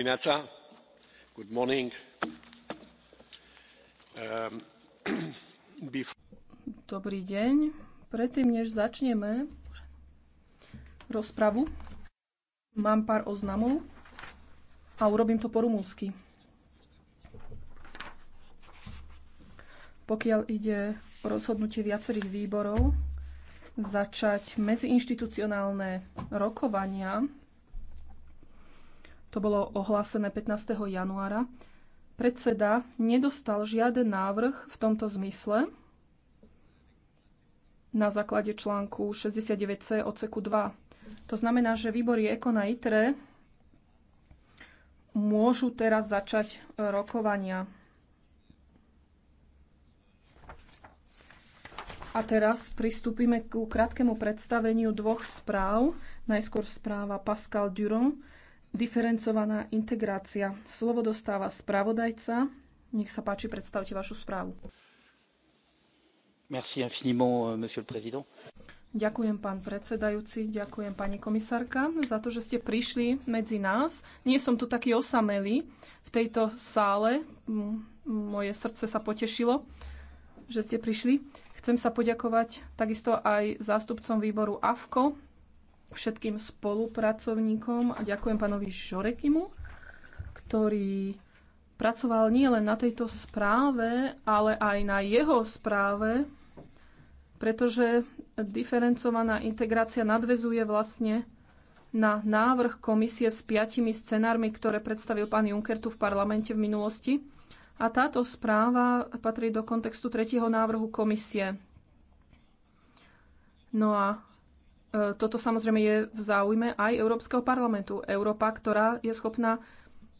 dimineața um, Dobrý deň. Predtým, než začneme rozpravu, mám pár oznamov a urobím to po rumúnsky. Pokiaľ ide o rozhodnutie viacerých výborov začať medziinštitucionálne rokovania to bolo ohlásené 15. januára, predseda nedostal žiaden návrh v tomto zmysle na základe článku 69c odseku 2. To znamená, že výbory ECO na ITRE môžu teraz začať e, rokovania. A teraz pristúpime ku krátkemu predstaveniu dvoch správ. Najskôr správa Pascal Durand diferencovaná integrácia. Slovo dostáva spravodajca. Nech sa páči, predstavte vašu správu. Merci infiniment, euh, monsieur le président. Ďakujem, pán predsedajúci, ďakujem, pani komisárka, za to, že ste prišli medzi nás. Nie som tu taký osamelý v tejto sále. Moje srdce sa potešilo, že ste prišli. Chcem sa poďakovať takisto aj zástupcom výboru AFKO všetkým spolupracovníkom a ďakujem pánovi Žorekimu, ktorý pracoval nielen na tejto správe, ale aj na jeho správe, pretože diferencovaná integrácia nadvezuje vlastne na návrh komisie s piatimi scenármi, ktoré predstavil pán Juncker tu v parlamente v minulosti. A táto správa patrí do kontextu tretieho návrhu komisie. No a E, toto samozrejme je v záujme aj Európskeho parlamentu. Európa, ktorá je schopná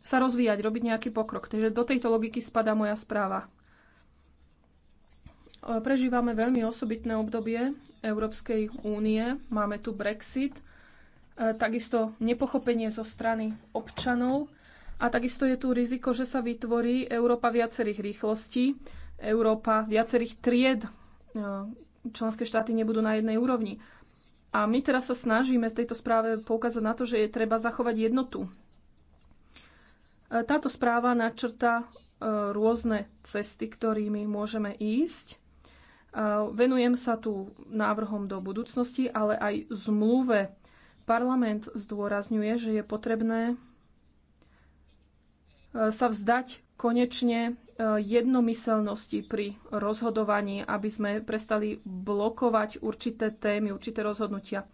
sa rozvíjať, robiť nejaký pokrok. Takže do tejto logiky spadá moja správa. E, prežívame veľmi osobitné obdobie Európskej únie. Máme tu Brexit, e, takisto nepochopenie zo strany občanov a takisto je tu riziko, že sa vytvorí Európa viacerých rýchlostí, Európa viacerých tried. Členské štáty nebudú na jednej úrovni. A my teraz sa snažíme v tejto správe poukázať na to, že je treba zachovať jednotu. E, táto správa načrta e, rôzne cesty, ktorými môžeme ísť. E, venujem sa tu návrhom do budúcnosti, ale aj zmluve. Parlament zdôrazňuje, že je potrebné sa vzdať konečne jednomyselnosti pri rozhodovaní, aby sme prestali blokovať určité témy, určité rozhodnutia.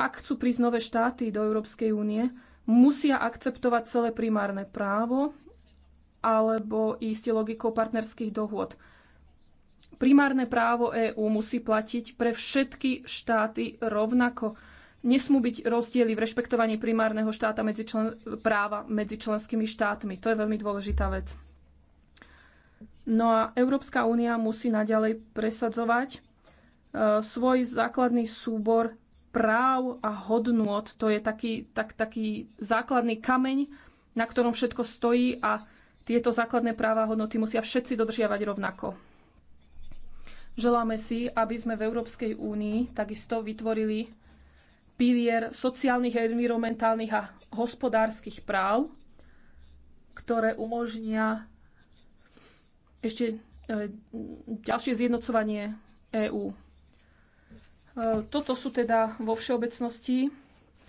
Ak chcú prísť nové štáty do Európskej únie, musia akceptovať celé primárne právo alebo ísť logikou partnerských dohôd. Primárne právo EÚ musí platiť pre všetky štáty rovnako. Nesmú byť rozdiely v rešpektovaní primárneho štáta medzi člen, práva medzi členskými štátmi. To je veľmi dôležitá vec. No a Európska únia musí naďalej presadzovať e, svoj základný súbor práv a hodnôt. To je taký, tak, taký základný kameň, na ktorom všetko stojí a tieto základné práva a hodnoty musia všetci dodržiavať rovnako. Želáme si, aby sme v Európskej únii takisto vytvorili pilier sociálnych, environmentálnych a hospodárskych práv, ktoré umožnia ešte e, ďalšie zjednocovanie EÚ. E, toto sú teda vo všeobecnosti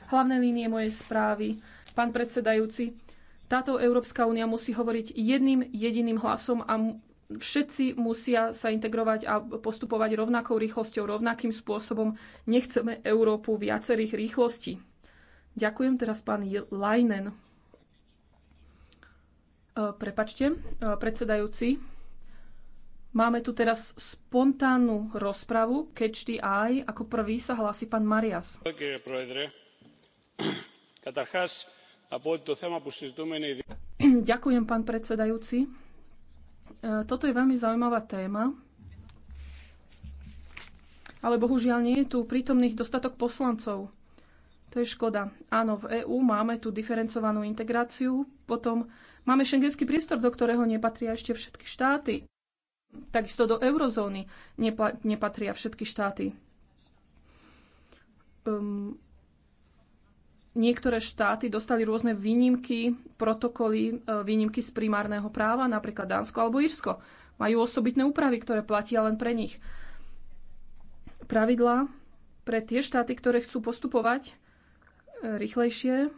hlavné línie mojej správy. Pán predsedajúci, táto Európska únia musí hovoriť jedným jediným hlasom a všetci musia sa integrovať a postupovať rovnakou rýchlosťou, rovnakým spôsobom. Nechceme Európu viacerých rýchlostí. Ďakujem teraz pán Lajnen. E, prepačte, predsedajúci. Máme tu teraz spontánnu rozpravu. keď the aj Ako prvý sa hlási pán Marias. Ďakujem, pán predsedajúci. Toto je veľmi zaujímavá téma, ale bohužiaľ nie je tu prítomných dostatok poslancov. To je škoda. Áno, v EÚ máme tú diferencovanú integráciu, potom máme šengenský priestor, do ktorého nepatria ešte všetky štáty. Takisto do eurozóny nepatria všetky štáty. Um, niektoré štáty dostali rôzne výnimky, protokoly, e, výnimky z primárneho práva, napríklad Dánsko alebo Írsko. Majú osobitné úpravy, ktoré platia len pre nich. Pravidlá pre tie štáty, ktoré chcú postupovať e, rýchlejšie,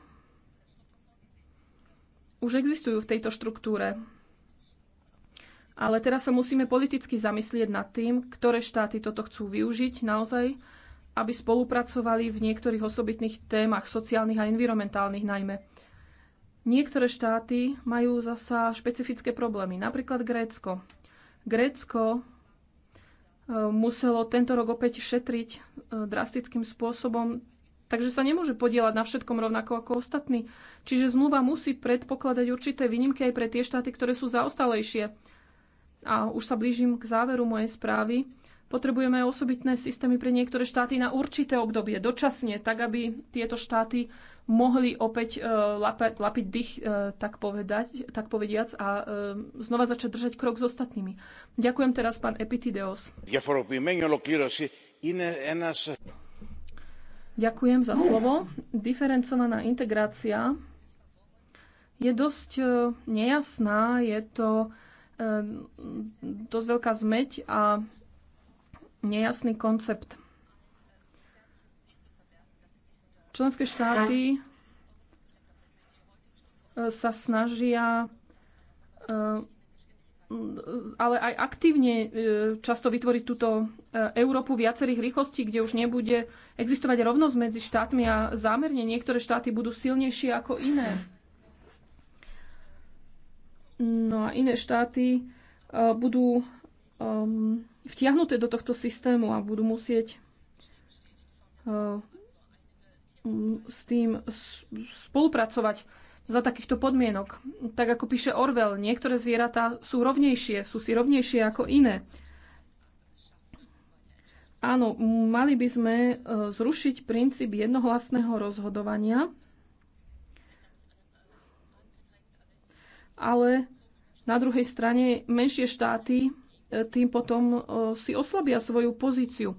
už existujú v tejto štruktúre. Ale teraz sa musíme politicky zamyslieť nad tým, ktoré štáty toto chcú využiť naozaj, aby spolupracovali v niektorých osobitných témach, sociálnych a environmentálnych najmä. Niektoré štáty majú zasa špecifické problémy, napríklad Grécko. Grécko e, muselo tento rok opäť šetriť e, drastickým spôsobom, takže sa nemôže podielať na všetkom rovnako ako ostatní. Čiže zmluva musí predpokladať určité výnimky aj pre tie štáty, ktoré sú zaostalejšie a už sa blížim k záveru mojej správy, potrebujeme osobitné systémy pre niektoré štáty na určité obdobie, dočasne, tak aby tieto štáty mohli opäť e, lapiť dých, e, tak, povedať, tak povediac, a e, znova začať držať krok s ostatnými. Ďakujem teraz, pán Epitideos. Ďakujem za slovo. Diferencovaná integrácia je dosť e, nejasná. Je to Ehm, dosť veľká zmeť a nejasný koncept. Členské štáty e, sa snažia e, ale aj aktívne e, často vytvoriť túto Európu viacerých rýchlostí, kde už nebude existovať rovnosť medzi štátmi a zámerne niektoré štáty budú silnejšie ako iné. No a iné štáty eh, budú ehm, vtiahnuté do tohto systému a budú musieť eh, s tým spolupracovať za takýchto podmienok. Tak ako píše Orwell, niektoré zvieratá sú rovnejšie, sú si rovnejšie ako iné. Áno, mali by sme eh, zrušiť princíp jednohlasného rozhodovania ale na druhej strane menšie štáty e, tým potom e, si oslabia svoju pozíciu.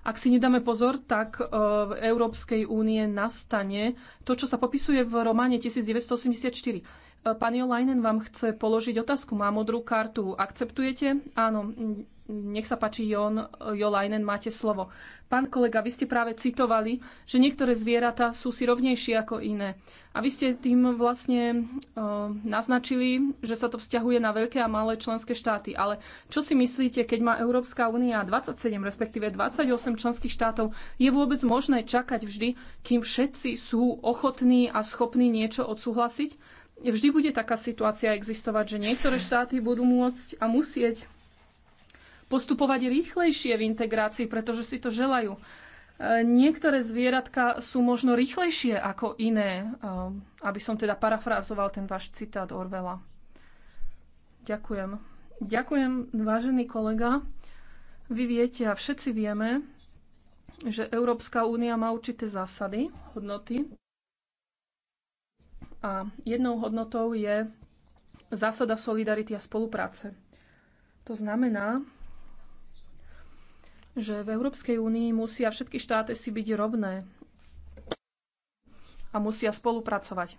Ak si nedáme pozor, tak e, v Európskej únie nastane to, čo sa popisuje v románe 1984. E, pani Olajnen vám chce položiť otázku. Má modrú kartu. Akceptujete? Áno. Nech sa páči, Jon, Jolajnen, máte slovo. Pán kolega, vy ste práve citovali, že niektoré zvieratá sú si rovnejšie ako iné. A vy ste tým vlastne uh, naznačili, že sa to vzťahuje na veľké a malé členské štáty. Ale čo si myslíte, keď má Európska únia 27, respektíve 28 členských štátov, je vôbec možné čakať vždy, kým všetci sú ochotní a schopní niečo odsúhlasiť? vždy bude taká situácia existovať, že niektoré štáty budú môcť a musieť postupovať rýchlejšie v integrácii, pretože si to želajú. E, niektoré zvieratka sú možno rýchlejšie ako iné, e, aby som teda parafrázoval ten váš citát Orvela. Ďakujem. Ďakujem, vážený kolega. Vy viete a všetci vieme, že Európska únia má určité zásady, hodnoty, a jednou hodnotou je zásada solidarity a spolupráce. To znamená, že v Európskej únii musia všetky štáty si byť rovné a musia spolupracovať.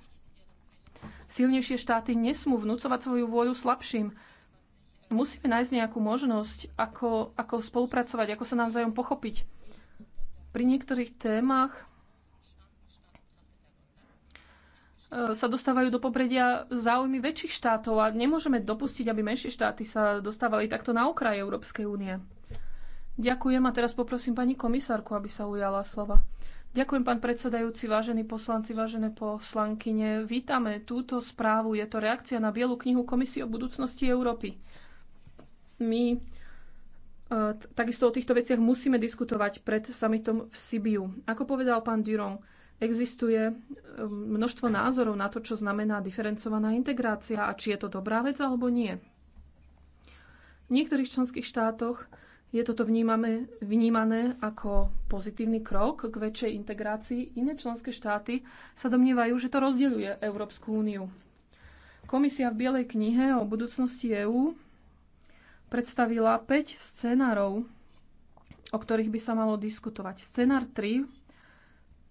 Silnejšie štáty nesmú vnúcovať svoju vôľu slabším. Musíme nájsť nejakú možnosť, ako, ako spolupracovať, ako sa navzájom pochopiť. Pri niektorých témach E, sa dostávajú do popredia záujmy väčších štátov a nemôžeme dopustiť, aby menšie štáty sa dostávali takto na okraj Európskej únie. Ďakujem a teraz poprosím pani komisárku, aby sa ujala slova. Ďakujem, pán predsedajúci, vážení poslanci, vážené poslankyne. Vítame túto správu. Je to reakcia na Bielu knihu Komisie o budúcnosti Európy. My e, takisto o týchto veciach musíme diskutovať pred samitom v Sibiu. Ako povedal pán Durong, Existuje eh, množstvo názorov na to, čo znamená diferencovaná integrácia a či je to dobrá vec alebo nie. V niektorých členských štátoch je toto vnímame, vnímané ako pozitívny krok k väčšej integrácii. Iné členské štáty sa domnievajú, že to rozdeľuje Európsku úniu. Komisia v Bielej knihe o budúcnosti EÚ predstavila 5 scenárov, o ktorých by sa malo diskutovať. Scenár 3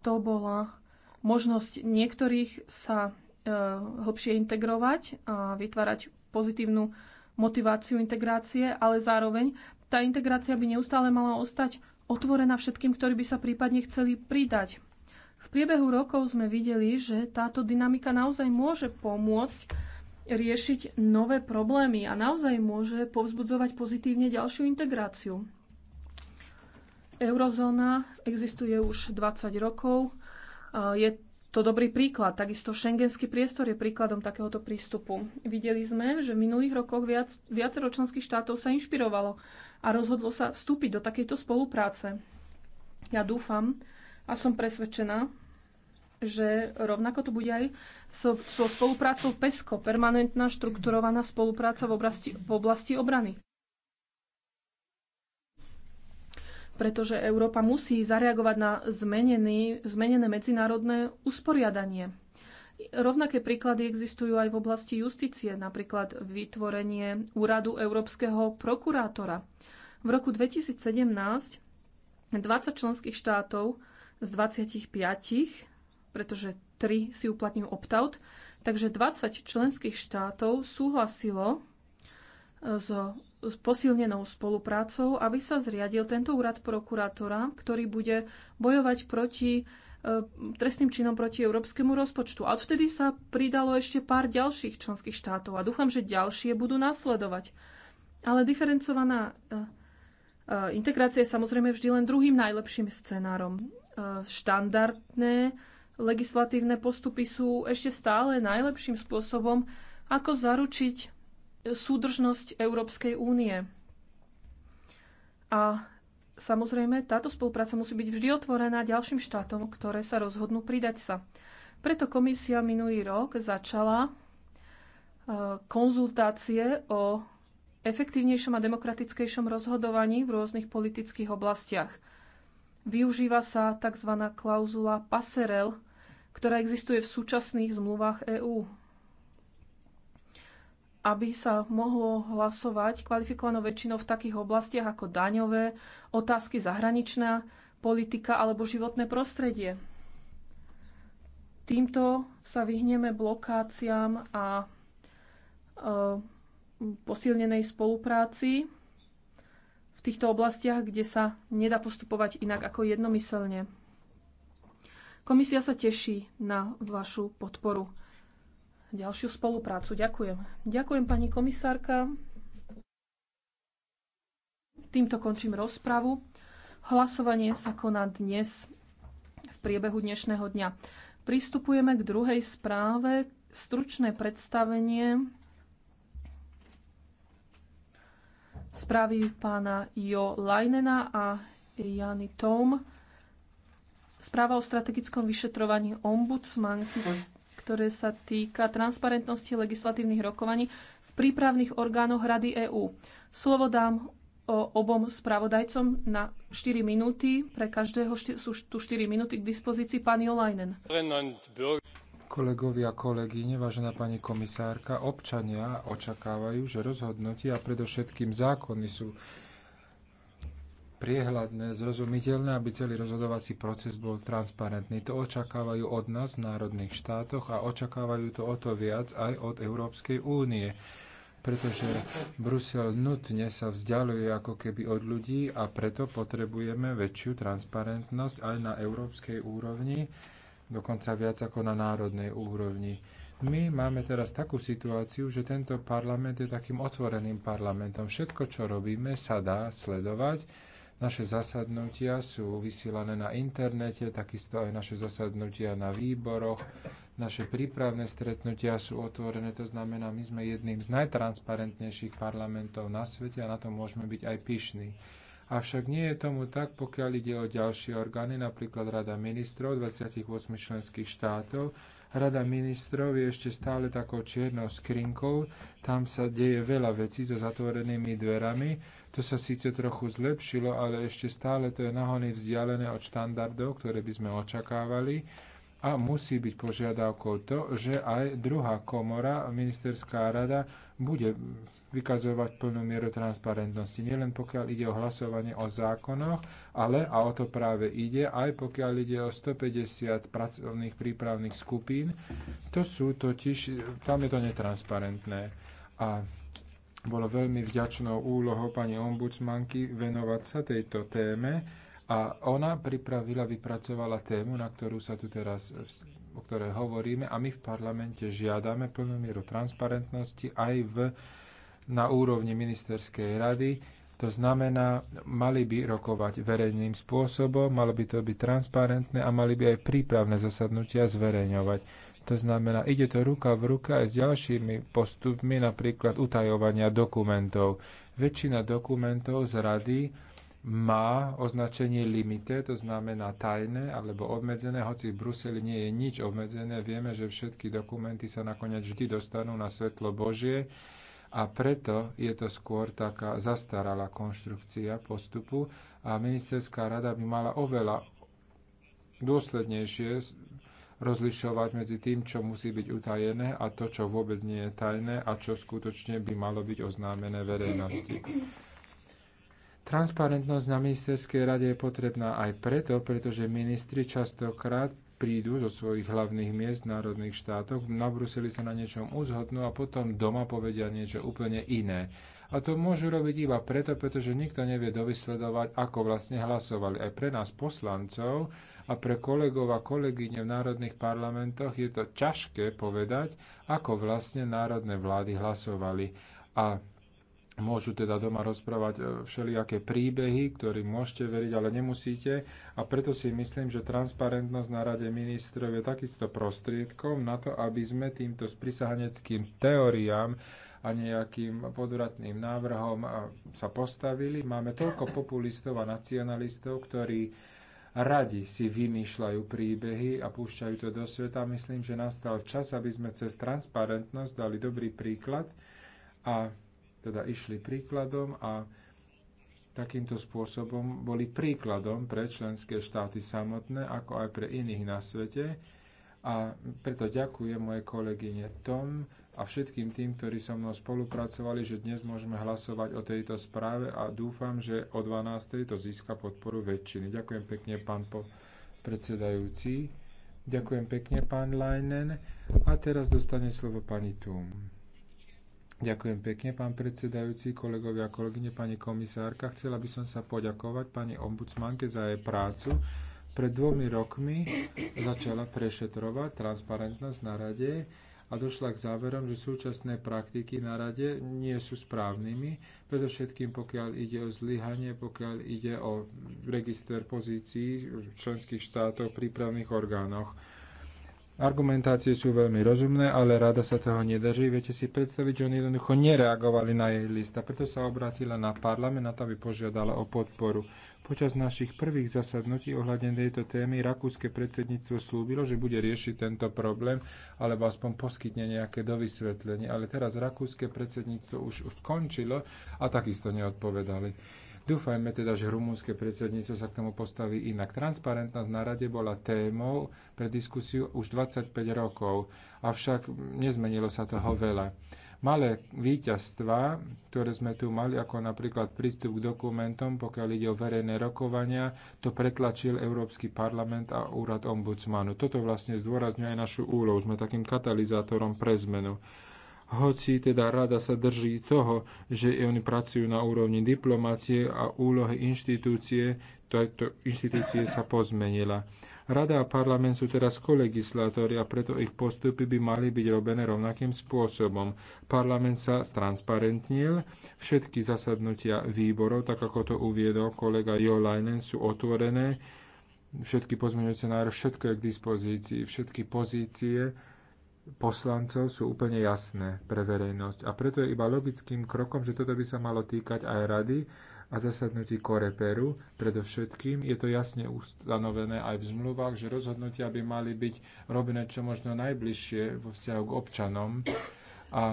to bola možnosť niektorých sa e, hlbšie integrovať a vytvárať pozitívnu motiváciu integrácie, ale zároveň tá integrácia by neustále mala ostať otvorená všetkým, ktorí by sa prípadne chceli pridať. V priebehu rokov sme videli, že táto dynamika naozaj môže pomôcť riešiť nové problémy a naozaj môže povzbudzovať pozitívne ďalšiu integráciu. Eurozóna existuje už 20 rokov. Je to dobrý príklad. Takisto šengenský priestor je príkladom takéhoto prístupu. Videli sme, že v minulých rokoch viac, viacero členských štátov sa inšpirovalo a rozhodlo sa vstúpiť do takejto spolupráce. Ja dúfam a som presvedčená, že rovnako to bude aj so, so spoluprácou PESCO, permanentná štrukturovaná spolupráca v oblasti, v oblasti obrany. pretože Európa musí zareagovať na zmenený, zmenené medzinárodné usporiadanie. Rovnaké príklady existujú aj v oblasti justície, napríklad vytvorenie úradu európskeho prokurátora. V roku 2017 20 členských štátov z 25, pretože 3 si uplatňujú opt-out, takže 20 členských štátov súhlasilo s s posilnenou spoluprácou, aby sa zriadil tento úrad prokurátora, ktorý bude bojovať proti e, trestným činom proti európskemu rozpočtu. A odtedy sa pridalo ešte pár ďalších členských štátov a dúfam, že ďalšie budú nasledovať. Ale diferencovaná e, e, integrácia je samozrejme vždy len druhým najlepším scenárom. Štandardné legislatívne postupy sú ešte stále najlepším spôsobom, ako zaručiť súdržnosť Európskej únie. A samozrejme, táto spolupráca musí byť vždy otvorená ďalším štátom, ktoré sa rozhodnú pridať sa. Preto komisia minulý rok začala e, konzultácie o efektívnejšom a demokratickejšom rozhodovaní v rôznych politických oblastiach. Využíva sa tzv. klauzula passerel, ktorá existuje v súčasných zmluvách EÚ aby sa mohlo hlasovať kvalifikovanou väčšinou v takých oblastiach ako daňové, otázky zahraničná politika alebo životné prostredie. Týmto sa vyhneme blokáciám a e, posilnenej spolupráci v týchto oblastiach, kde sa nedá postupovať inak ako jednomyselne. Komisia sa teší na vašu podporu ďalšiu spoluprácu. Ďakujem. Ďakujem, pani komisárka. Týmto končím rozpravu. Hlasovanie sa koná dnes v priebehu dnešného dňa. Pristupujeme k druhej správe. Stručné predstavenie správy pána Jo Lajnena a Jany Tom. Správa o strategickom vyšetrovaní ombudsmanky ktoré sa týka transparentnosti legislatívnych rokovaní v prípravných orgánoch Rady EÚ. Slovo dám obom spravodajcom na 4 minúty. Pre každého sú tu 4 minúty k dispozícii. pani Olajnen. Kolegovia, kolegyne, vážená pani komisárka, občania očakávajú, že rozhodnutia a predovšetkým zákony sú priehľadné, zrozumiteľné, aby celý rozhodovací proces bol transparentný. To očakávajú od nás v národných štátoch a očakávajú to o to viac aj od Európskej únie pretože Brusel nutne sa vzdialuje ako keby od ľudí a preto potrebujeme väčšiu transparentnosť aj na európskej úrovni, dokonca viac ako na národnej úrovni. My máme teraz takú situáciu, že tento parlament je takým otvoreným parlamentom. Všetko, čo robíme, sa dá sledovať naše zasadnutia sú vysielané na internete, takisto aj naše zasadnutia na výboroch. Naše prípravné stretnutia sú otvorené, to znamená, my sme jedným z najtransparentnejších parlamentov na svete a na to môžeme byť aj pyšní. Avšak nie je tomu tak, pokiaľ ide o ďalšie orgány, napríklad Rada ministrov 28 členských štátov, Rada ministrov je ešte stále takou čiernou skrinkou, tam sa deje veľa vecí so zatvorenými dverami to sa síce trochu zlepšilo, ale ešte stále to je nahony vzdialené od štandardov, ktoré by sme očakávali. A musí byť požiadavkou to, že aj druhá komora, ministerská rada, bude vykazovať plnú mieru transparentnosti. Nielen pokiaľ ide o hlasovanie o zákonoch, ale, a o to práve ide, aj pokiaľ ide o 150 pracovných prípravných skupín, to sú totiž, tam je to netransparentné. A bolo veľmi vďačnou úlohou pani ombudsmanky venovať sa tejto téme a ona pripravila, vypracovala tému, na ktorú sa tu teraz o ktorej hovoríme a my v parlamente žiadame plnú mieru transparentnosti aj v, na úrovni ministerskej rady. To znamená, mali by rokovať verejným spôsobom, malo by to byť transparentné a mali by aj prípravné zasadnutia zverejňovať. To znamená, ide to ruka v ruka aj s ďalšími postupmi, napríklad utajovania dokumentov. Väčšina dokumentov z rady má označenie limité, to znamená tajné alebo obmedzené, hoci v Bruseli nie je nič obmedzené, vieme, že všetky dokumenty sa nakoniec vždy dostanú na svetlo Božie a preto je to skôr taká zastaralá konštrukcia postupu a ministerská rada by mala oveľa dôslednejšie rozlišovať medzi tým, čo musí byť utajené a to, čo vôbec nie je tajné a čo skutočne by malo byť oznámené verejnosti. Transparentnosť na ministerskej rade je potrebná aj preto, pretože ministri častokrát prídu zo svojich hlavných miest v národných štátoch, na Bruseli sa na niečom uzhodnú a potom doma povedia niečo úplne iné. A to môžu robiť iba preto, pretože nikto nevie dovysledovať, ako vlastne hlasovali. Aj pre nás poslancov a pre kolegov a kolegyne v národných parlamentoch je to ťažké povedať, ako vlastne národné vlády hlasovali. A Môžu teda doma rozprávať e, všelijaké príbehy, ktorým môžete veriť, ale nemusíte. A preto si myslím, že transparentnosť na Rade ministrov je takisto prostriedkom na to, aby sme týmto sprisahaneckým teóriám a nejakým podvratným návrhom sa postavili. Máme toľko populistov a nacionalistov, ktorí radi si vymýšľajú príbehy a púšťajú to do sveta. Myslím, že nastal čas, aby sme cez transparentnosť dali dobrý príklad a teda išli príkladom a takýmto spôsobom boli príkladom pre členské štáty samotné, ako aj pre iných na svete. A preto ďakujem mojej kolegyne Tom, a všetkým tým, ktorí so mnou spolupracovali, že dnes môžeme hlasovať o tejto správe a dúfam, že o 12. to získa podporu väčšiny. Ďakujem pekne, pán predsedajúci. Ďakujem pekne, pán Leinen. A teraz dostane slovo pani Tum. Ďakujem pekne, pán predsedajúci, kolegovia a kolegyne, pani komisárka. Chcela by som sa poďakovať pani ombudsmanke za jej prácu. Pred dvomi rokmi začala prešetrovať transparentnosť na rade a došla k záverom, že súčasné praktiky na rade nie sú správnymi, predovšetkým pokiaľ ide o zlyhanie, pokiaľ ide o register pozícií členských štátov v prípravných orgánoch. Argumentácie sú veľmi rozumné, ale rada sa toho nedrží. Viete si predstaviť, že oni jednoducho nereagovali na jej list a preto sa obrátila na parlament a to, aby požiadala o podporu. Počas našich prvých zasadnutí ohľadne tejto témy rakúske predsedníctvo slúbilo, že bude riešiť tento problém alebo aspoň poskytne nejaké dovysvetlenie, ale teraz rakúske predsedníctvo už skončilo a takisto neodpovedali. Dúfajme teda, že rumúnske predsedníctvo sa k tomu postaví inak. Transparentnosť na rade bola témou pre diskusiu už 25 rokov, avšak nezmenilo sa toho veľa. Malé víťazstva, ktoré sme tu mali, ako napríklad prístup k dokumentom, pokiaľ ide o verejné rokovania, to pretlačil Európsky parlament a úrad ombudsmanu. Toto vlastne zdôrazňuje aj našu úlohu. Sme takým katalizátorom pre zmenu hoci teda rada sa drží toho, že oni pracujú na úrovni diplomácie a úlohy inštitúcie, tejto inštitúcie sa pozmenila. Rada a parlament sú teraz kolegislátori a preto ich postupy by mali byť robené rovnakým spôsobom. Parlament sa stransparentnil, všetky zasadnutia výborov, tak ako to uviedol kolega Leinen, sú otvorené, všetky pozmeňujúce návrhy, všetko je k dispozícii, všetky pozície, poslancov sú úplne jasné pre verejnosť a preto je iba logickým krokom, že toto by sa malo týkať aj rady a zasadnutí koreperu. Predovšetkým je to jasne ustanovené aj v zmluvách, že rozhodnutia by mali byť robené čo možno najbližšie vo vzťahu k občanom a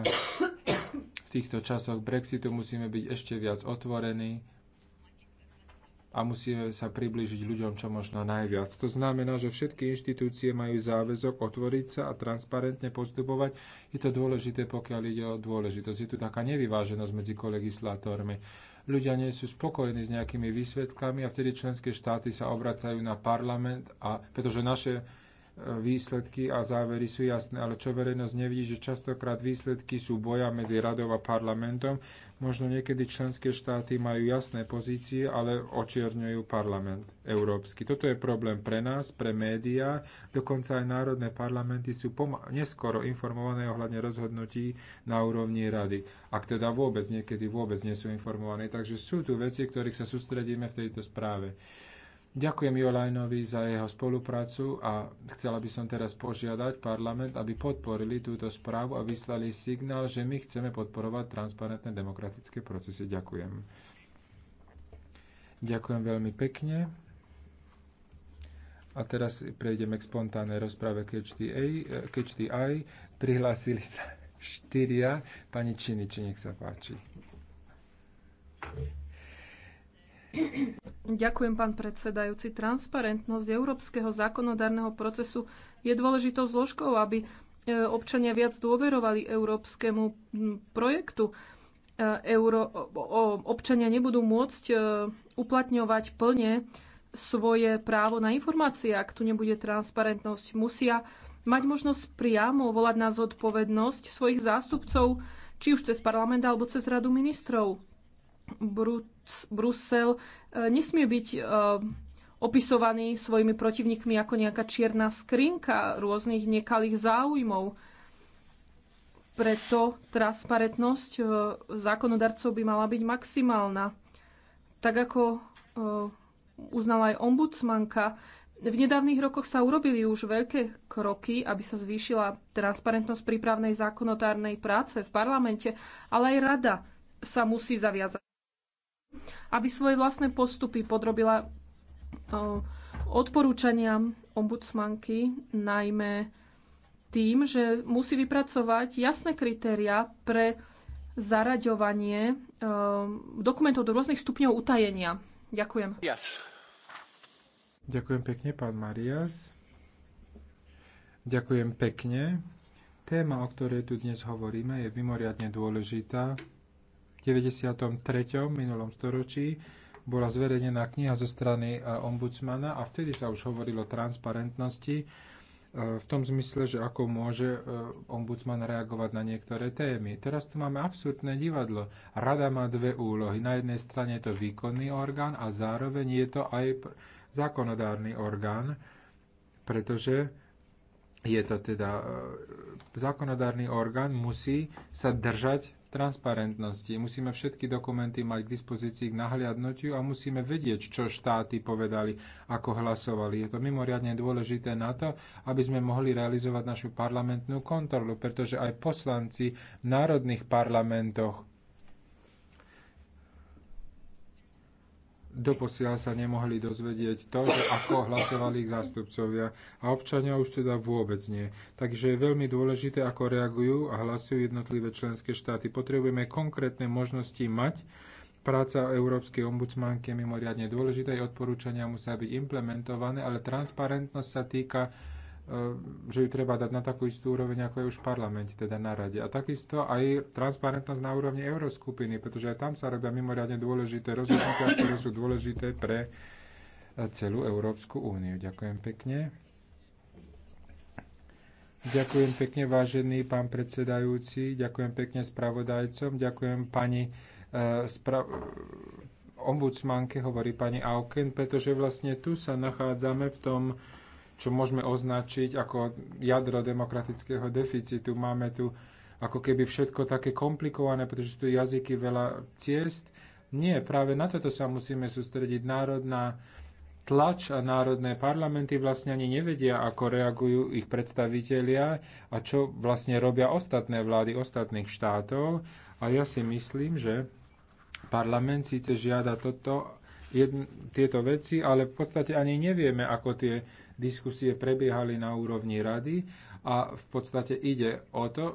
v týchto časoch Brexitu musíme byť ešte viac otvorení a musíme sa priblížiť ľuďom čo možno najviac. To znamená, že všetky inštitúcie majú záväzok otvoriť sa a transparentne postupovať. Je to dôležité, pokiaľ ide o dôležitosť. Je tu taká nevyváženosť medzi kolegislátormi. Ľudia nie sú spokojení s nejakými výsledkami a vtedy členské štáty sa obracajú na parlament, a, pretože naše e, výsledky a závery sú jasné, ale čo verejnosť nevidí, že častokrát výsledky sú boja medzi radou a parlamentom Možno niekedy členské štáty majú jasné pozície, ale očierňujú parlament európsky. Toto je problém pre nás, pre médiá. Dokonca aj národné parlamenty sú neskoro informované ohľadne rozhodnutí na úrovni rady. Ak teda vôbec niekedy vôbec nie sú informované. Takže sú tu veci, ktorých sa sústredíme v tejto správe. Ďakujem Jolajnovi za jeho spoluprácu a chcela by som teraz požiadať parlament, aby podporili túto správu a vyslali signál, že my chceme podporovať transparentné demokratické procesy. Ďakujem. Ďakujem veľmi pekne. A teraz prejdeme k spontánnej rozprave Catch the Eye. Prihlásili sa štyria. Pani Činiči, nech sa páči. Ďakujem, pán predsedajúci. Transparentnosť európskeho zákonodárneho procesu je dôležitou zložkou, aby e, občania viac dôverovali európskemu projektu. E, euro, občania nebudú môcť e, uplatňovať plne svoje právo na informácie, ak tu nebude transparentnosť. Musia mať možnosť priamo volať na zodpovednosť svojich zástupcov, či už cez parlament alebo cez radu ministrov Brusel e, nesmie byť e, opisovaný svojimi protivníkmi ako nejaká čierna skrinka rôznych nekalých záujmov. Preto transparentnosť e, zákonodarcov by mala byť maximálna. Tak ako uznala aj ombudsmanka, v nedávnych rokoch sa urobili už veľké kroky, aby sa zvýšila transparentnosť prípravnej zákonodárnej práce v parlamente, ale aj rada sa musí zaviazať aby svoje vlastné postupy podrobila e, odporúčaniam ombudsmanky, najmä tým, že musí vypracovať jasné kritéria pre zaraďovanie e, dokumentov do rôznych stupňov utajenia. Ďakujem. Yes. Ďakujem pekne, pán Marias. Ďakujem pekne. Téma, o ktorej tu dnes hovoríme, je mimoriadne dôležitá. 93. minulom storočí bola zverejnená kniha zo strany e, ombudsmana a vtedy sa už hovorilo o transparentnosti e, v tom zmysle, že ako môže e, ombudsman reagovať na niektoré témy. Teraz tu máme absurdné divadlo. Rada má dve úlohy. Na jednej strane je to výkonný orgán a zároveň je to aj zákonodárny orgán, pretože je to teda zákonodárny orgán musí sa držať transparentnosti. Musíme všetky dokumenty mať k dispozícii k nahliadnutiu a musíme vedieť, čo štáty povedali, ako hlasovali. Je to mimoriadne dôležité na to, aby sme mohli realizovať našu parlamentnú kontrolu, pretože aj poslanci v národných parlamentoch doposiaľ sa nemohli dozvedieť to, že ako hlasovali ich zástupcovia a občania už teda vôbec nie. Takže je veľmi dôležité, ako reagujú a hlasujú jednotlivé členské štáty. Potrebujeme konkrétne možnosti mať. Práca Európskej ombudsmanky je mimoriadne dôležitá, jej odporúčania musia byť implementované, ale transparentnosť sa týka E, že ju treba dať na takú istú úroveň, ako je už v parlamente, teda na rade. A takisto aj transparentnosť na úrovni euroskupiny, pretože aj tam sa robia mimoriadne dôležité rozhodnutia, ktoré sú dôležité pre e, celú Európsku úniu. Ďakujem pekne. Ďakujem pekne, vážený pán predsedajúci, ďakujem pekne spravodajcom, ďakujem pani uh, spra- ombudsmanke, hovorí pani Auken, pretože vlastne tu sa nachádzame v tom čo môžeme označiť ako jadro demokratického deficitu. Máme tu ako keby všetko také komplikované, pretože sú tu jazyky veľa ciest. Nie, práve na toto sa musíme sústrediť. Národná tlač a národné parlamenty vlastne ani nevedia, ako reagujú ich predstavitelia a čo vlastne robia ostatné vlády ostatných štátov. A ja si myslím, že parlament síce žiada toto, jedn, tieto veci, ale v podstate ani nevieme, ako tie Diskusie prebiehali na úrovni rady a v podstate ide o to,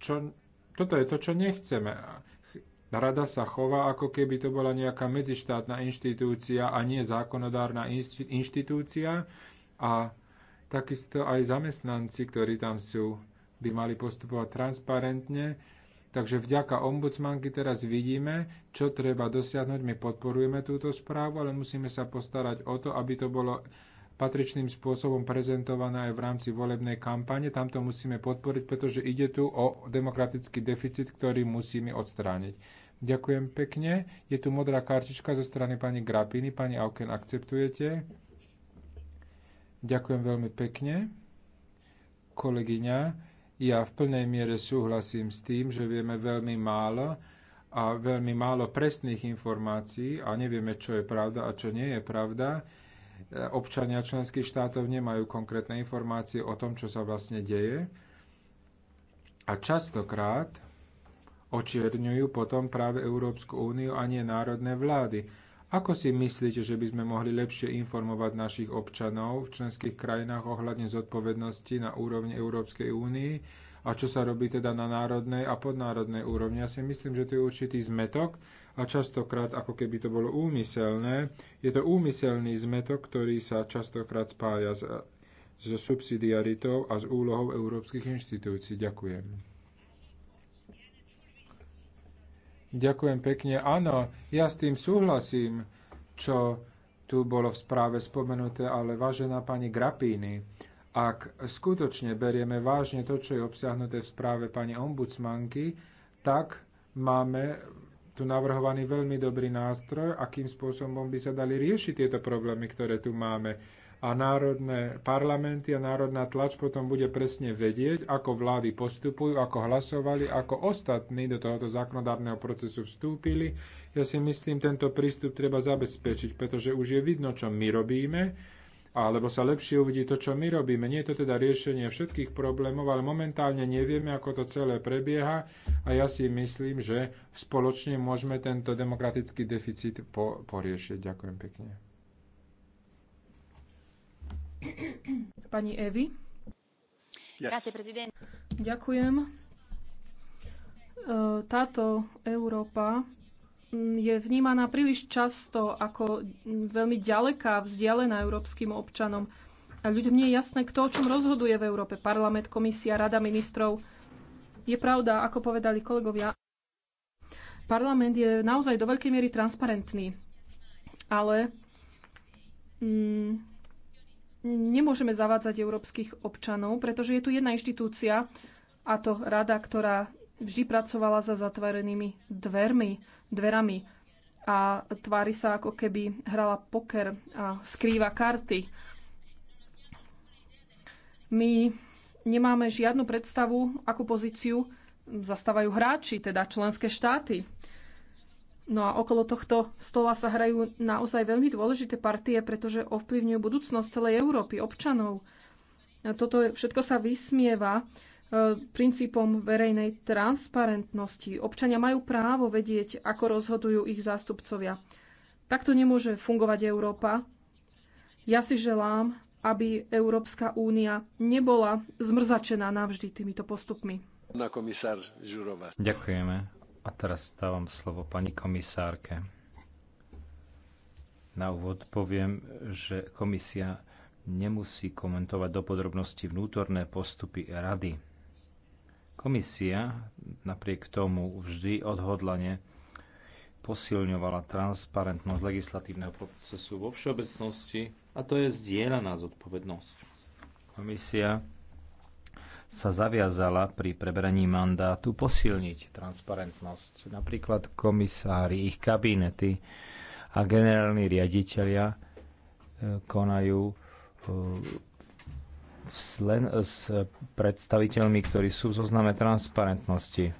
čo, toto je to, čo nechceme. Rada sa chová, ako keby to bola nejaká medzištátna inštitúcia a nie zákonodárna inštitúcia. A takisto aj zamestnanci, ktorí tam sú, by mali postupovať transparentne. Takže vďaka ombudsmanky teraz vidíme, čo treba dosiahnuť. My podporujeme túto správu, ale musíme sa postarať o to, aby to bolo patričným spôsobom prezentované aj v rámci volebnej kampane. Tam to musíme podporiť, pretože ide tu o demokratický deficit, ktorý musíme odstrániť. Ďakujem pekne. Je tu modrá kartička zo strany pani Grapiny. Pani Auken, akceptujete? Ďakujem veľmi pekne. Kolegyňa, ja v plnej miere súhlasím s tým, že vieme veľmi málo a veľmi málo presných informácií a nevieme, čo je pravda a čo nie je pravda občania členských štátov nemajú konkrétne informácie o tom, čo sa vlastne deje. A častokrát očierňujú potom práve Európsku úniu a nie národné vlády. Ako si myslíte, že by sme mohli lepšie informovať našich občanov v členských krajinách ohľadne zodpovednosti na úrovni Európskej únie a čo sa robí teda na národnej a podnárodnej úrovni. Ja si myslím, že to je určitý zmetok a častokrát, ako keby to bolo úmyselné, je to úmyselný zmetok, ktorý sa častokrát spája s, so subsidiaritou a s úlohou európskych inštitúcií. Ďakujem. Ďakujem pekne. Áno, ja s tým súhlasím, čo tu bolo v správe spomenuté, ale vážená pani Grapíny, ak skutočne berieme vážne to, čo je obsiahnuté v správe pani ombudsmanky, tak máme tu navrhovaný veľmi dobrý nástroj, akým spôsobom by sa dali riešiť tieto problémy, ktoré tu máme. A národné parlamenty a národná tlač potom bude presne vedieť, ako vlády postupujú, ako hlasovali, ako ostatní do tohoto zákonodárneho procesu vstúpili. Ja si myslím, tento prístup treba zabezpečiť, pretože už je vidno, čo my robíme alebo sa lepšie uvidí to, čo my robíme. Nie je to teda riešenie všetkých problémov, ale momentálne nevieme, ako to celé prebieha a ja si myslím, že spoločne môžeme tento demokratický deficit po- poriešiť. Ďakujem pekne. Pani Evi. Yes. Ďakujem. E, táto Európa je vnímaná príliš často ako mm, veľmi ďaleká, vzdialená európskym občanom. A ľuďom nie je jasné, kto o čom rozhoduje v Európe. Parlament, komisia, rada ministrov. Je pravda, ako povedali kolegovia, parlament je naozaj do veľkej miery transparentný. Ale mm, nemôžeme zavádzať európskych občanov, pretože je tu jedna inštitúcia, a to rada, ktorá vždy pracovala za zatvorenými dvermi, dverami a tvári sa ako keby hrala poker a skrýva karty. My nemáme žiadnu predstavu, akú pozíciu zastávajú hráči, teda členské štáty. No a okolo tohto stola sa hrajú naozaj veľmi dôležité partie, pretože ovplyvňujú budúcnosť celej Európy, občanov. Toto všetko sa vysmieva princípom verejnej transparentnosti. Občania majú právo vedieť, ako rozhodujú ich zástupcovia. Takto nemôže fungovať Európa. Ja si želám, aby Európska únia nebola zmrzačená navždy týmito postupmi. Na komisár Žurova. Ďakujeme. A teraz dávam slovo pani komisárke. Na úvod poviem, že komisia nemusí komentovať do podrobnosti vnútorné postupy rady. Komisia napriek tomu vždy odhodlane posilňovala transparentnosť legislatívneho procesu vo všeobecnosti a to je zdieľaná zodpovednosť. Komisia sa zaviazala pri preberaní mandátu posilniť transparentnosť. Napríklad komisári, ich kabinety a generálni riaditeľia eh, konajú len s predstaviteľmi, ktorí sú v zozname transparentnosti.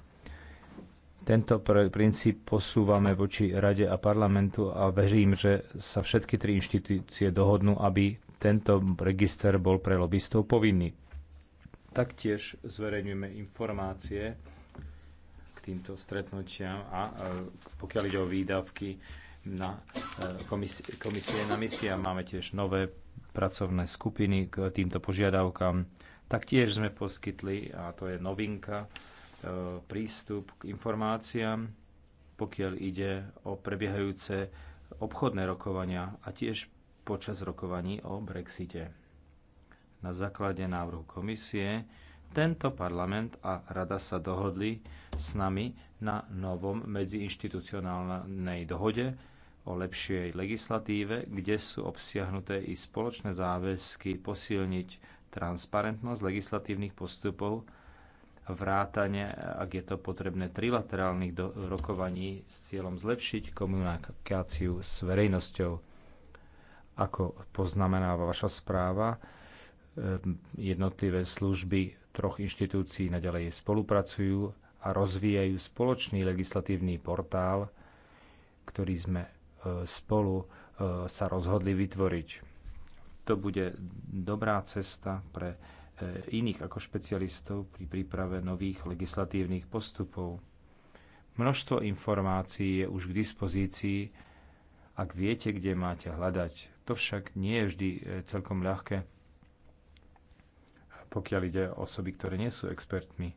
Tento princíp posúvame voči Rade a parlamentu a verím, že sa všetky tri inštitúcie dohodnú, aby tento register bol pre lobbystov povinný. Taktiež zverejňujeme informácie k týmto stretnutiam a e, pokiaľ ide o výdavky na e, komisie, komisie na misia, máme tiež nové pracovné skupiny k týmto požiadavkám. Taktiež sme poskytli, a to je novinka, e, prístup k informáciám, pokiaľ ide o prebiehajúce obchodné rokovania a tiež počas rokovaní o Brexite. Na základe návrhu komisie tento parlament a rada sa dohodli s nami na novom medziinštitucionálnej dohode, o lepšej legislatíve, kde sú obsiahnuté i spoločné záväzky posilniť transparentnosť legislatívnych postupov, vrátane, ak je to potrebné, trilaterálnych do- rokovaní s cieľom zlepšiť komunikáciu s verejnosťou. Ako poznamenáva vaša správa, ehm, jednotlivé služby troch inštitúcií naďalej spolupracujú a rozvíjajú spoločný legislatívny portál, ktorý sme spolu e, sa rozhodli vytvoriť. To bude dobrá cesta pre e, iných ako špecialistov pri príprave nových legislatívnych postupov. Množstvo informácií je už k dispozícii, ak viete, kde máte hľadať. To však nie je vždy e, celkom ľahké, pokiaľ ide o osoby, ktoré nie sú expertmi.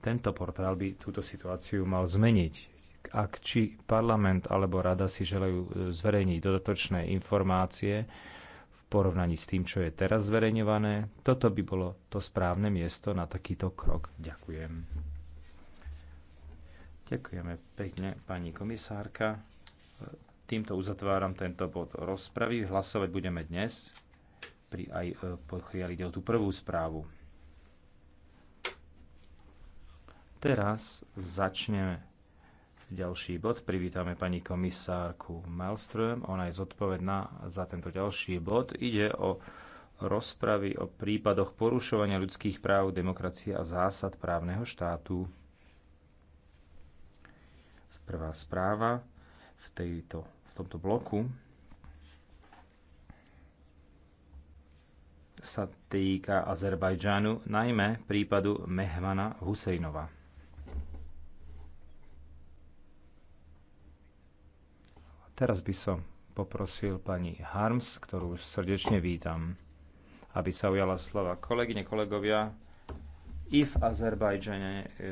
Tento portál by túto situáciu mal zmeniť ak či parlament alebo rada si želajú e, zverejniť dodatočné informácie v porovnaní s tým, čo je teraz zverejňované, toto by bolo to správne miesto na takýto krok. Ďakujem. Ďakujeme pekne, pani komisárka. Týmto uzatváram tento bod rozpravy. Hlasovať budeme dnes, pri aj e, pokiaľ ide o tú prvú správu. Teraz začneme ďalší bod. Privítame pani komisárku Malström. Ona je zodpovedná za tento ďalší bod. Ide o rozpravy o prípadoch porušovania ľudských práv, demokracie a zásad právneho štátu. Prvá správa v, tejto, v tomto bloku sa týka Azerbajdžanu, najmä prípadu Mehmana Husejnova. Teraz by som poprosil pani Harms, ktorú srdečne vítam, aby sa ujala slova. Kolegyne, kolegovia, i v Azerbajdžane e, e,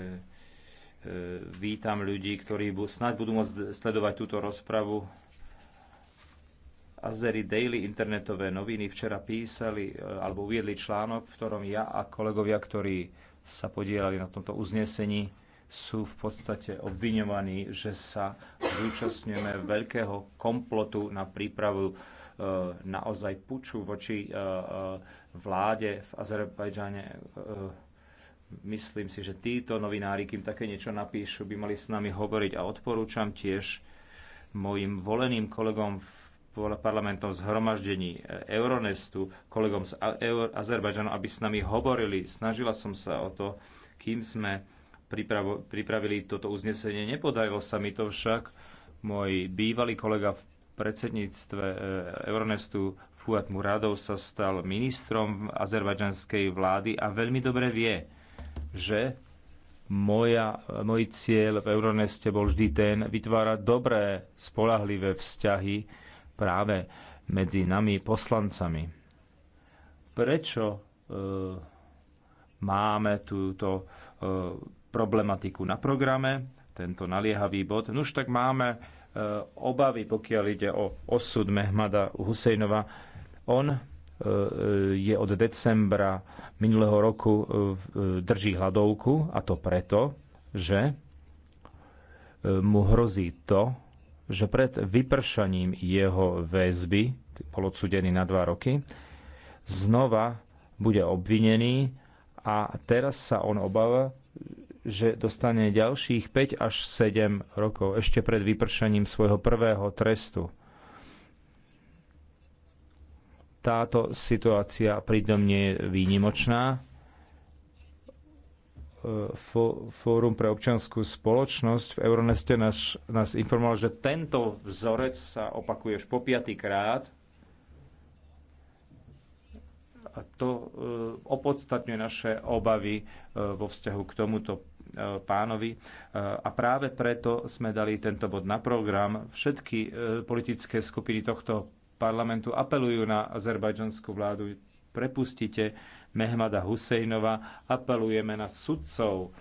vítam ľudí, ktorí bu, snáď budú môcť sledovať túto rozpravu. Azeri Daily internetové noviny včera písali e, alebo uviedli článok, v ktorom ja a kolegovia, ktorí sa podielali na tomto uznesení, sú v podstate obviňovaní, že sa zúčastňujeme veľkého komplotu na prípravu e, naozaj puču voči e, e, vláde v Azerbajdžane. Myslím si, že títo novinári, kým také niečo napíšu, by mali s nami hovoriť a odporúčam tiež mojim voleným kolegom v parlamentom zhromaždení Euronestu, kolegom z Azerbajdžanu, aby s nami hovorili. Snažila som sa o to, kým sme pripravili toto uznesenie. Nepodarilo sa mi to však. Môj bývalý kolega v predsedníctve e, Euronestu Fuat Muradov sa stal ministrom azerbajdžanskej vlády a veľmi dobre vie, že moja, môj cieľ v Euroneste bol vždy ten vytvárať dobré, spolahlivé vzťahy práve medzi nami poslancami. Prečo e, máme túto e, problematiku na programe, tento naliehavý bod. Nuž tak máme e, obavy, pokiaľ ide o osud Mehmada Husejnova. On e, e, je od decembra minulého roku drží hladovku a to preto, že mu hrozí to, že pred vypršaním jeho väzby, bol odsudený na dva roky, znova bude obvinený a teraz sa on obáva, že dostane ďalších 5 až 7 rokov ešte pred vypršením svojho prvého trestu. Táto situácia pritom nie je výnimočná. E, Fórum pre občianskú spoločnosť v Euroneste nás, nás informoval, že tento vzorec sa opakuje už po piatýkrát a to e, opodstatňuje naše obavy e, vo vzťahu k tomuto Eh, pánovi. Eh, a práve preto sme dali tento bod na program. Všetky eh, politické skupiny tohto parlamentu apelujú na azerbajdžanskú vládu. Prepustite Mehmada Husejnova. Apelujeme na sudcov,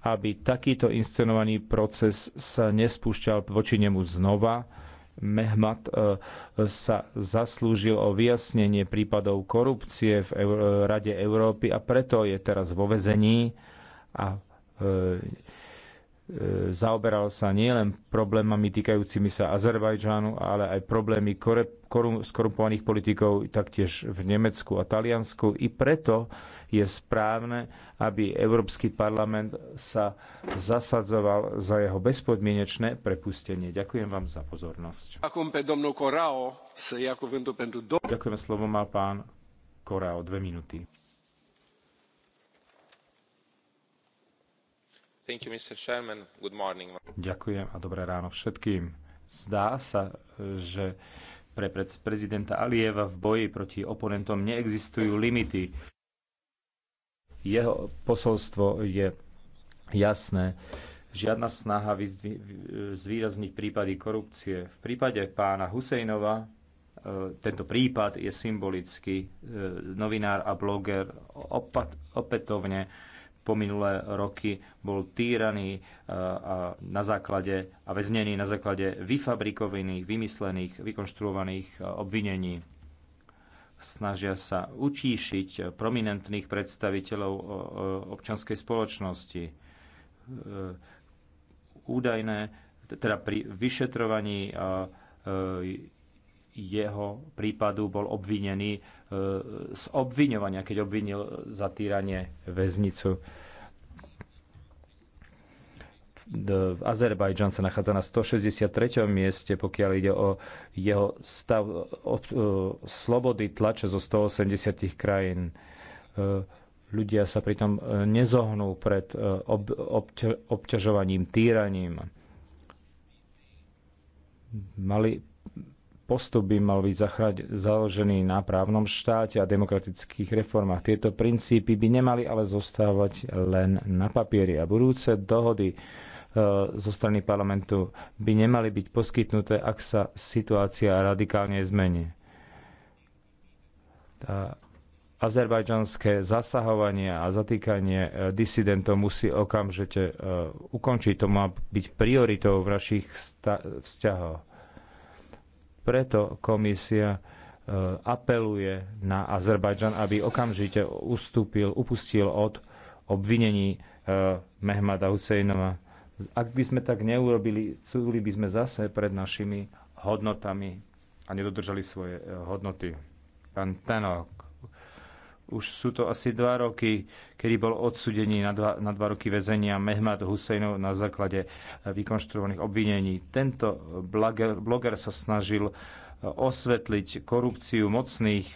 aby takýto inscenovaný proces sa nespúšťal voči nemu znova. Mehmat sa zaslúžil o vyjasnenie prípadov korupcie v Rade Európy a preto je teraz vo vezení a e, e, zaoberal sa nielen problémami týkajúcimi sa Azerbajdžánu, ale aj problémy skorumpovaných politikov taktiež v Nemecku a Taliansku. I preto je správne, aby Európsky parlament sa zasadzoval za jeho bezpodmienečné prepustenie. Ďakujem vám za pozornosť. Ďakujem, slovo má pán Korao, dve minúty. Ďakujem a dobré ráno všetkým. Zdá sa, že pre prezidenta Alieva v boji proti oponentom neexistujú limity. Jeho posolstvo je jasné. Žiadna snaha zvýrazniť prípady korupcie. V prípade pána Husejnova e, tento prípad je symbolický. E, novinár a bloger opätovne po minulé roky bol týraný e, a na základe a väznený na základe vyfabrikovaných, vymyslených, vykonštruovaných e, obvinení. Snažia sa učíšiť prominentných predstaviteľov občanskej spoločnosti. E, údajné, teda pri vyšetrovaní jeho prípadu bol obvinený e, z obviňovania, keď obvinil za týranie väznicu. V Azerbajdžan sa nachádza na 163. mieste, pokiaľ ide o jeho stav o, e, slobody tlače zo 180 krajín. E, ľudia sa pritom nezohnú pred ob, obťažovaním, týraním. Mali postup by mal byť založený na právnom štáte a demokratických reformách. Tieto princípy by nemali ale zostávať len na papieri a budúce dohody e, zo strany parlamentu by nemali byť poskytnuté, ak sa situácia radikálne zmení. Tá azerbajdžanské zasahovanie a zatýkanie e, disidentov musí okamžite e, ukončiť. To má byť prioritou v našich vzťahoch preto komisia e, apeluje na Azerbajdžan, aby okamžite ustúpil, upustil od obvinení e, Mehmada Husejnova. Ak by sme tak neurobili, cúli by sme zase pred našimi hodnotami a nedodržali svoje e, hodnoty. Pán Tenok. Už sú to asi dva roky, kedy bol odsudený na dva, na dva roky väzenia Mehmat Husejnov na základe eh, vykonštruovaných obvinení. Tento bloger, bloger sa snažil eh, osvetliť korupciu mocných.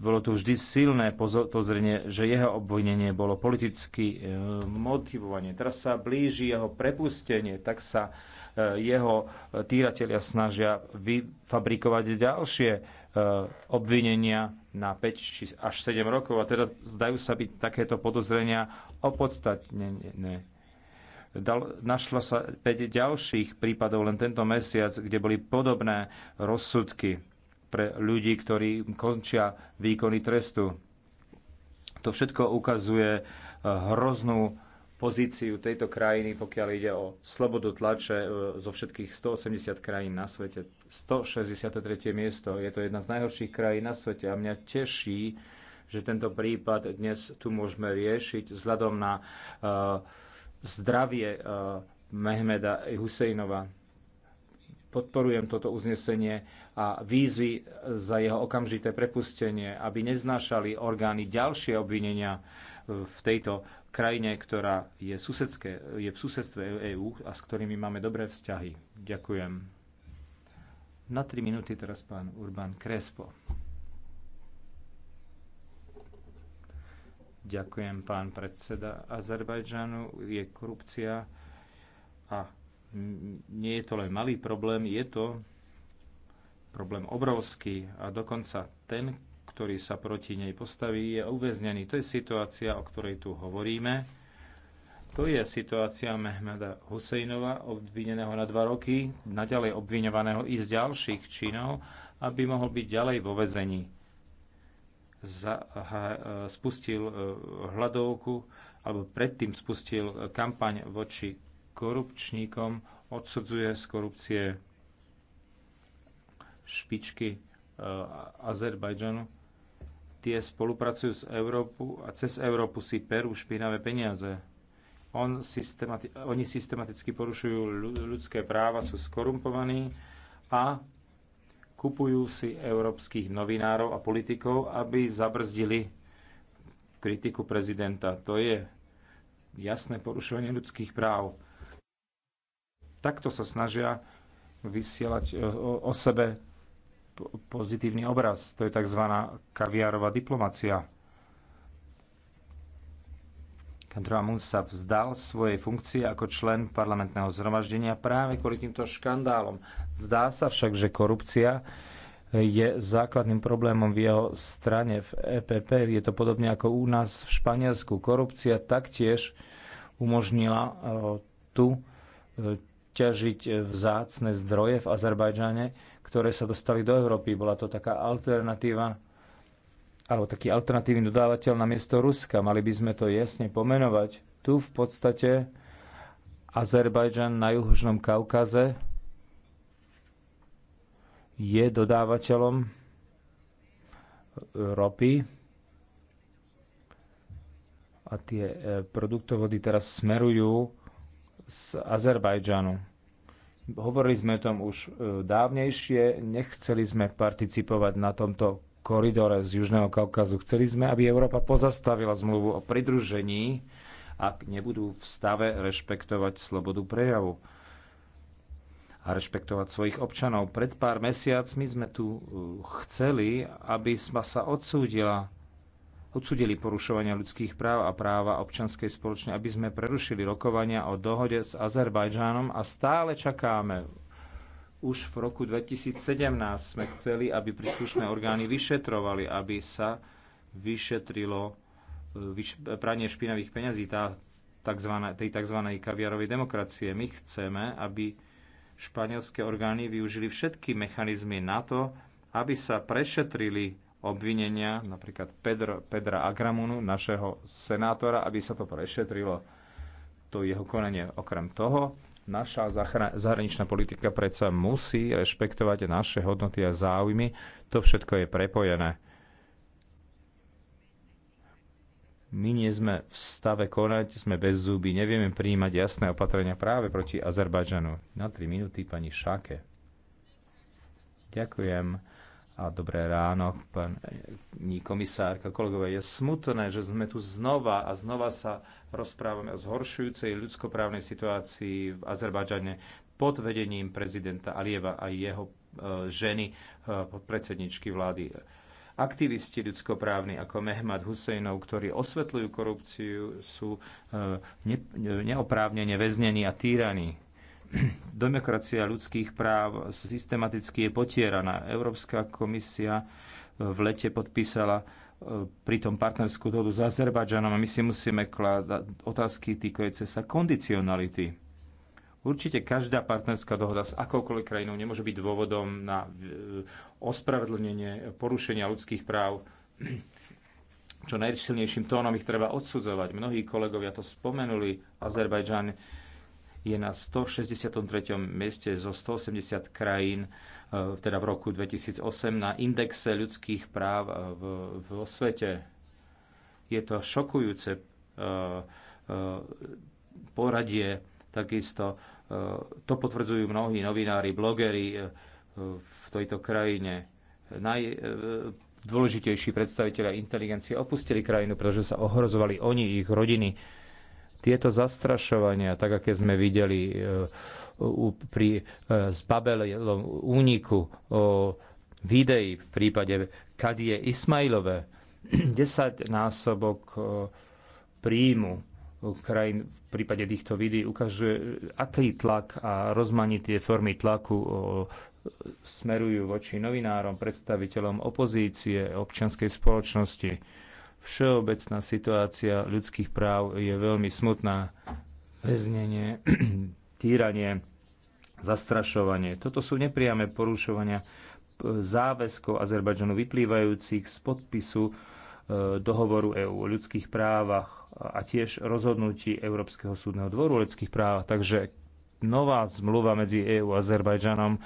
Bolo tu vždy silné pozorenie, že jeho obvinenie bolo politicky eh, motivovanie. Teraz sa blíži jeho prepustenie, tak sa jeho týratelia snažia vyfabrikovať ďalšie Eh, obvinenia na 5 či až 7 rokov a teda zdajú sa byť takéto podozrenia opodstatnené. našlo sa 5 ďalších prípadov len tento mesiac, kde boli podobné rozsudky pre ľudí, ktorí končia výkony trestu. To všetko ukazuje eh, hroznú pozíciu tejto krajiny, pokiaľ ide o slobodu tlače e, zo všetkých 180 krajín na svete. 163. miesto, je to jedna z najhorších krajín na svete a mňa teší, že tento prípad dnes tu môžeme riešiť vzhľadom na uh, zdravie uh, Mehmeda Husejnova. Podporujem toto uznesenie a výzvy za jeho okamžité prepustenie, aby neznášali orgány ďalšie obvinenia v tejto krajine, ktorá je, susedské, je v susedstve EÚ a s ktorými máme dobré vzťahy. Ďakujem. Na 3 minúty teraz pán Urban Krespo. Ďakujem, pán predseda. Azerbajdžanu je korupcia a nie je to len malý problém, je to problém obrovský a dokonca ten, ktorý sa proti nej postaví, je uväznený. To je situácia, o ktorej tu hovoríme. To je situácia Mehmeda Husejnova, obvineného na dva roky, naďalej obviňovaného i z ďalších činov, aby mohol byť ďalej vo väzení. Za, ha, spustil e, hľadovku, alebo predtým spustil kampaň voči korupčníkom, odsudzuje z korupcie špičky e, Azerbajdžanu Tie spolupracujú s Európu a cez Európu si perú špinavé peniaze. On systemati- oni systematicky porušujú ľudské práva, sú skorumpovaní a kupujú si európskych novinárov a politikov, aby zabrzdili kritiku prezidenta. To je jasné porušovanie ľudských práv. Takto sa snažia vysielať o, o sebe pozitívny obraz. To je tzv. kaviárová diplomacia. Kandrova Musa vzdal svojej funkcie ako člen parlamentného zhromaždenia práve kvôli týmto škandálom. Zdá sa však, že korupcia je základným problémom v jeho strane v EPP. Je to podobne ako u nás v Španielsku. Korupcia taktiež umožnila e, tu e, ťažiť vzácne zdroje v Azerbajdžane, ktoré sa dostali do Európy. Bola to taká alternatíva, alebo taký alternatívny dodávateľ na miesto Ruska. Mali by sme to jasne pomenovať. Tu v podstate Azerbajdžan na Južnom Kaukaze je dodávateľom ropy a tie eh, produktovody teraz smerujú z Azerbajdžanu Hovorili sme o tom už e, dávnejšie, nechceli sme participovať na tomto koridore z Južného Kaukazu. Chceli sme, aby Európa pozastavila zmluvu o pridružení, ak nebudú v stave rešpektovať slobodu prejavu a rešpektovať svojich občanov. Pred pár mesiacmi sme tu e, chceli, aby sa odsúdila odsudili porušovania ľudských práv a práva občanskej spoločne, aby sme prerušili rokovania o dohode s Azerbajdžánom a stále čakáme. Už v roku 2017 sme chceli, aby príslušné orgány vyšetrovali, aby sa vyšetrilo e, pranie špinavých peňazí tá, takzvaná, tej tzv. kaviarovej demokracie. My chceme, aby španielské orgány využili všetky mechanizmy na to, aby sa prešetrili obvinenia, napríklad Pedro, Pedra Agramunu, našeho senátora, aby sa to prešetrilo, to jeho konanie. Okrem toho, naša zahraničná politika predsa musí rešpektovať naše hodnoty a záujmy. To všetko je prepojené. My nie sme v stave konať, sme bez zuby, nevieme prijímať jasné opatrenia práve proti Azerbajdžanu. Na 3 minúty pani Šake. Ďakujem a dobré ráno, pani komisárka, kolegové. Je smutné, že sme tu znova a znova sa rozprávame o zhoršujúcej ľudskoprávnej situácii v Azerbajdžane pod vedením prezidenta Alieva a jeho e, ženy e, predsedničky vlády. Aktivisti ľudskoprávni ako Mehmad Husejnov, ktorí osvetľujú korupciu, sú e, neoprávnene väznení a týraní Demokracia ľudských práv systematicky je potieraná. Európska komisia eh, v lete podpísala eh, pritom partnerskú dohodu s Azerbajdžanom a my si musíme kladať otázky týkajúce sa kondicionality. Určite každá partnerská dohoda s akoukoľvek krajinou nemôže byť dôvodom na eh, ospravedlnenie porušenia ľudských práv. Čo najsilnejším tónom ich treba odsudzovať. Mnohí kolegovia to spomenuli. Azerbajdžan je na 163. mieste zo 180 krajín, e, teda v roku 2008, na indexe ľudských práv e, vo svete. Je to šokujúce e, poradie, takisto to potvrdzujú mnohí novinári, blogeri v tejto krajine. Najdôležitejší predstaviteľa inteligencie opustili krajinu, pretože sa ohrozovali oni, ich rodiny tieto zastrašovania, tak aké sme videli e, pri zbabelom e, úniku videí v prípade Kadie Ismailové, 10 násobok e, príjmu krajín v prípade týchto videí ukazuje, aký tlak a rozmanité formy tlaku smerujú voči novinárom, predstaviteľom opozície, občianskej spoločnosti Všeobecná situácia ľudských práv je veľmi smutná. Väznenie, týranie, zastrašovanie. Toto sú nepriame porušovania záväzkov Azerbajdžanu vyplývajúcich z podpisu e, dohovoru EÚ o ľudských právach a tiež rozhodnutí Európskeho súdneho dvoru o ľudských právach. Takže nová zmluva medzi EÚ a Azerbajdžanom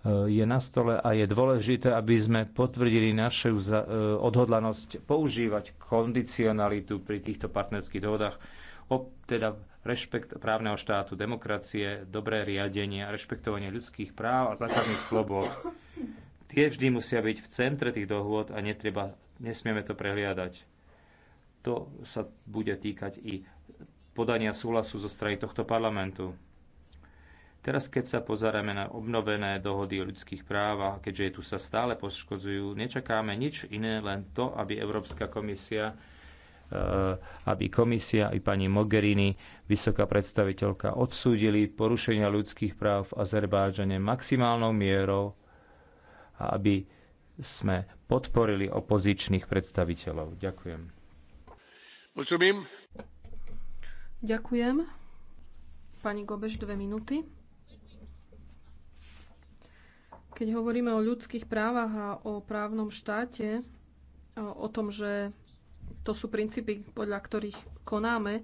E, je na stole a je dôležité, aby sme potvrdili našu e, odhodlanosť používať kondicionalitu pri týchto partnerských dohodách, teda rešpekt právneho štátu, demokracie, dobré riadenie a rešpektovanie ľudských práv a základných slobod. Tie vždy musia byť v centre tých dohôd a netreba, nesmieme to prehliadať. To sa bude týkať i podania súhlasu zo strany tohto parlamentu. Teraz, keď sa pozeráme na obnovené dohody o ľudských právach, keďže je tu sa stále poškodzujú, nečakáme nič iné, len to, aby Európska komisia eh, aby komisia i pani Mogherini, vysoká predstaviteľka, odsúdili porušenia ľudských práv v Azerbajdžane maximálnou mierou a aby sme podporili opozičných predstaviteľov. Ďakujem. Ďakujem. Ďakujem. Pani Gobeš, dve minúty. Keď hovoríme o ľudských právach a o právnom štáte, o tom, že to sú princípy, podľa ktorých konáme,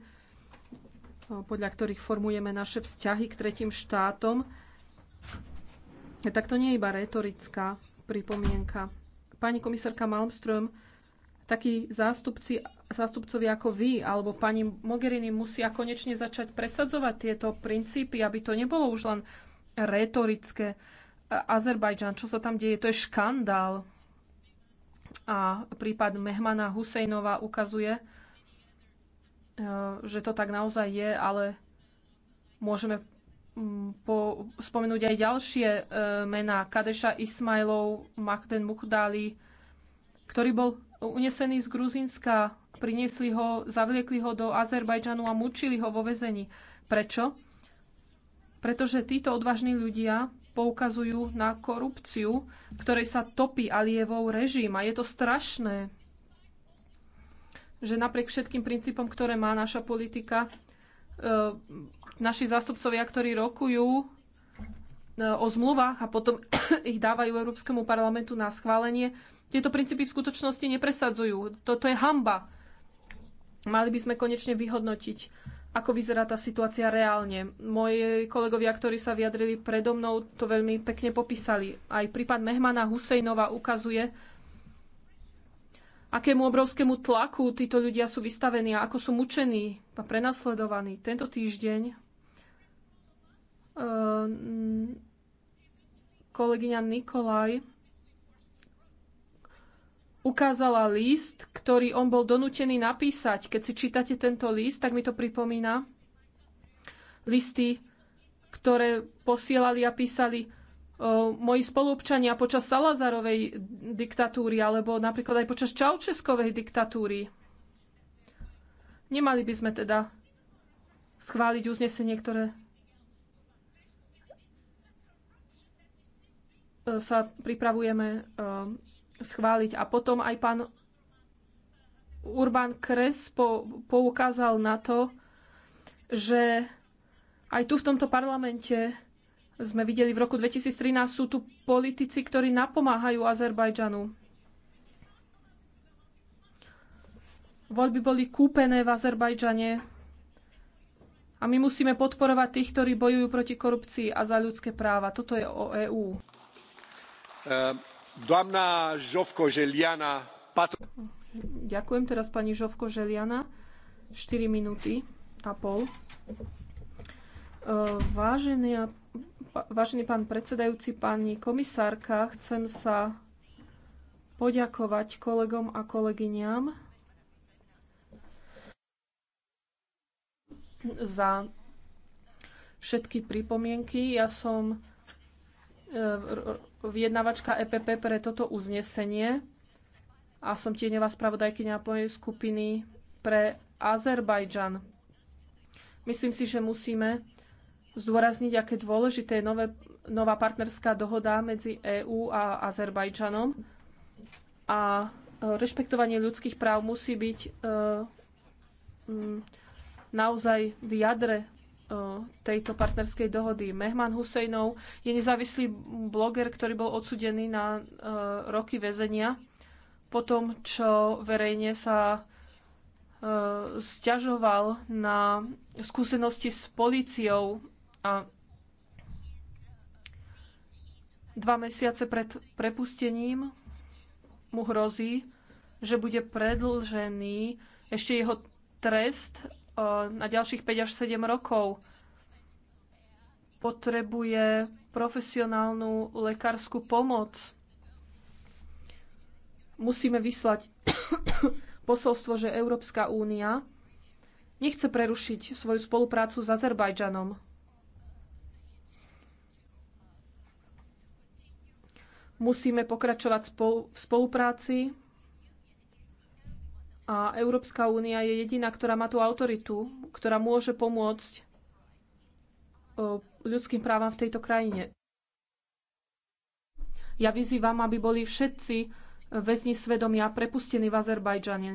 podľa ktorých formujeme naše vzťahy k tretím štátom, tak to nie je iba retorická pripomienka. Pani komisárka Malmström, takí zástupci, zástupcovi ako vy alebo pani Mogherini musia konečne začať presadzovať tieto princípy, aby to nebolo už len retorické. Azerbajdžan, čo sa tam deje, to je škandál. A prípad Mehmana Husejnova ukazuje, e, že to tak naozaj je, ale môžeme mm, po, spomenúť aj ďalšie e, mená. Kadeša Ismailov, Mahden Muhdali, ktorý bol unesený z Gruzinska, priniesli ho, zavliekli ho do Azerbajdžanu a mučili ho vo vezení. Prečo? Pretože títo odvážni ľudia poukazujú na korupciu, v ktorej sa topí Alievov režim. A je to strašné, že napriek všetkým princípom, ktoré má naša politika, e, naši zástupcovia, ktorí rokujú e, o zmluvách a potom ich dávajú Európskemu parlamentu na schválenie, tieto princípy v skutočnosti nepresadzujú. Toto je hamba. Mali by sme konečne vyhodnotiť ako vyzerá tá situácia reálne. Moji kolegovia, ktorí sa vyjadrili predo mnou, to veľmi pekne popísali. Aj prípad Mehmana Husejnova ukazuje, akému obrovskému tlaku títo ľudia sú vystavení a ako sú mučení a prenasledovaní. Tento týždeň um, kolegyňa Nikolaj ukázala list, ktorý on bol donútený napísať. Keď si čítate tento list, tak mi to pripomína listy, ktoré posielali a písali e, moji spolupčania počas Salazarovej diktatúry alebo napríklad aj počas Čaučeskovej diktatúry. Nemali by sme teda schváliť uznesenie, ktoré e, sa pripravujeme e, schváliť. A potom aj pán Urban Crespo poukázal na to, že aj tu v tomto parlamente sme videli v roku 2013 sú tu politici, ktorí napomáhajú Azerbajdžanu. Voľby boli kúpené v Azerbajdžane a my musíme podporovať tých, ktorí bojujú proti korupcii a za ľudské práva. Toto je o EÚ. Ďakujem teraz pani Žovko Želiana. 4 minúty a pol. E, vážený, vážený pán predsedajúci, pani komisárka, chcem sa poďakovať kolegom a kolegyňam za všetky pripomienky. Ja som E, vyjednávačka EPP pre toto uznesenie a som tieňová spravodajkyňa mojej skupiny pre Azerbajdžan. Myslím si, že musíme zdôrazniť, aké dôležité je nové, nová partnerská dohoda medzi EÚ a Azerbajdžanom a e, rešpektovanie ľudských práv musí byť e, m, naozaj v jadre tejto partnerskej dohody. Mehman Husejnov je nezávislý bloger, ktorý bol odsudený na e, roky väzenia po tom, čo verejne sa e, sťažoval na skúsenosti s políciou a dva mesiace pred prepustením mu hrozí, že bude predlžený ešte jeho trest na ďalších 5 až 7 rokov. Potrebuje profesionálnu lekárskú pomoc. Musíme vyslať posolstvo, že Európska únia nechce prerušiť svoju spoluprácu s Azerbajdžanom. Musíme pokračovať v spolupráci a Európska únia je jediná, ktorá má tú autoritu, ktorá môže pomôcť e, ľudským právam v tejto krajine. Ja vyzývam, aby boli všetci väzni svedomia prepustení v Azerbajdžane.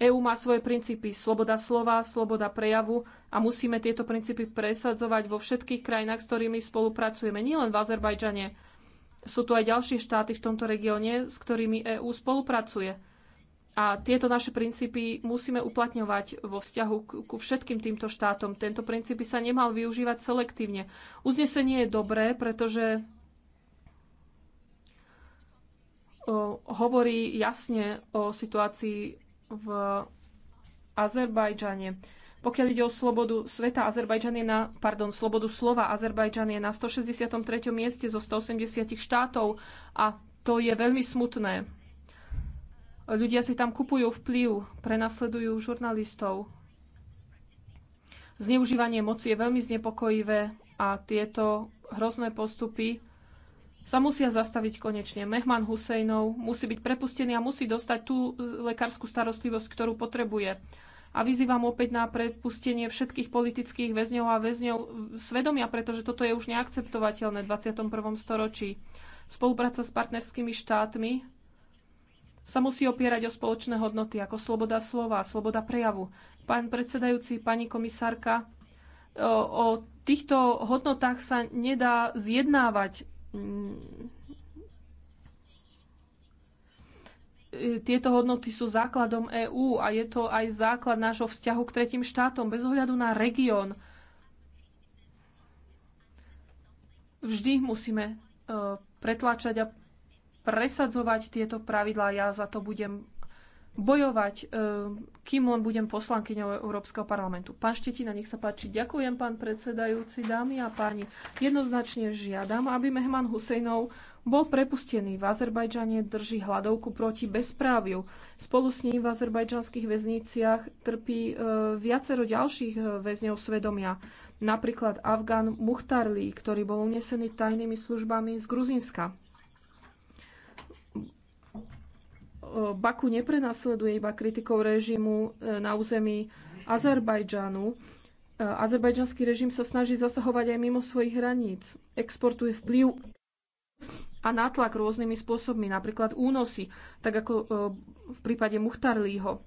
EÚ má svoje princípy, sloboda slova, sloboda prejavu a musíme tieto princípy presadzovať vo všetkých krajinách, s ktorými spolupracujeme, nielen v Azerbajdžane. Sú tu aj ďalšie štáty v tomto regióne, s ktorými EÚ spolupracuje. A tieto naše princípy musíme uplatňovať vo vzťahu ku všetkým týmto štátom. Tento princíp by sa nemal využívať selektívne. Uznesenie je dobré, pretože hovorí jasne o situácii v Azerbajdžane. Pokiaľ ide o slobodu sveta, Azerbajdžan je na, pardon, slobodu slova, Azerbajdžan je na 163. mieste zo 180 štátov a to je veľmi smutné. Ľudia si tam kupujú vplyv, prenasledujú žurnalistov. Zneužívanie moci je veľmi znepokojivé a tieto hrozné postupy sa musia zastaviť konečne. Mehman Husejnov musí byť prepustený a musí dostať tú lekárskú starostlivosť, ktorú potrebuje. A vyzývam opäť na prepustenie všetkých politických väzňov a väzňov svedomia, pretože toto je už neakceptovateľné v 21. storočí. Spolupráca s partnerskými štátmi sa musí opierať o spoločné hodnoty ako sloboda slova, sloboda prejavu. Pán predsedajúci, pani komisárka, o, o týchto hodnotách sa nedá zjednávať. Tieto hodnoty sú základom EÚ a je to aj základ nášho vzťahu k tretím štátom bez ohľadu na región. Vždy musíme e, pretláčať a presadzovať tieto pravidlá. Ja za to budem bojovať, e, kým len budem poslankyňou Európskeho parlamentu. Pán Štetina, nech sa páči. Ďakujem, pán predsedajúci, dámy a páni. Jednoznačne žiadam, aby Mehman Husejnov bol prepustený. V Azerbajdžane drží hladovku proti bezpráviu. Spolu s ním v azerbajdžanských väzniciach trpí e, viacero ďalších e, väzňov svedomia. Napríklad Afgán Muhtarli, ktorý bol unesený tajnými službami z Gruzinska. Baku neprenasleduje iba kritikov režimu e, na území Azerbajdžanu. E, azerbajdžanský režim sa snaží zasahovať aj mimo svojich hraníc. Exportuje vplyv a nátlak rôznymi spôsobmi, napríklad únosy, tak ako e, v prípade Muhtarlího.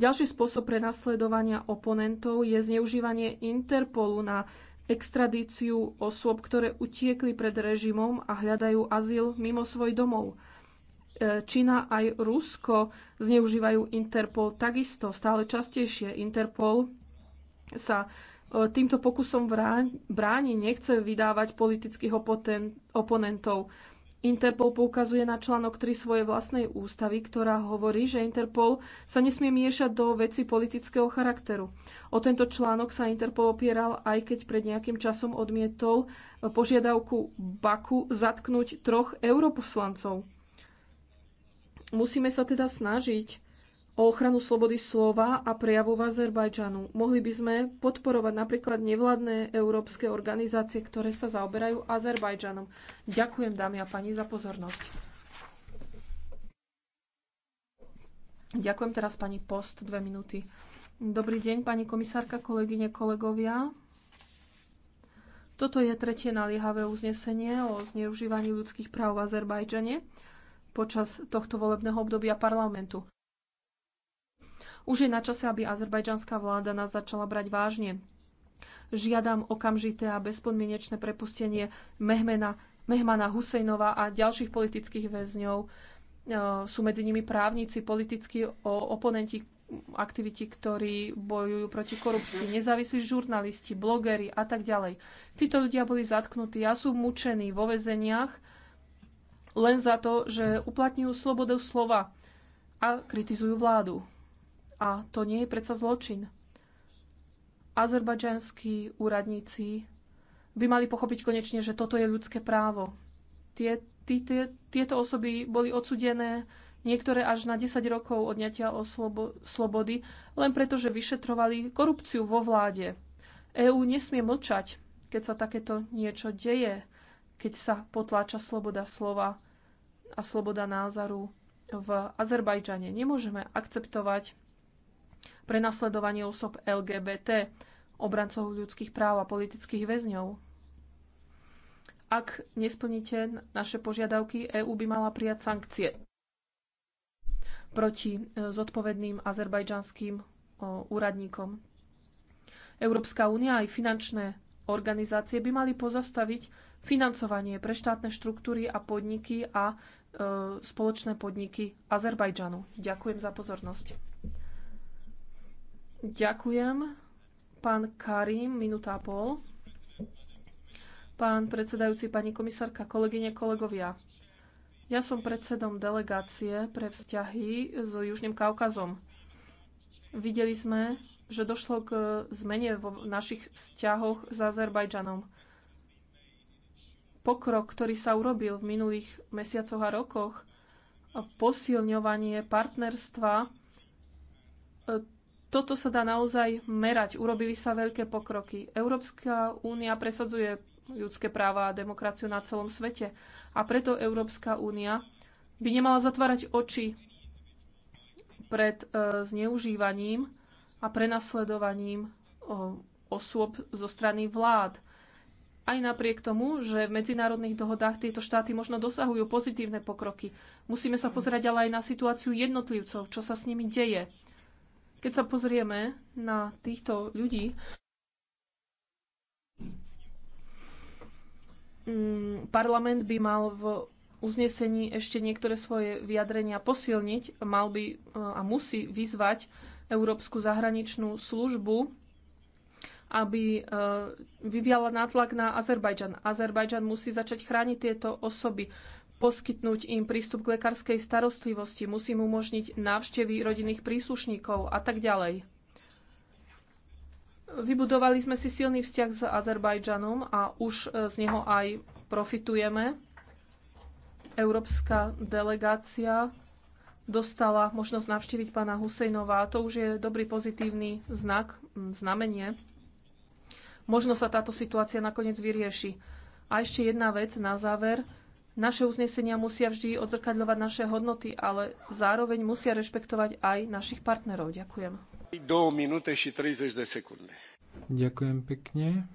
Ďalší spôsob prenasledovania oponentov je zneužívanie Interpolu na extradíciu osôb, ktoré utiekli pred režimom a hľadajú azyl mimo svoj domov. Čína aj Rusko zneužívajú Interpol takisto stále častejšie. Interpol sa e, týmto pokusom bráni, nechce vydávať politických oponentov. Interpol poukazuje na článok 3 svojej vlastnej ústavy, ktorá hovorí, že Interpol sa nesmie miešať do veci politického charakteru. O tento článok sa Interpol opieral, aj keď pred nejakým časom odmietol e, požiadavku Baku zatknúť troch europoslancov. Musíme sa teda snažiť o ochranu slobody slova a prejavu v Azerbajdžanu. Mohli by sme podporovať napríklad nevládne európske organizácie, ktoré sa zaoberajú Azerbajdžanom. Ďakujem, dámy a pani, za pozornosť. Ďakujem teraz pani Post, dve minúty. Dobrý deň, pani komisárka, kolegyne, kolegovia. Toto je tretie naliehavé uznesenie o zneužívaní ľudských práv v Azerbajdžane počas tohto volebného obdobia parlamentu. Už je na čase, aby azerbajdžanská vláda nás začala brať vážne. Žiadam okamžité a bezpodmienečné prepustenie Mehmena, Mehmana Husejnova a ďalších politických väzňov. E, sú medzi nimi právnici, politickí oponenti, aktiviti, ktorí bojujú proti korupcii, nezávislí žurnalisti, blogeri a tak ďalej. Títo ľudia boli zatknutí a sú mučení vo väzeniach len za to, že uplatňujú slobodu slova a kritizujú vládu. A to nie je predsa zločin. Azerbajdžanskí úradníci by mali pochopiť konečne, že toto je ľudské právo. Tie, tí, tie, tieto osoby boli odsudené niektoré až na 10 rokov odňatia o slobo, slobody, len preto, že vyšetrovali korupciu vo vláde. EÚ nesmie mlčať, keď sa takéto niečo deje, keď sa potláča sloboda slova a sloboda názoru v Azerbajdžane. Nemôžeme akceptovať prenasledovanie osob LGBT, obrancov ľudských práv a politických väzňov. Ak nesplníte naše požiadavky, EÚ by mala prijať sankcie proti e, zodpovedným azerbajdžanským e, úradníkom. Európska únia aj finančné organizácie by mali pozastaviť financovanie pre štátne štruktúry a podniky a E, spoločné podniky Azerbajdžanu. Ďakujem za pozornosť. Ďakujem. Pán Karim, minúta a pol. Pán predsedajúci, pani komisárka, kolegyne, kolegovia. Ja som predsedom delegácie pre vzťahy so Južným Kaukazom. Videli sme, že došlo k zmene v našich vzťahoch s Azerbajdžanom pokrok, ktorý sa urobil v minulých mesiacoch a rokoch, posilňovanie partnerstva, e, toto sa dá naozaj merať. Urobili sa veľké pokroky. Európska únia presadzuje ľudské práva a demokraciu na celom svete. A preto Európska únia by nemala zatvárať oči pred e, zneužívaním a prenasledovaním osôb zo strany vlád aj napriek tomu, že v medzinárodných dohodách tieto štáty možno dosahujú pozitívne pokroky. Musíme sa pozerať ale aj na situáciu jednotlivcov, čo sa s nimi deje. Keď sa pozrieme na týchto ľudí, mm, parlament by mal v uznesení ešte niektoré svoje vyjadrenia posilniť, mal by e, a musí vyzvať Európsku zahraničnú službu aby e, vyviala nátlak na Azerbajdžan. Azerbajdžan musí začať chrániť tieto osoby, poskytnúť im prístup k lekárskej starostlivosti, musí mu umožniť návštevy rodinných príslušníkov a tak ďalej. Vybudovali sme si silný vzťah s Azerbajdžanom a už e, z neho aj profitujeme. Európska delegácia dostala možnosť navštíviť pána Husejnova a to už je dobrý pozitívny znak, znamenie. Možno sa táto situácia nakoniec vyrieši. A ešte jedna vec na záver. Naše uznesenia musia vždy odzrkadľovať naše hodnoty, ale zároveň musia rešpektovať aj našich partnerov. Ďakujem. Do minúty 30 sekúnd. Ďakujem pekne.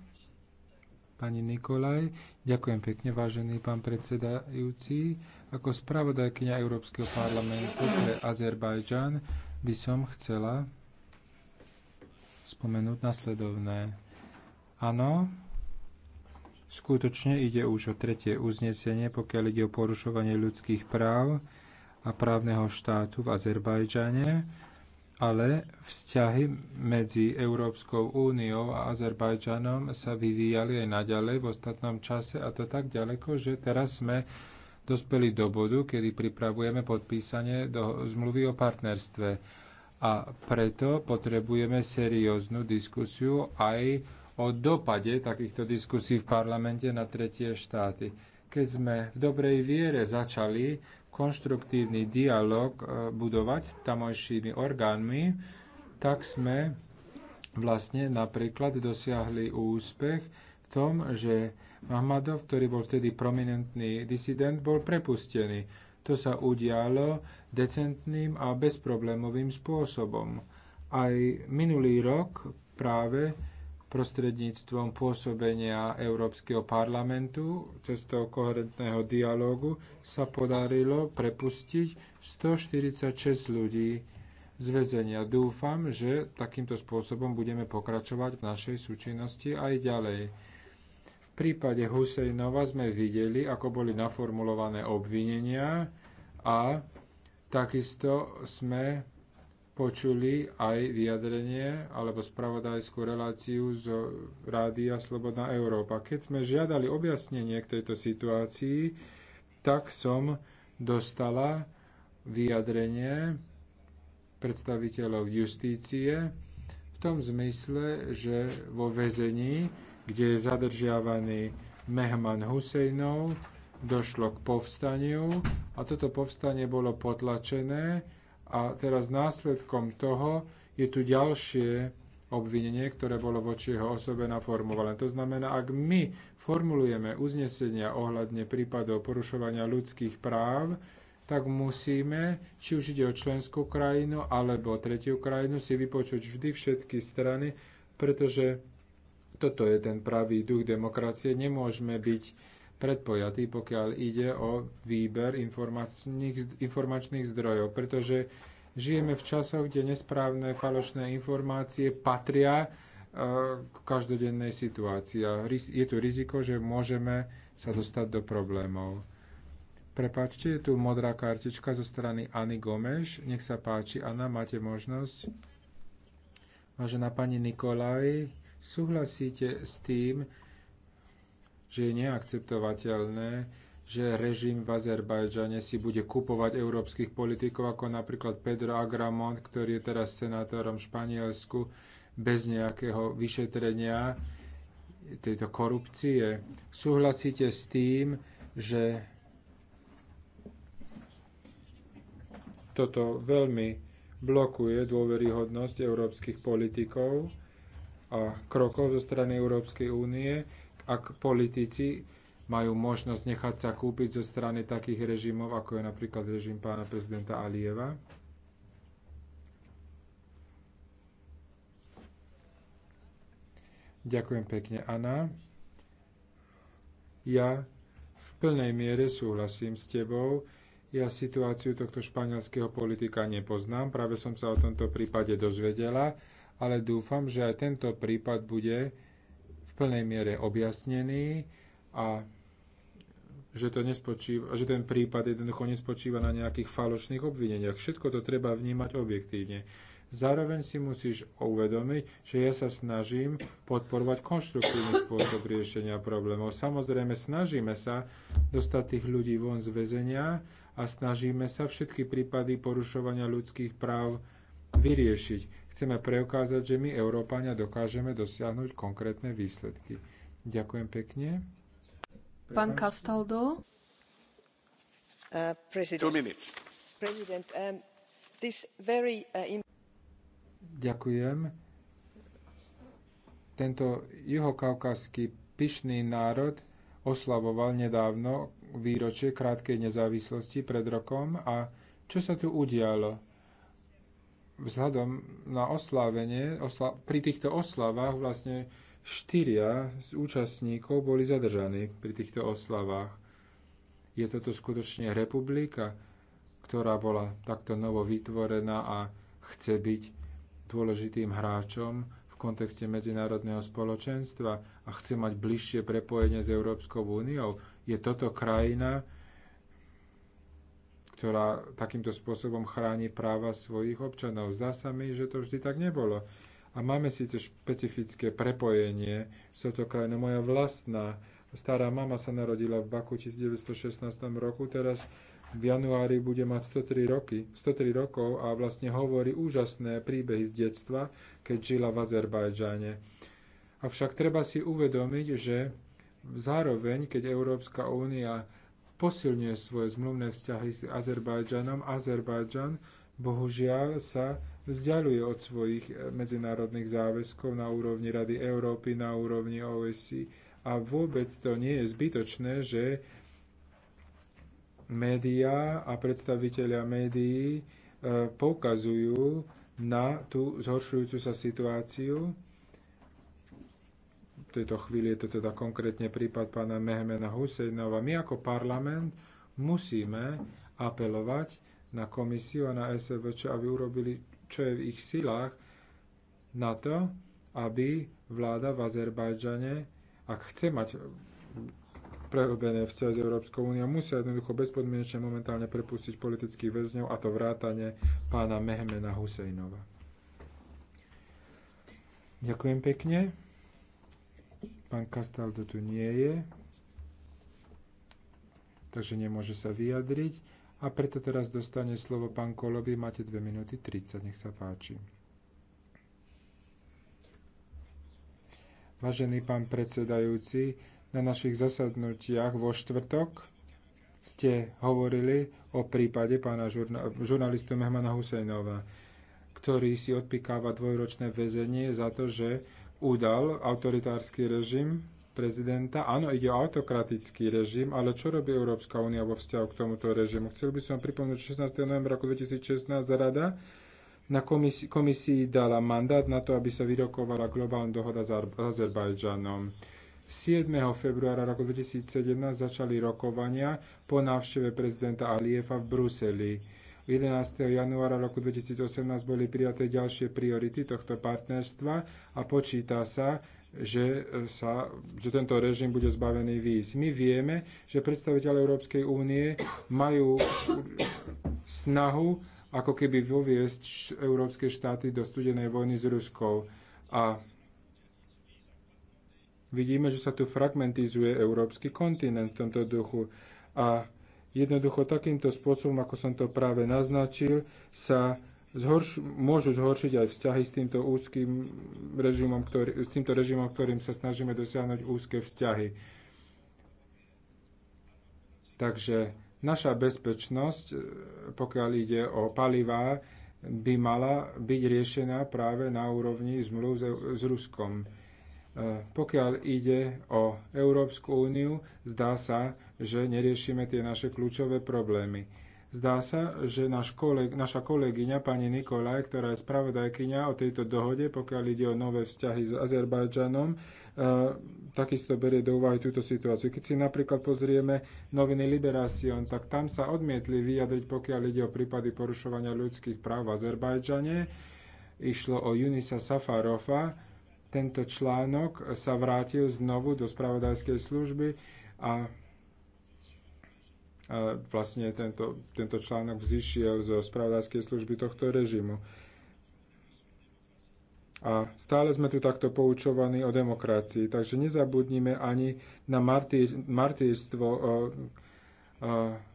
Pani Nikolaj, ďakujem pekne, vážený pán predsedajúci. Ako spravodajkyňa Európskeho parlamentu pre Azerbajdžan by som chcela spomenúť nasledovné. Áno, skutočne ide už o tretie uznesenie, pokiaľ ide o porušovanie ľudských práv a právneho štátu v Azerbajdžane, ale vzťahy medzi Európskou úniou a Azerbajdžanom sa vyvíjali aj naďalej v ostatnom čase a to tak ďaleko, že teraz sme dospeli do bodu, kedy pripravujeme podpísanie do zmluvy o partnerstve. A preto potrebujeme serióznu diskusiu aj o dopade takýchto diskusí v parlamente na tretie štáty. Keď sme v dobrej viere začali konštruktívny dialog e, budovať s tamojšími orgánmi, tak sme vlastne napríklad dosiahli úspech v tom, že Ahmadov, ktorý bol vtedy prominentný disident, bol prepustený. To sa udialo decentným a bezproblémovým spôsobom. Aj minulý rok práve prostredníctvom pôsobenia Európskeho parlamentu cestou koherentného dialógu sa podarilo prepustiť 146 ľudí z väzenia. Dúfam, že takýmto spôsobom budeme pokračovať v našej súčinnosti aj ďalej. V prípade Husejnova sme videli, ako boli naformulované obvinenia a takisto sme počuli aj vyjadrenie alebo spravodajskú reláciu z Rádia Slobodná Európa. Keď sme žiadali objasnenie k tejto situácii, tak som dostala vyjadrenie predstaviteľov justície v tom zmysle, že vo väzení, kde je zadržiavaný Mehman Husejnov, došlo k povstaniu a toto povstanie bolo potlačené a teraz následkom toho je tu ďalšie obvinenie, ktoré bolo voči jeho osobe naformované. To znamená, ak my formulujeme uznesenia ohľadne prípadov porušovania ľudských práv, tak musíme, či už ide o členskú krajinu alebo tretiu krajinu, si vypočuť vždy všetky strany, pretože toto je ten pravý duch demokracie. Nemôžeme byť predpojatý, pokiaľ ide o výber informačných, informačných zdrojov, pretože žijeme v časoch, kde nesprávne falošné informácie patria e, k každodennej situácii a je tu riziko, že môžeme sa dostať do problémov. Prepačte, je tu modrá kartička zo strany Anny Gomeš. Nech sa páči, Anna, máte možnosť. Vážená pani Nikolaj, súhlasíte s tým, že je neakceptovateľné, že režim v Azerbajdžane si bude kupovať európskych politikov, ako napríklad Pedro Agramont, ktorý je teraz senátorom v Španielsku, bez nejakého vyšetrenia tejto korupcie. Súhlasíte s tým, že toto veľmi blokuje dôveryhodnosť európskych politikov a krokov zo strany Európskej únie ak politici majú možnosť nechať sa kúpiť zo strany takých režimov, ako je napríklad režim pána prezidenta Alieva. Ďakujem pekne, Anna. Ja v plnej miere súhlasím s tebou. Ja situáciu tohto španielského politika nepoznám, práve som sa o tomto prípade dozvedela, ale dúfam, že aj tento prípad bude v plnej miere objasnený a že, to nespočíva, že ten prípad jednoducho nespočíva na nejakých falošných obvineniach. Všetko to treba vnímať objektívne. Zároveň si musíš uvedomiť, že ja sa snažím podporovať konštruktívny spôsob riešenia problémov. Samozrejme, snažíme sa dostať tých ľudí von z väzenia a snažíme sa všetky prípady porušovania ľudských práv vyriešiť. Chceme preukázať, že my, Európania, dokážeme dosiahnuť konkrétne výsledky. Ďakujem pekne. Pán Castaldo. Uh, President, um, very, uh, Ďakujem. Tento juhokaukaský pyšný národ oslavoval nedávno výročie krátkej nezávislosti pred rokom a čo sa tu udialo? vzhľadom na oslávenie, osla, pri týchto oslavách vlastne štyria z účastníkov boli zadržaní pri týchto oslavách. Je toto skutočne republika, ktorá bola takto novo vytvorená a chce byť dôležitým hráčom v kontexte medzinárodného spoločenstva a chce mať bližšie prepojenie s Európskou úniou. Je toto krajina, ktorá takýmto spôsobom chráni práva svojich občanov. Zdá sa mi, že to vždy tak nebolo. A máme síce špecifické prepojenie s touto krajinou. Moja vlastná stará mama sa narodila v Baku v 1916 roku, teraz v januári bude mať 103, roky, 103 rokov a vlastne hovorí úžasné príbehy z detstva, keď žila v Azerbajdžane. Avšak treba si uvedomiť, že zároveň, keď Európska únia posilňuje svoje zmluvné vzťahy s Azerbajdžanom. Azerbajdžan bohužiaľ sa vzdialuje od svojich eh, medzinárodných záväzkov na úrovni Rady Európy, na úrovni OSI a vôbec to nie je zbytočné, že médiá a predstavitelia médií eh, poukazujú na tú zhoršujúcu sa situáciu tejto chvíli je to teda konkrétne prípad pána Mehmena Husejnova. My ako parlament musíme apelovať na komisiu a na SVČ, aby urobili, čo je v ich silách, na to, aby vláda v Azerbajdžane, ak chce mať prehlbené vzťahy s Európskou úniou, musia jednoducho bezpodmienečne momentálne prepustiť politických väzňov, a to vrátane pána Mehmena Husejnova. Ďakujem pekne. Pán Castaldo tu nie je, takže nemôže sa vyjadriť. A preto teraz dostane slovo pán Koloby. Máte 2 minúty 30, nech sa páči. Vážený pán predsedajúci, na našich zasadnutiach vo štvrtok ste hovorili o prípade pána žurna- žurnalistu Mehmana Husejnova, ktorý si odpikáva dvojročné väzenie za to, že udal autoritársky režim prezidenta. Áno, ide o autokratický režim, ale čo robí Európska únia vo vzťahu k tomuto režimu? Chcel by som pripomnúť, že 16. novembra roku 2016 rada na komisii, komisii dala mandát na to, aby sa vyrokovala globálna dohoda s Azerbajdžanom. 7. februára roku 2017 začali rokovania po návšteve prezidenta Alieva v Bruseli 11. januára roku 2018 boli prijaté ďalšie priority tohto partnerstva a počíta sa, že, sa, že tento režim bude zbavený víz. My vieme, že predstaviteľe Európskej únie majú snahu ako keby voviesť európske štáty do studenej vojny s Ruskou. A vidíme, že sa tu fragmentizuje európsky kontinent v tomto duchu. A Jednoducho takýmto spôsobom, ako som to práve naznačil, sa zhorš- môžu zhoršiť aj vzťahy s týmto úzkým režimom, ktorý, s týmto režimom, ktorým sa snažíme dosiahnuť úzke vzťahy. Takže naša bezpečnosť, e, pokiaľ ide o palivá, by mala byť riešená práve na úrovni zmluv s Ruskom. E, pokiaľ ide o Európsku úniu, zdá sa, že neriešime tie naše kľúčové problémy. Zdá sa, že náš koleg, naša kolegyňa pani Nikolaj, ktorá je spravodajkyňa o tejto dohode, pokiaľ ide o nové vzťahy s Azerbajdžanom, e, takisto berie do úvahy túto situáciu. Keď si napríklad pozrieme noviny Liberation, tak tam sa odmietli vyjadriť, pokiaľ ide o prípady porušovania ľudských práv v Azerbajdžane. Išlo o Junisa Safarova. Tento článok sa vrátil znovu do spravodajskej služby a a vlastne tento, tento článok vzýšiel zo spravodajskej služby tohto režimu. A stále sme tu takto poučovaní o demokracii, takže nezabudnime ani na martýr, martýrstvo o, o,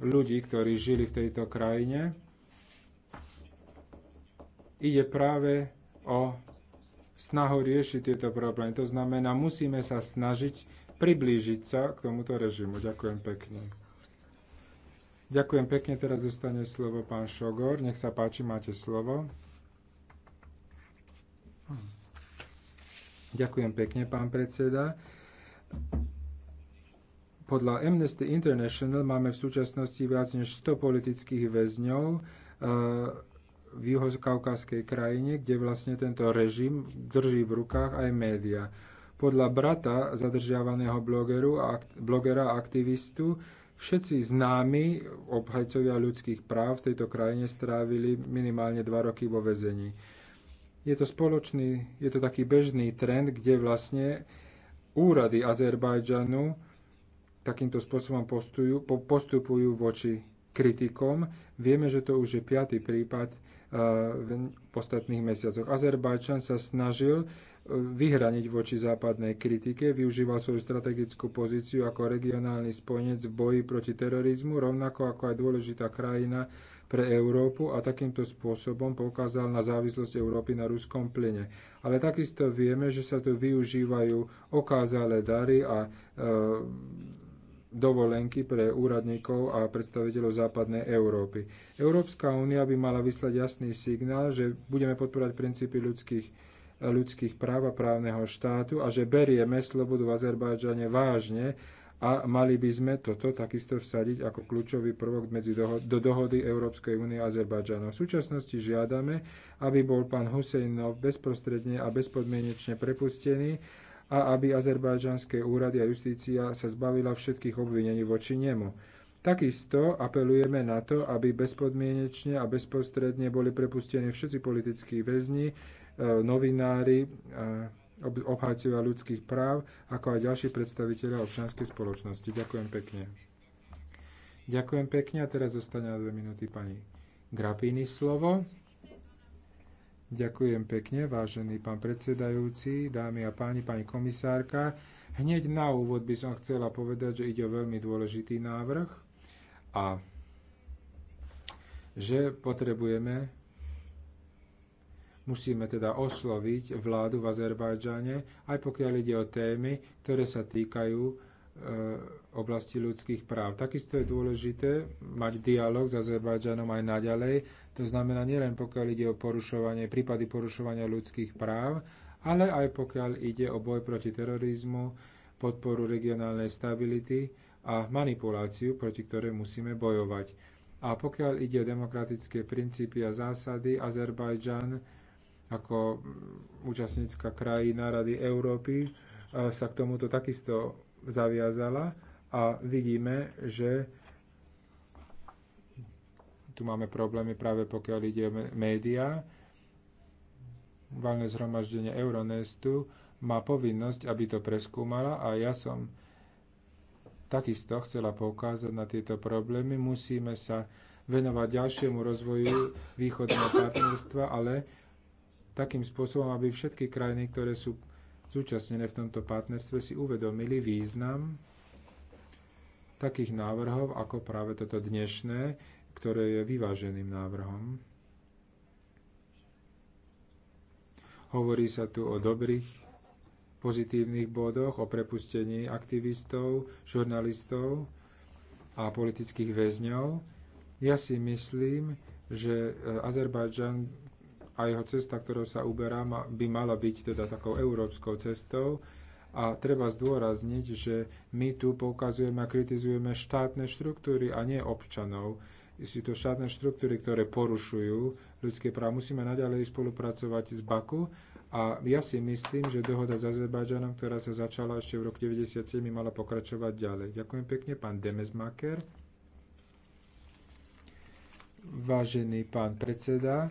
ľudí, ktorí žili v tejto krajine. Ide práve o snahu riešiť tieto problémy. To znamená, musíme sa snažiť priblížiť sa k tomuto režimu. Ďakujem pekne. Ďakujem pekne, teraz zostane slovo pán Šogor. Nech sa páči, máte slovo. Ďakujem pekne, pán predseda. Podľa Amnesty International máme v súčasnosti viac než 100 politických väzňov eh, v juhokaukaskej krajine, kde vlastne tento režim drží v rukách aj média. Podľa brata zadržiavaného blogeru, blogera a aktivistu Všetci známi obhajcovia ľudských práv v tejto krajine strávili minimálne 2 roky vo väzení. Je to spoločný, je to taký bežný trend, kde vlastne úrady Azerbajdžanu takýmto spôsobom postujú, postupujú voči kritikom. Vieme, že to už je piatý prípad eh, v ostatných mesiacoch. Azerbajčan sa snažil vyhraniť voči západnej kritike, využíval svoju strategickú pozíciu ako regionálny spojenec v boji proti terorizmu, rovnako ako aj dôležitá krajina pre Európu a takýmto spôsobom poukázal na závislosť Európy na ruskom plyne. Ale takisto vieme, že sa tu využívajú okázalé dary a e, dovolenky pre úradníkov a predstaviteľov západnej Európy. Európska únia by mala vyslať jasný signál, že budeme podporovať princípy ľudských ľudských práv a právneho štátu a že berieme slobodu v Azerbajdžane vážne a mali by sme toto takisto vsadiť ako kľúčový prvok medzi doho- do dohody Európskej únie a Azerbajdžanu. V súčasnosti žiadame, aby bol pán Husejnov bezprostredne a bezpodmienečne prepustený a aby azerbajdžanské úrady a justícia sa zbavila všetkých obvinení voči nemu. Takisto apelujeme na to, aby bezpodmienečne a bezprostredne boli prepustení všetci politickí väzni, E, novinári, e, obhajcovia ľudských práv, ako aj ďalší predstavitelia občianskej spoločnosti. Ďakujem pekne. Ďakujem pekne a teraz zostane na dve minúty pani Grapini slovo. Ďakujem pekne, vážený pán predsedajúci, dámy a páni, pani komisárka. Hneď na úvod by som chcela povedať, že ide o veľmi dôležitý návrh a že potrebujeme Musíme teda osloviť vládu v Azerbajdžane, aj pokiaľ ide o témy, ktoré sa týkajú e, oblasti ľudských práv. Takisto je dôležité mať dialog s Azerbajdžanom aj naďalej, to znamená nielen pokiaľ ide o porušovanie, prípady porušovania ľudských práv, ale aj pokiaľ ide o boj proti terorizmu, podporu regionálnej stability a manipuláciu, proti ktorej musíme bojovať. A pokiaľ ide o demokratické princípy a zásady, Azerbajdžan ako mm, účastnícka krajina Rady Európy e, sa k tomuto takisto zaviazala a vidíme, že tu máme problémy práve pokiaľ ide o médiá. Valné zhromaždenie Euronestu má povinnosť, aby to preskúmala a ja som takisto chcela poukázať na tieto problémy. Musíme sa venovať ďalšiemu rozvoju východného partnerstva, ale takým spôsobom, aby všetky krajiny, ktoré sú zúčastnené v tomto partnerstve, si uvedomili význam takých návrhov, ako práve toto dnešné, ktoré je vyváženým návrhom. Hovorí sa tu o dobrých, pozitívnych bodoch, o prepustení aktivistov, žurnalistov a politických väzňov. Ja si myslím, že e, Azerbajdžan a jeho cesta, ktorou sa uberá, by mala byť teda takou európskou cestou. A treba zdôrazniť, že my tu poukazujeme a kritizujeme štátne štruktúry a nie občanov. Sú to štátne štruktúry, ktoré porušujú ľudské práva. Musíme naďalej spolupracovať s Baku a ja si myslím, že dohoda s Azerbajdžanom, ktorá sa začala ešte v roku 1997, mala pokračovať ďalej. Ďakujem pekne, pán Demesmaker. Vážený pán predseda,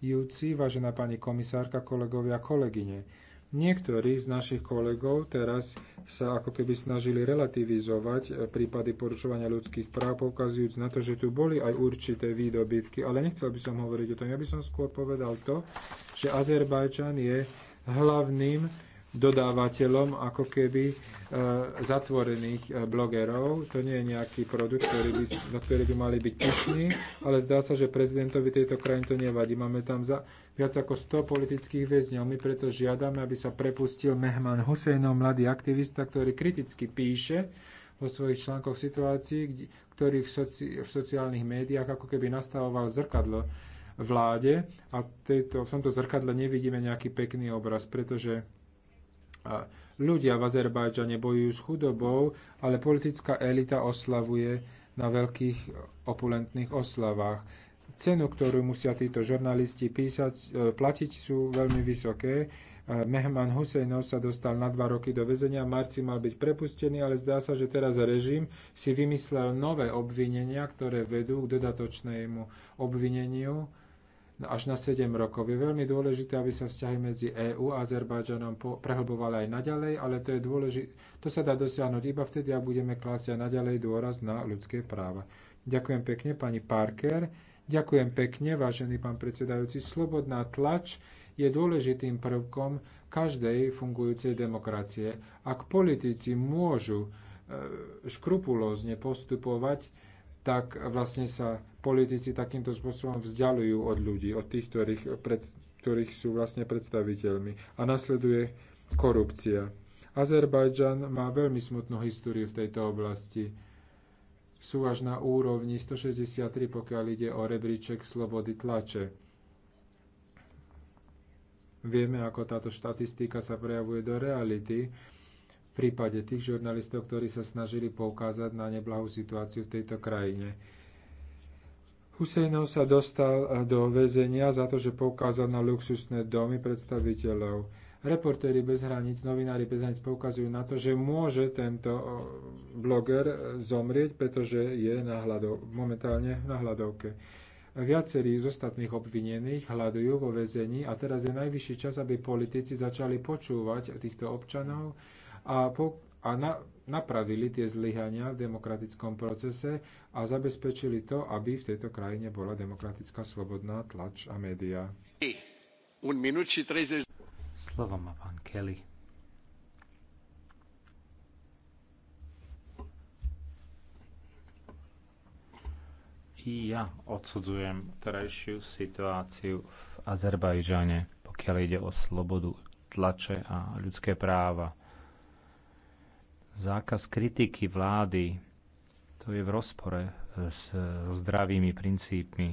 predsedajúci, vážená pani komisárka, kolegovia, kolegyne. Niektorí z našich kolegov teraz sa ako keby snažili relativizovať eh, prípady porušovania ľudských práv, poukazujúc na to, že tu boli aj určité výdobytky, ale nechcel by som hovoriť o tom. Ja by som skôr povedal to, že Azerbajčan je hlavným dodávateľom ako keby e, zatvorených e, blogerov. To nie je nejaký produkt, ktorý by, na ktorý by mali byť pyšní, ale zdá sa, že prezidentovi tejto krajiny to nevadí. Máme tam za viac ako 100 politických väzňov. My preto žiadame, aby sa prepustil Mehman Husejnov, mladý aktivista, ktorý kriticky píše vo svojich článkoch situácií, ktorých v, soci, v sociálnych médiách ako keby nastavoval zrkadlo vláde a tejto, v tomto zrkadle nevidíme nejaký pekný obraz, pretože Ľudia v Azerbajdžane bojujú s chudobou, ale politická elita oslavuje na veľkých opulentných oslavách. Cenu, ktorú musia títo žurnalisti písať, e, platiť, sú veľmi vysoké. E, Mehman Husejnov sa dostal na dva roky do väzenia, v marci mal byť prepustený, ale zdá sa, že teraz režim si vymyslel nové obvinenia, ktoré vedú k dodatočnému obvineniu No, až na 7 rokov. Je veľmi dôležité, aby sa vzťahy medzi EÚ a Azerbajdžanom prehlbovali aj naďalej, ale to, je dôležité, to sa dá dosiahnuť iba vtedy, ak budeme klásť aj naďalej dôraz na ľudské práva. Ďakujem pekne, pani Parker. Ďakujem pekne, vážený pán predsedajúci. Slobodná tlač je dôležitým prvkom každej fungujúcej demokracie. Ak politici môžu e, škrupulózne postupovať tak vlastne sa politici takýmto spôsobom vzdialujú od ľudí, od tých, ktorých, pred, ktorých sú vlastne predstaviteľmi. A nasleduje korupcia. Azerbajdžan má veľmi smutnú históriu v tejto oblasti. Sú až na úrovni 163, pokiaľ ide o rebríček slobody tlače. Vieme, ako táto štatistika sa prejavuje do reality prípade tých žurnalistov, ktorí sa snažili poukázať na neblahú situáciu v tejto krajine. Husejnov sa dostal do väzenia za to, že poukázal na luxusné domy predstaviteľov. Reportéri bez hraníc, novinári bez hraníc poukazujú na to, že môže tento bloger zomrieť, pretože je na hľadov, momentálne na hľadovke. Viacerí z ostatných obvinených hľadujú vo väzení a teraz je najvyšší čas, aby politici začali počúvať týchto občanov a, po, a na, napravili tie zlyhania v demokratickom procese a zabezpečili to, aby v tejto krajine bola demokratická slobodná tlač a médiá. Slovo má pán Kelly. ja odsudzujem terajšiu situáciu v Azerbajžane, pokiaľ ide o slobodu tlače a ľudské práva Zákaz kritiky vlády to je v rozpore e, s, e, so zdravými princípmi.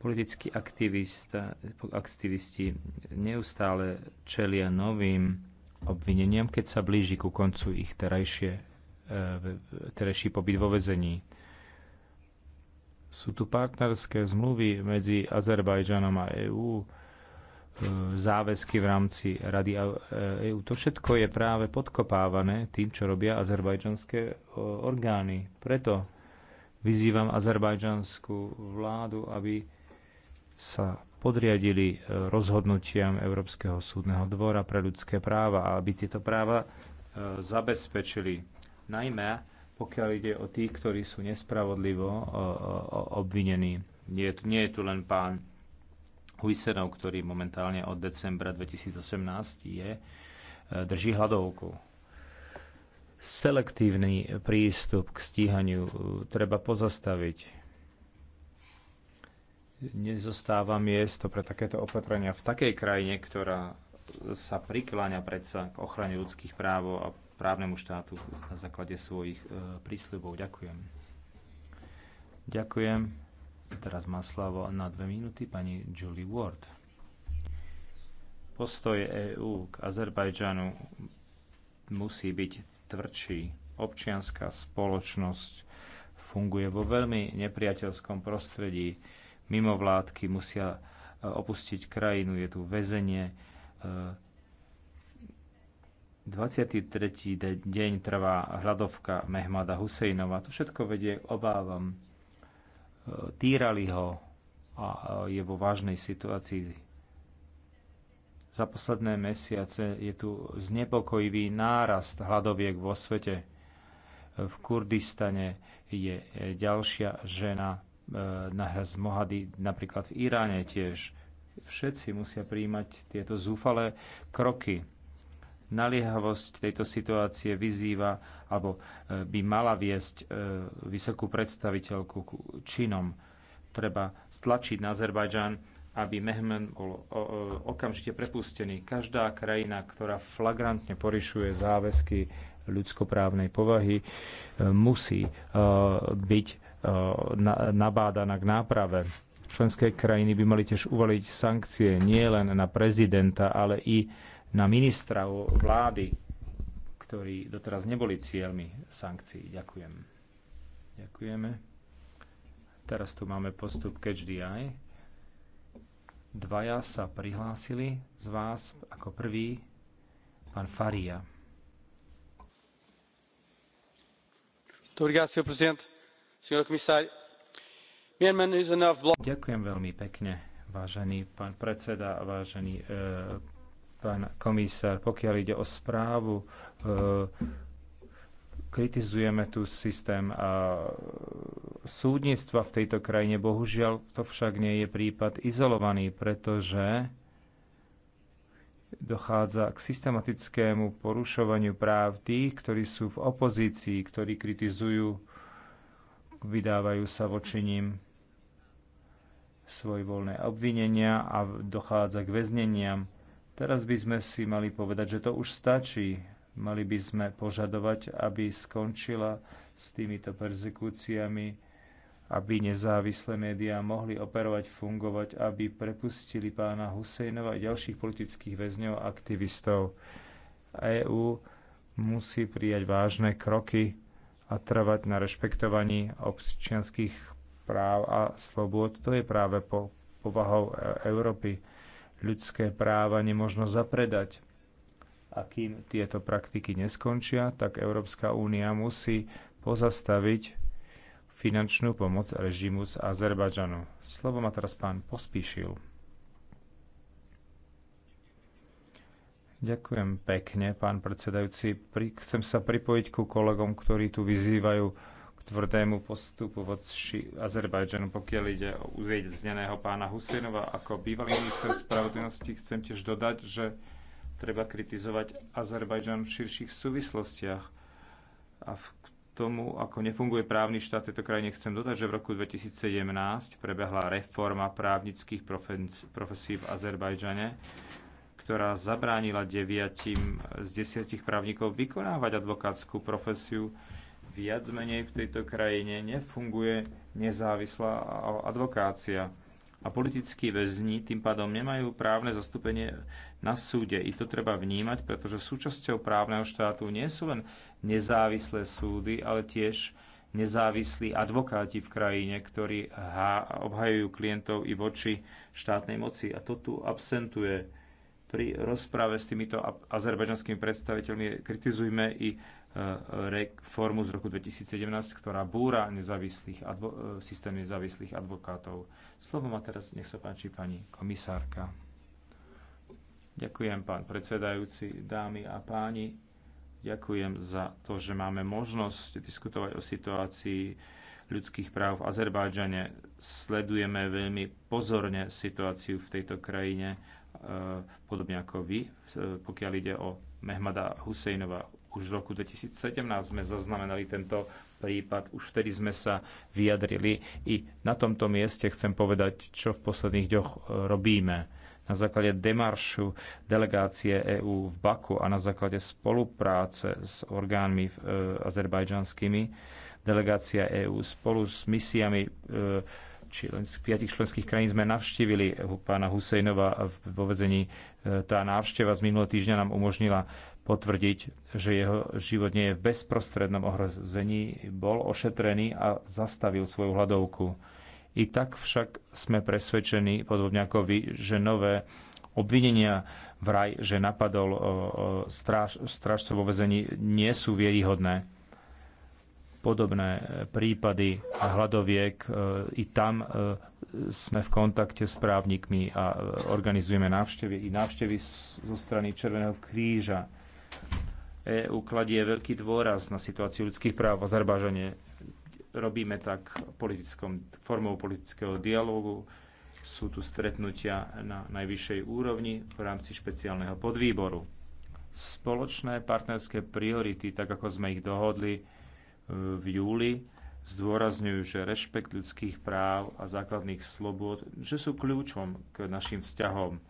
Politickí aktivisti neustále čelia novým obvineniam, keď sa blíži ku koncu ich terajšie, e, terajší pobyt vo vezení. Sú tu partnerské zmluvy medzi Azerbajdžanom a EÚ, E, záväzky v rámci Rady EÚ. E to všetko je práve podkopávané tým, čo robia azerbajdžanské e, orgány. Preto vyzývam azerbajdžanskú vládu, aby sa podriadili rozhodnutiam Európskeho súdneho dvora pre ľudské práva a aby tieto práva zabezpečili. Najmä pokiaľ ide o tých, ktorí sú nespravodlivo obvinení. Nie, nie je tu len pán Huisenov, ktorý momentálne od decembra 2018 je, e, drží hladovku. Selektívny prístup k stíhaniu e, treba pozastaviť. Nezostáva miesto pre takéto opatrenia v takej krajine, ktorá sa prikláňa predsa k ochrane ľudských práv a právnemu štátu na základe svojich e, prísľubov. Ďakujem. Ďakujem. Teraz má slovo na dve minúty pani Julie Ward. Postoj EÚ k Azerbajdžanu musí byť tvrdší. Občianská spoločnosť funguje vo veľmi nepriateľskom prostredí. Mimovládky musia e, opustiť krajinu, je tu väzenie. 23. E, deň trvá hľadovka Mehmada Huseinova. To všetko vedie k obávam týrali ho a je vo vážnej situácii. Za posledné mesiace je tu znepokojivý nárast hladoviek vo svete. V Kurdistane je e, ďalšia žena e, na hraz Mohady, napríklad v Iráne tiež. Všetci musia príjmať tieto zúfalé kroky. Naliehavosť tejto situácie vyzýva alebo e, by mala viesť e, vysokú predstaviteľku k činom. Treba stlačiť na Azerbajdžan, aby Mehmen bol okamžite prepustený. Každá krajina, ktorá flagrantne porišuje záväzky ľudskoprávnej povahy, e, musí byť nabádaná k náprave. Členské krajiny by mali tiež uvaliť sankcie nielen na prezidenta, ale i na ministra vlády, ktorí doteraz neboli cieľmi sankcií. Ďakujem. Ďakujeme. Teraz tu máme postup Catch the Eye. Dvaja sa prihlásili z vás ako prvý pán Faria. Ďakujem veľmi pekne, vážený pán predseda, vážený e, pán komisár. Pokiaľ ide o správu Eh, kritizujeme tu systém eh, súdnictva v tejto krajine. Bohužiaľ, to však nie je prípad izolovaný, pretože dochádza k systematickému porušovaniu práv tých, ktorí sú v opozícii, ktorí kritizujú, vydávajú sa voči ním voľné obvinenia a dochádza k väzneniam. Teraz by sme si mali povedať, že to už stačí. Mali by sme požadovať, aby skončila s týmito persekúciami, aby nezávislé médiá mohli operovať, fungovať, aby prepustili pána Husejnova a ďalších politických väzňov a aktivistov. EÚ musí prijať vážne kroky a trvať na rešpektovaní občianských práv a slobôd. To je práve po povahou e- Európy. Ľudské práva nemožno zapredať a kým tieto praktiky neskončia, tak Európska únia musí pozastaviť finančnú pomoc režimu z Azerbajdžanu. Slovo má teraz pán Pospíšil. Ďakujem pekne, pán predsedajúci. Pri, chcem sa pripojiť ku kolegom, ktorí tu vyzývajú k tvrdému postupu voči Azerbajdžanu, pokiaľ ide o uviezneného pána Husinova. Ako bývalý minister spravodlivosti chcem tiež dodať, že Treba kritizovať Azerbajdžan v širších súvislostiach. A v tomu, ako nefunguje právny štát tejto krajine, chcem dodať, že v roku 2017 prebehla reforma právnických profesí v Azerbajdžane, ktorá zabránila deviatim z desiatich právnikov vykonávať advokátsku profesiu. Viac menej v tejto krajine nefunguje nezávislá advokácia a politickí väzni tým pádom nemajú právne zastúpenie na súde. I to treba vnímať, pretože súčasťou právneho štátu nie sú len nezávislé súdy, ale tiež nezávislí advokáti v krajine, ktorí obhajujú klientov i voči štátnej moci. A to tu absentuje. Pri rozprave s týmito azerbajdžanskými predstaviteľmi kritizujme i e, reformu z roku 2017, ktorá búra nezávislých e, systém nezávislých advokátov. Slovo má teraz, nech sa páči, pani komisárka. Ďakujem, pán predsedajúci, dámy a páni. Ďakujem za to, že máme možnosť diskutovať o situácii ľudských práv v Azerbajdžane. Sledujeme veľmi pozorne situáciu v tejto krajine, e, podobne ako vy, e, pokiaľ ide o Mehmada Husejnova. Už v roku 2017 sme zaznamenali tento prípad, už vtedy sme sa vyjadrili. I na tomto mieste chcem povedať, čo v posledných dňoch e, robíme na základe demaršu delegácie EÚ v Baku a na základe spolupráce s orgánmi e, azerbajdžanskými delegácia EÚ spolu s misiami e, či len z piatich členských krajín sme navštívili pána Husejnova vo vezení. E, tá návšteva z minulého týždňa nám umožnila potvrdiť, že jeho život nie je v bezprostrednom ohrození, bol ošetrený a zastavil svoju hladovku. I tak však sme presvedčení, podobne ako vy, že nové obvinenia vraj, že napadol straž, strážca vo vezení, nie sú vieryhodné. Podobné e, prípady hľadoviek, e, i tam e, sme v kontakte s právnikmi a organizujeme návštevy, i návštevy zo strany Červeného kríža. EU kladie veľký dôraz na situáciu ľudských práv v Azerbažane Robíme tak politickom, formou politického dialogu. Sú tu stretnutia na najvyššej úrovni v rámci špeciálneho podvýboru. Spoločné partnerské priority, tak ako sme ich dohodli e, v júli, zdôrazňujú, že rešpekt ľudských práv a základných slobôd, že sú kľúčom k našim vzťahom.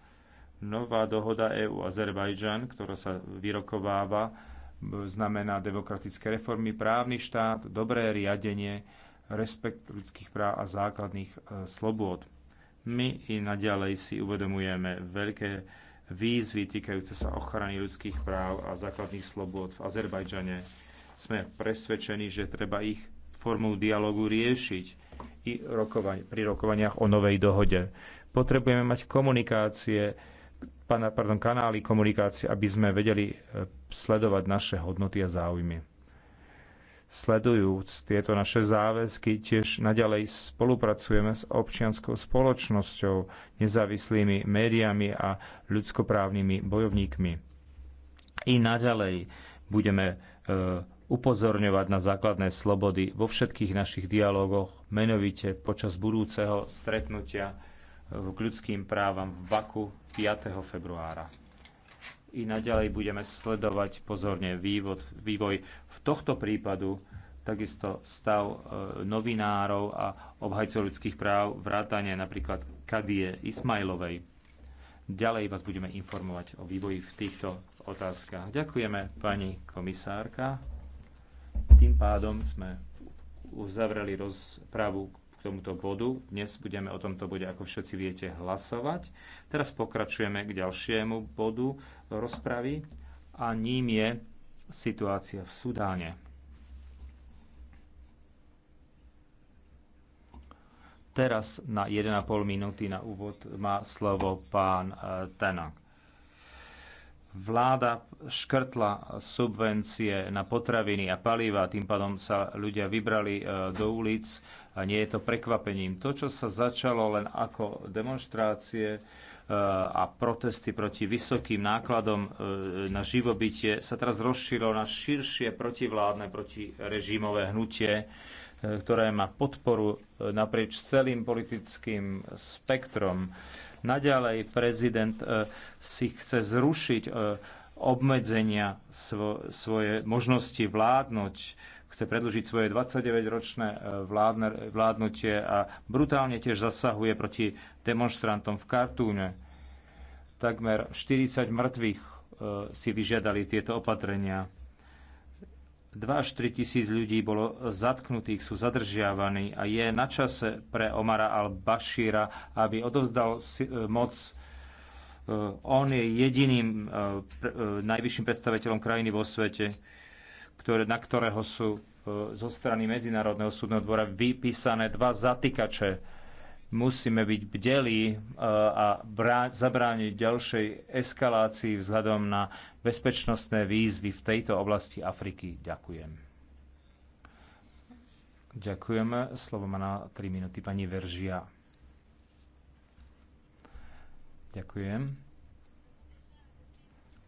Nová dohoda EU-Azerbajdžan, ktorá sa vyrokováva, znamená demokratické reformy, právny štát, dobré riadenie, respekt ľudských práv a základných e, slobôd. My i naďalej si uvedomujeme veľké výzvy týkajúce sa ochrany ľudských práv a základných slobôd v Azerbajdžane. Sme presvedčení, že treba ich formou dialogu riešiť i rokovani- pri rokovaniach o novej dohode. Potrebujeme mať komunikácie, pardon, kanály komunikácie, aby sme vedeli e, sledovať naše hodnoty a záujmy. Sledujúc tieto naše záväzky, tiež naďalej spolupracujeme s občianskou spoločnosťou, nezávislými médiami a ľudskoprávnymi bojovníkmi. I naďalej budeme e, upozorňovať na základné slobody vo všetkých našich dialogoch, menovite počas budúceho stretnutia k ľudským právam v Baku 5. februára. I naďalej budeme sledovať pozorne vývod, vývoj v tohto prípadu, takisto stav e, novinárov a obhajcov ľudských práv, vrátane napríklad Kadie Ismailovej. Ďalej vás budeme informovať o vývoji v týchto otázkach. Ďakujeme pani komisárka. Tým pádom sme uzavreli rozpravu k tomuto bodu. Dnes budeme o tomto bode, ako všetci viete, hlasovať. Teraz pokračujeme k ďalšiemu bodu rozpravy a ním je situácia v Sudáne. Teraz na 1,5 minúty na úvod má slovo pán eh, Tena. Vláda škrtla subvencie na potraviny a paliva, tým pádom sa ľudia vybrali eh, do ulic a nie je to prekvapením. To, čo sa začalo len ako demonstrácie e, a protesty proti vysokým nákladom e, na živobytie, sa teraz rozšírilo na širšie protivládne, protirežimové hnutie, e, ktoré má podporu naprieč celým politickým spektrom. Naďalej prezident si chce zrušiť obmedzenia svo, svoje možnosti vládnuť chce predlžiť svoje 29-ročné e, vládne, vládnutie a brutálne tiež zasahuje proti demonstrantom v Kartúne. Takmer 40 mŕtvych e, si vyžiadali tieto opatrenia. 2 až 3 tisíc ľudí bolo zatknutých, sú zadržiavaní a je na čase pre Omara al-Bashira, aby odovzdal e, moc on je jediným najvyšším predstaviteľom krajiny vo svete, ktoré, na ktorého sú e, zo strany Medzinárodného súdneho dvora vypísané dva zatýkače. Musíme byť bdelí e, a zabrániť ďalšej eskalácii vzhľadom na bezpečnostné výzvy v tejto oblasti Afriky. Ďakujem. Ďakujeme. Slovo má na 3 minúty pani Veržia. Ďakujem.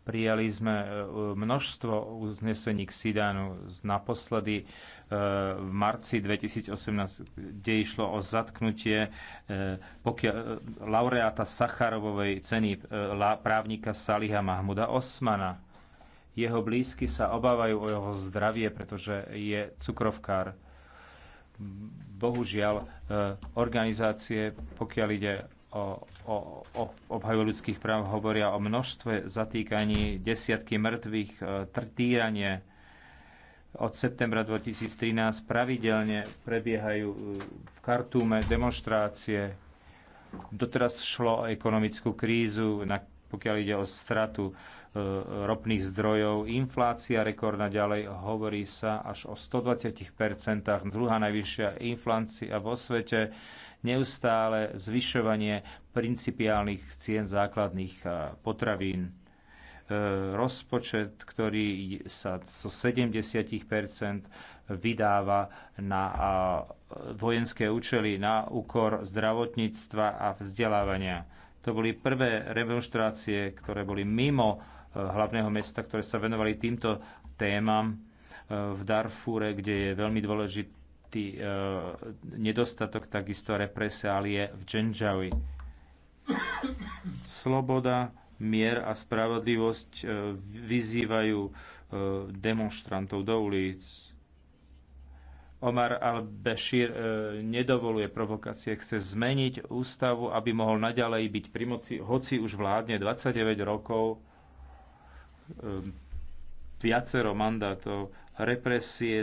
Prijali sme e, množstvo uznesení k Sidánu. Naposledy e, v marci 2018, kde išlo o zatknutie e, pokia- laureáta Sacharovovej ceny právnika Saliha Mahmuda Osmana. Jeho blízky sa obávajú o jeho zdravie, pretože je cukrovkár. Bohužiaľ, organizácie, pokiaľ ide o, o, o obhajov ľudských práv hovoria o množstve zatýkaní, desiatky mŕtvych, e, trtíranie Od septembra 2013 pravidelne prebiehajú e, v Kartúme demonstrácie. Doteraz šlo o ekonomickú krízu, na, pokiaľ ide o stratu e, ropných zdrojov. Inflácia rekordna ďalej hovorí sa až o 120%, druhá najvyššia inflácia vo svete neustále zvyšovanie principiálnych cien základných potravín. E, rozpočet, ktorý sa zo so 70 vydáva na vojenské účely na úkor zdravotníctva a vzdelávania. To boli prvé remonstrácie, ktoré boli mimo e, hlavného mesta, ktoré sa venovali týmto témam e, v Darfúre, kde je veľmi dôležitý tý, e, nedostatok takisto represálie v Dženžavi. Sloboda, mier a spravodlivosť e, vyzývajú e, demonstrantov do ulic. Omar al-Bashir e, nedovoluje provokácie, chce zmeniť ústavu, aby mohol naďalej byť pri moci, hoci už vládne 29 rokov, e, viacero mandátov Represie,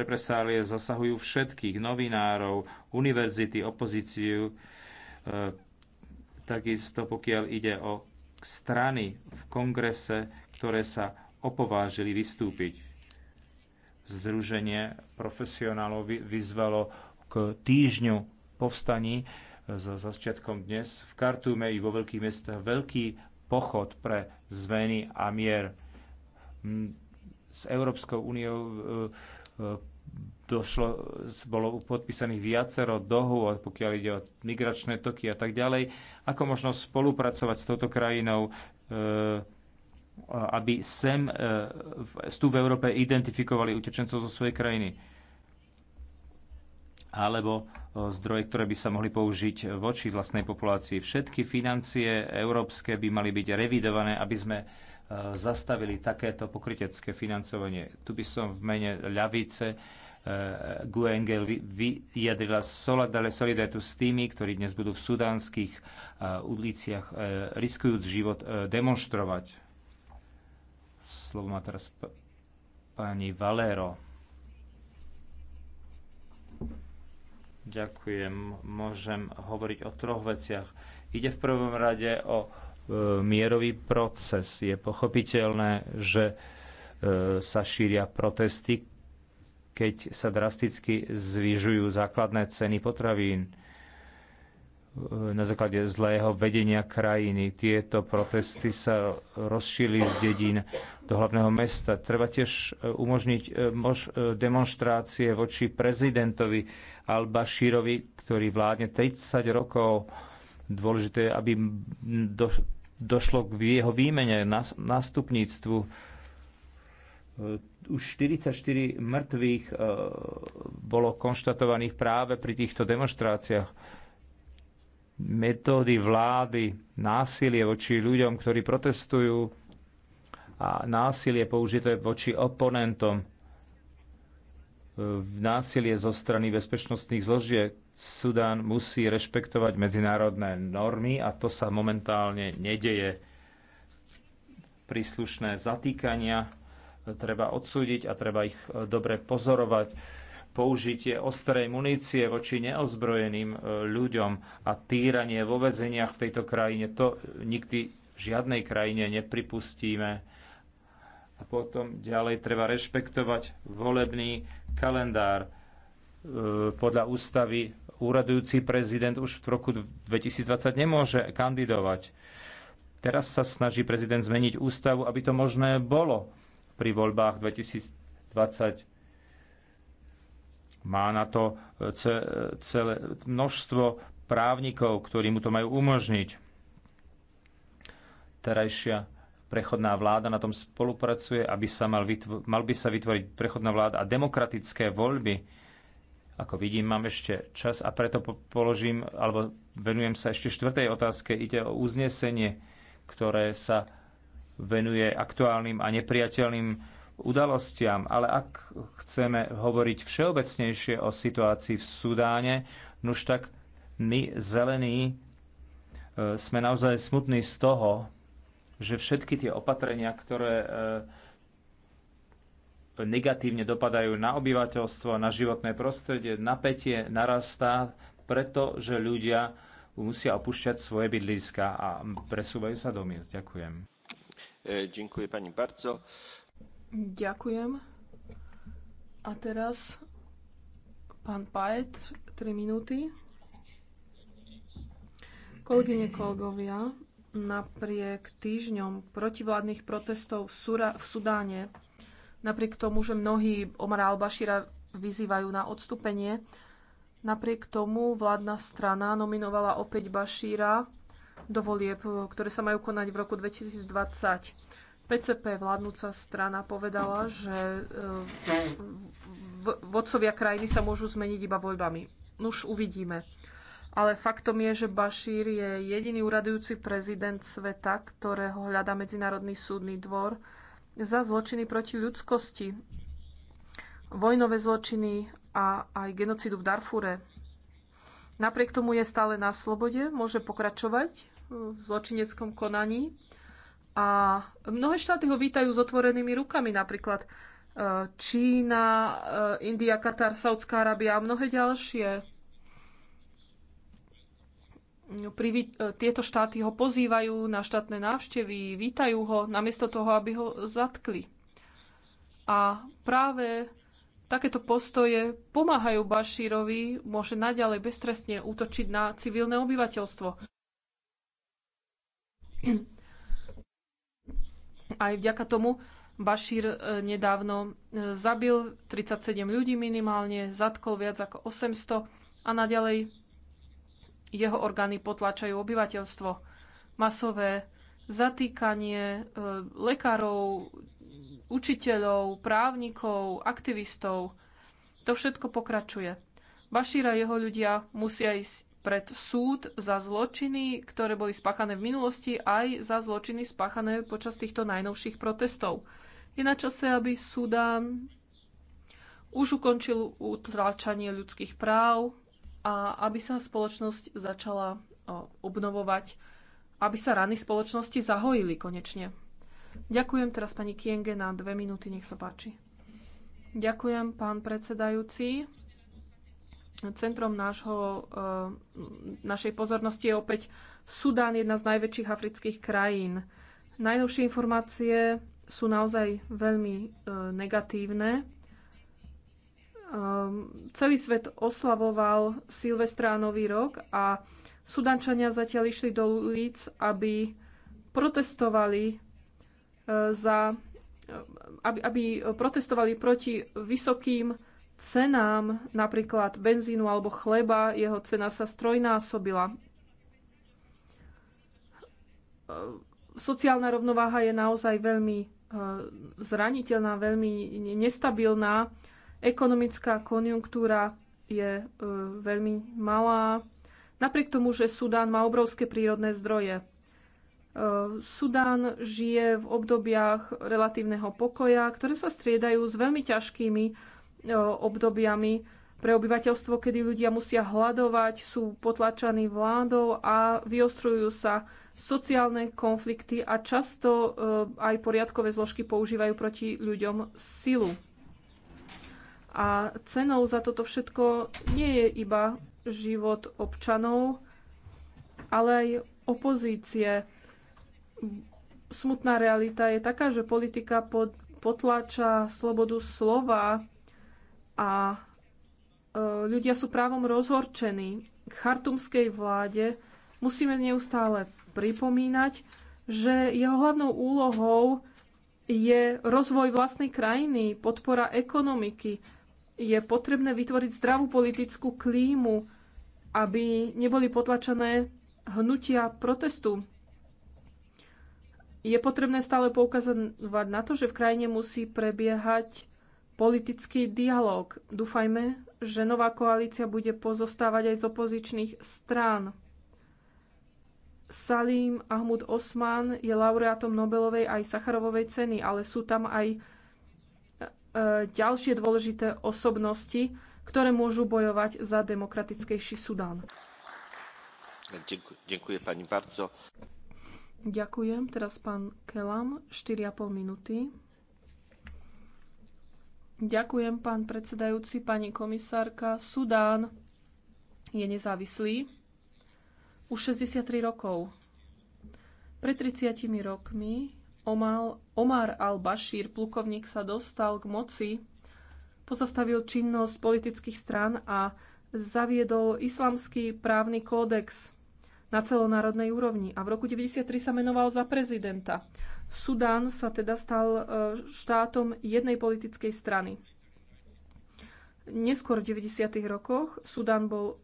represálie zasahujú všetkých, novinárov, univerzity, opozíciu. E, takisto pokiaľ ide o strany v kongrese, ktoré sa opovážili vystúpiť. Združenie profesionálov vyzvalo k týždňu povstaní so e, začiatkom dnes v Kartume i vo veľkých mestách veľký pochod pre zmeny a mier s Európskou úniou e, e, došlo, bolo podpísaných viacero dohôd, pokiaľ ide o migračné toky a tak ďalej. Ako možno spolupracovať s touto krajinou, e, aby sem tu v Európe identifikovali utečencov zo svojej krajiny? alebo zdroje, ktoré by sa mohli použiť voči vlastnej populácii. Všetky financie európske by mali byť revidované, aby sme E, zastavili takéto pokrytecké financovanie. Tu by som v mene ľavice e, Guengel vyjadrila solidaritu s tými, ktorí dnes budú v sudánskych e, uliciach riskujúc život demonstrovať. Slovo má teraz pani Valero. Ďakujem. Môžem hovoriť o troch veciach. Ide v prvom rade o E, mierový proces. Je pochopiteľné, že e, sa šíria protesty, keď sa drasticky zvyžujú základné ceny potravín e, na základe zlého vedenia krajiny. Tieto protesty sa rozšírili z dedín do hlavného mesta. Treba tiež umožniť demonstrácie voči prezidentovi Al-Bashirovi, ktorý vládne 30 rokov Dôležité aby do, došlo k jeho výmene, nástupníctvu. E, už 44 mŕtvych e, bolo konštatovaných práve pri týchto demonstráciách. Metódy vlády, násilie voči ľuďom, ktorí protestujú a násilie použité voči oponentom v násilie zo strany bezpečnostných zložiek. Sudán musí rešpektovať medzinárodné normy a to sa momentálne nedeje. Príslušné zatýkania e, treba odsúdiť a treba ich e, dobre pozorovať. Použitie ostrej munície voči neozbrojeným e, ľuďom a týranie vo vezeniach v tejto krajine, to nikdy v žiadnej krajine nepripustíme. A potom ďalej treba rešpektovať volebný kalendár. E, podľa ústavy úradujúci prezident už v roku 2020 nemôže kandidovať. Teraz sa snaží prezident zmeniť ústavu, aby to možné bolo pri voľbách 2020 má na to e, celé množstvo právnikov, ktorí mu to majú umožniť. Terajšia Prechodná vláda na tom spolupracuje, aby sa mal, vytvo- mal by sa vytvoriť prechodná vláda a demokratické voľby. Ako vidím, mám ešte čas a preto položím, alebo venujem sa ešte štvrtej otázke. Ide o uznesenie, ktoré sa venuje aktuálnym a nepriateľným udalostiam, ale ak chceme hovoriť všeobecnejšie o situácii v Sudáne, nuž tak my zelení e, sme naozaj smutní z toho, že všetky tie opatrenia, ktoré e, negatívne dopadajú na obyvateľstvo, na životné prostredie, napätie narastá, pretože ľudia musia opúšťať svoje bydliska a presúvajú sa do miest. Ďakujem. E, ďakujem pani Barco. Ďakujem. A teraz pán pajet, 3 minúty. Kolegyne, kolegovia, napriek týždňom protivládnych protestov v, Sura, v Sudáne, napriek tomu, že mnohí Omara al-Bashira vyzývajú na odstúpenie, napriek tomu vládna strana nominovala opäť Bashira do volieb, ktoré sa majú konať v roku 2020. PCP, vládnúca strana, povedala, že e, vodcovia krajiny sa môžu zmeniť iba voľbami. Už uvidíme. Ale faktom je, že Bašír je jediný uradujúci prezident sveta, ktorého hľadá Medzinárodný súdny dvor za zločiny proti ľudskosti, vojnové zločiny a aj genocidu v Darfure. Napriek tomu je stále na slobode, môže pokračovať v zločineckom konaní a mnohé štáty ho vítajú s otvorenými rukami, napríklad eh, Čína, eh, India, Katar, Saudská Arábia a mnohé ďalšie. E, tieto štáty ho pozývajú na štátne návštevy, vítajú ho, namiesto toho, aby ho zatkli. A práve takéto postoje pomáhajú Bašírovi, môže naďalej beztrestne útočiť na civilné obyvateľstvo. Aj vďaka tomu Bašír e, nedávno e, zabil 37 ľudí minimálne, zatkol viac ako 800 a naďalej jeho orgány potlačajú obyvateľstvo. Masové zatýkanie e, lekárov, učiteľov, právnikov, aktivistov. To všetko pokračuje. Bašíra a jeho ľudia musia ísť pred súd za zločiny, ktoré boli spáchané v minulosti, aj za zločiny spáchané počas týchto najnovších protestov. Je na čase, aby Sudán už ukončil utláčanie ľudských práv, a aby sa spoločnosť začala obnovovať, aby sa rany spoločnosti zahojili konečne. Ďakujem teraz pani Kienge na dve minúty, nech sa páči. Ďakujem, pán predsedajúci. Centrom nášho, e, našej pozornosti je opäť Sudán, jedna z najväčších afrických krajín. Najnovšie informácie sú naozaj veľmi e, negatívne Um, celý svet oslavoval Silvestrá Nový rok a Sudančania zatiaľ išli do ulic, aby protestovali uh, za, eh, aby, aby protestovali proti vysokým cenám, napríklad benzínu alebo chleba, jeho cena sa strojnásobila. Ehm, sociálna rovnováha je naozaj veľmi eh, zraniteľná, veľmi nestabilná Ekonomická konjunktúra je e, veľmi malá, napriek tomu, že Sudán má obrovské prírodné zdroje. E, Sudán žije v obdobiach relatívneho pokoja, ktoré sa striedajú s veľmi ťažkými e, obdobiami pre obyvateľstvo, kedy ľudia musia hľadovať, sú potlačaní vládou a vyostrujú sa sociálne konflikty a často e, aj poriadkové zložky používajú proti ľuďom silu. A cenou za toto všetko nie je iba život občanov, ale aj opozície. Smutná realita je taká, že politika pod, potláča slobodu slova a e, ľudia sú právom rozhorčení. K chartumskej vláde musíme neustále pripomínať, že jeho hlavnou úlohou je rozvoj vlastnej krajiny, podpora ekonomiky, je potrebné vytvoriť zdravú politickú klímu, aby neboli potlačené hnutia protestu. Je potrebné stále poukazovať na to, že v krajine musí prebiehať politický dialog. Dúfajme, že nová koalícia bude pozostávať aj z opozičných strán. Salim Ahmud Osman je laureátom Nobelovej aj Sacharovovej ceny, ale sú tam aj E, ďalšie dôležité osobnosti, ktoré môžu bojovať za demokratickejší Sudán. Ďakujem pani bardzo. Ďakujem. Teraz pán Kelam, 4,5 minúty. Ďakujem, pán predsedajúci, pani komisárka. Sudán je nezávislý už 63 rokov. Pred 30 rokmi Omar al-Bashir, plukovník, sa dostal k moci, pozastavil činnosť politických strán a zaviedol islamský právny kódex na celonárodnej úrovni. A v roku 1993 sa menoval za prezidenta. Sudán sa teda stal e, štátom jednej politickej strany. Neskôr v 90. rokoch Sudán bol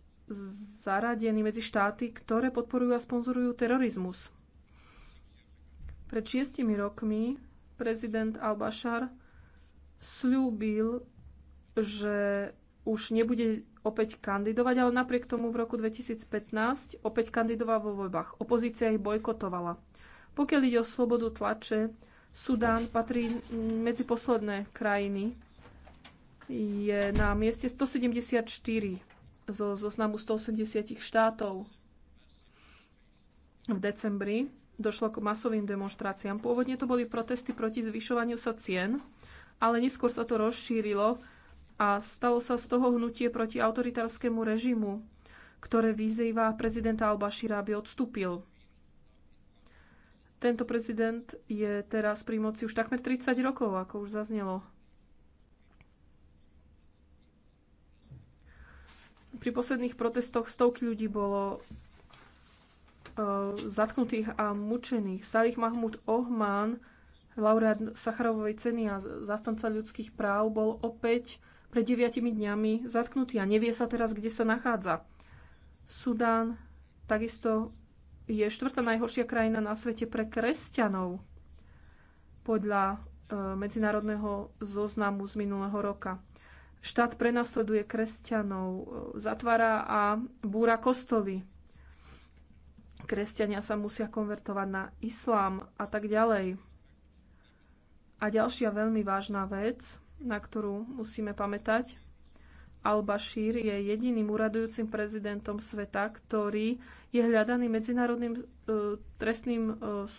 zaradený medzi štáty, ktoré podporujú a sponzorujú terorizmus. Pred šiestimi rokmi prezident al-Bashar slúbil, že už nebude opäť kandidovať, ale napriek tomu v roku 2015 opäť kandidoval vo voľbách. Opozícia ich bojkotovala. Pokiaľ ide o slobodu tlače, Sudán patrí medzi posledné krajiny. Je na mieste 174 zo zoznamu 180 štátov v decembri došlo k masovým demonstráciám. Pôvodne to boli protesty proti zvyšovaniu sa cien, ale neskôr sa to rozšírilo a stalo sa z toho hnutie proti autoritárskému režimu, ktoré vyzýva prezidenta Al-Bashira, aby odstúpil. Tento prezident je teraz pri moci už takmer 30 rokov, ako už zaznelo. Pri posledných protestoch stovky ľudí bolo Eh, zatknutých a mučených. Salih Mahmud Ohman, laureát Sacharovej ceny a zastanca ľudských práv, bol opäť pred deviatimi dňami zatknutý a nevie sa teraz, kde sa nachádza. Sudán takisto je štvrtá najhoršia krajina na svete pre kresťanov podľa eh, medzinárodného zoznamu z minulého roka. Štát prenasleduje kresťanov, eh, zatvára a búra kostoly kresťania sa musia konvertovať na islám a tak ďalej. A ďalšia veľmi vážna vec, na ktorú musíme pamätať, Al-Bashir je jediným uradujúcim prezidentom sveta, ktorý je hľadaný Medzinárodným e, trestným e,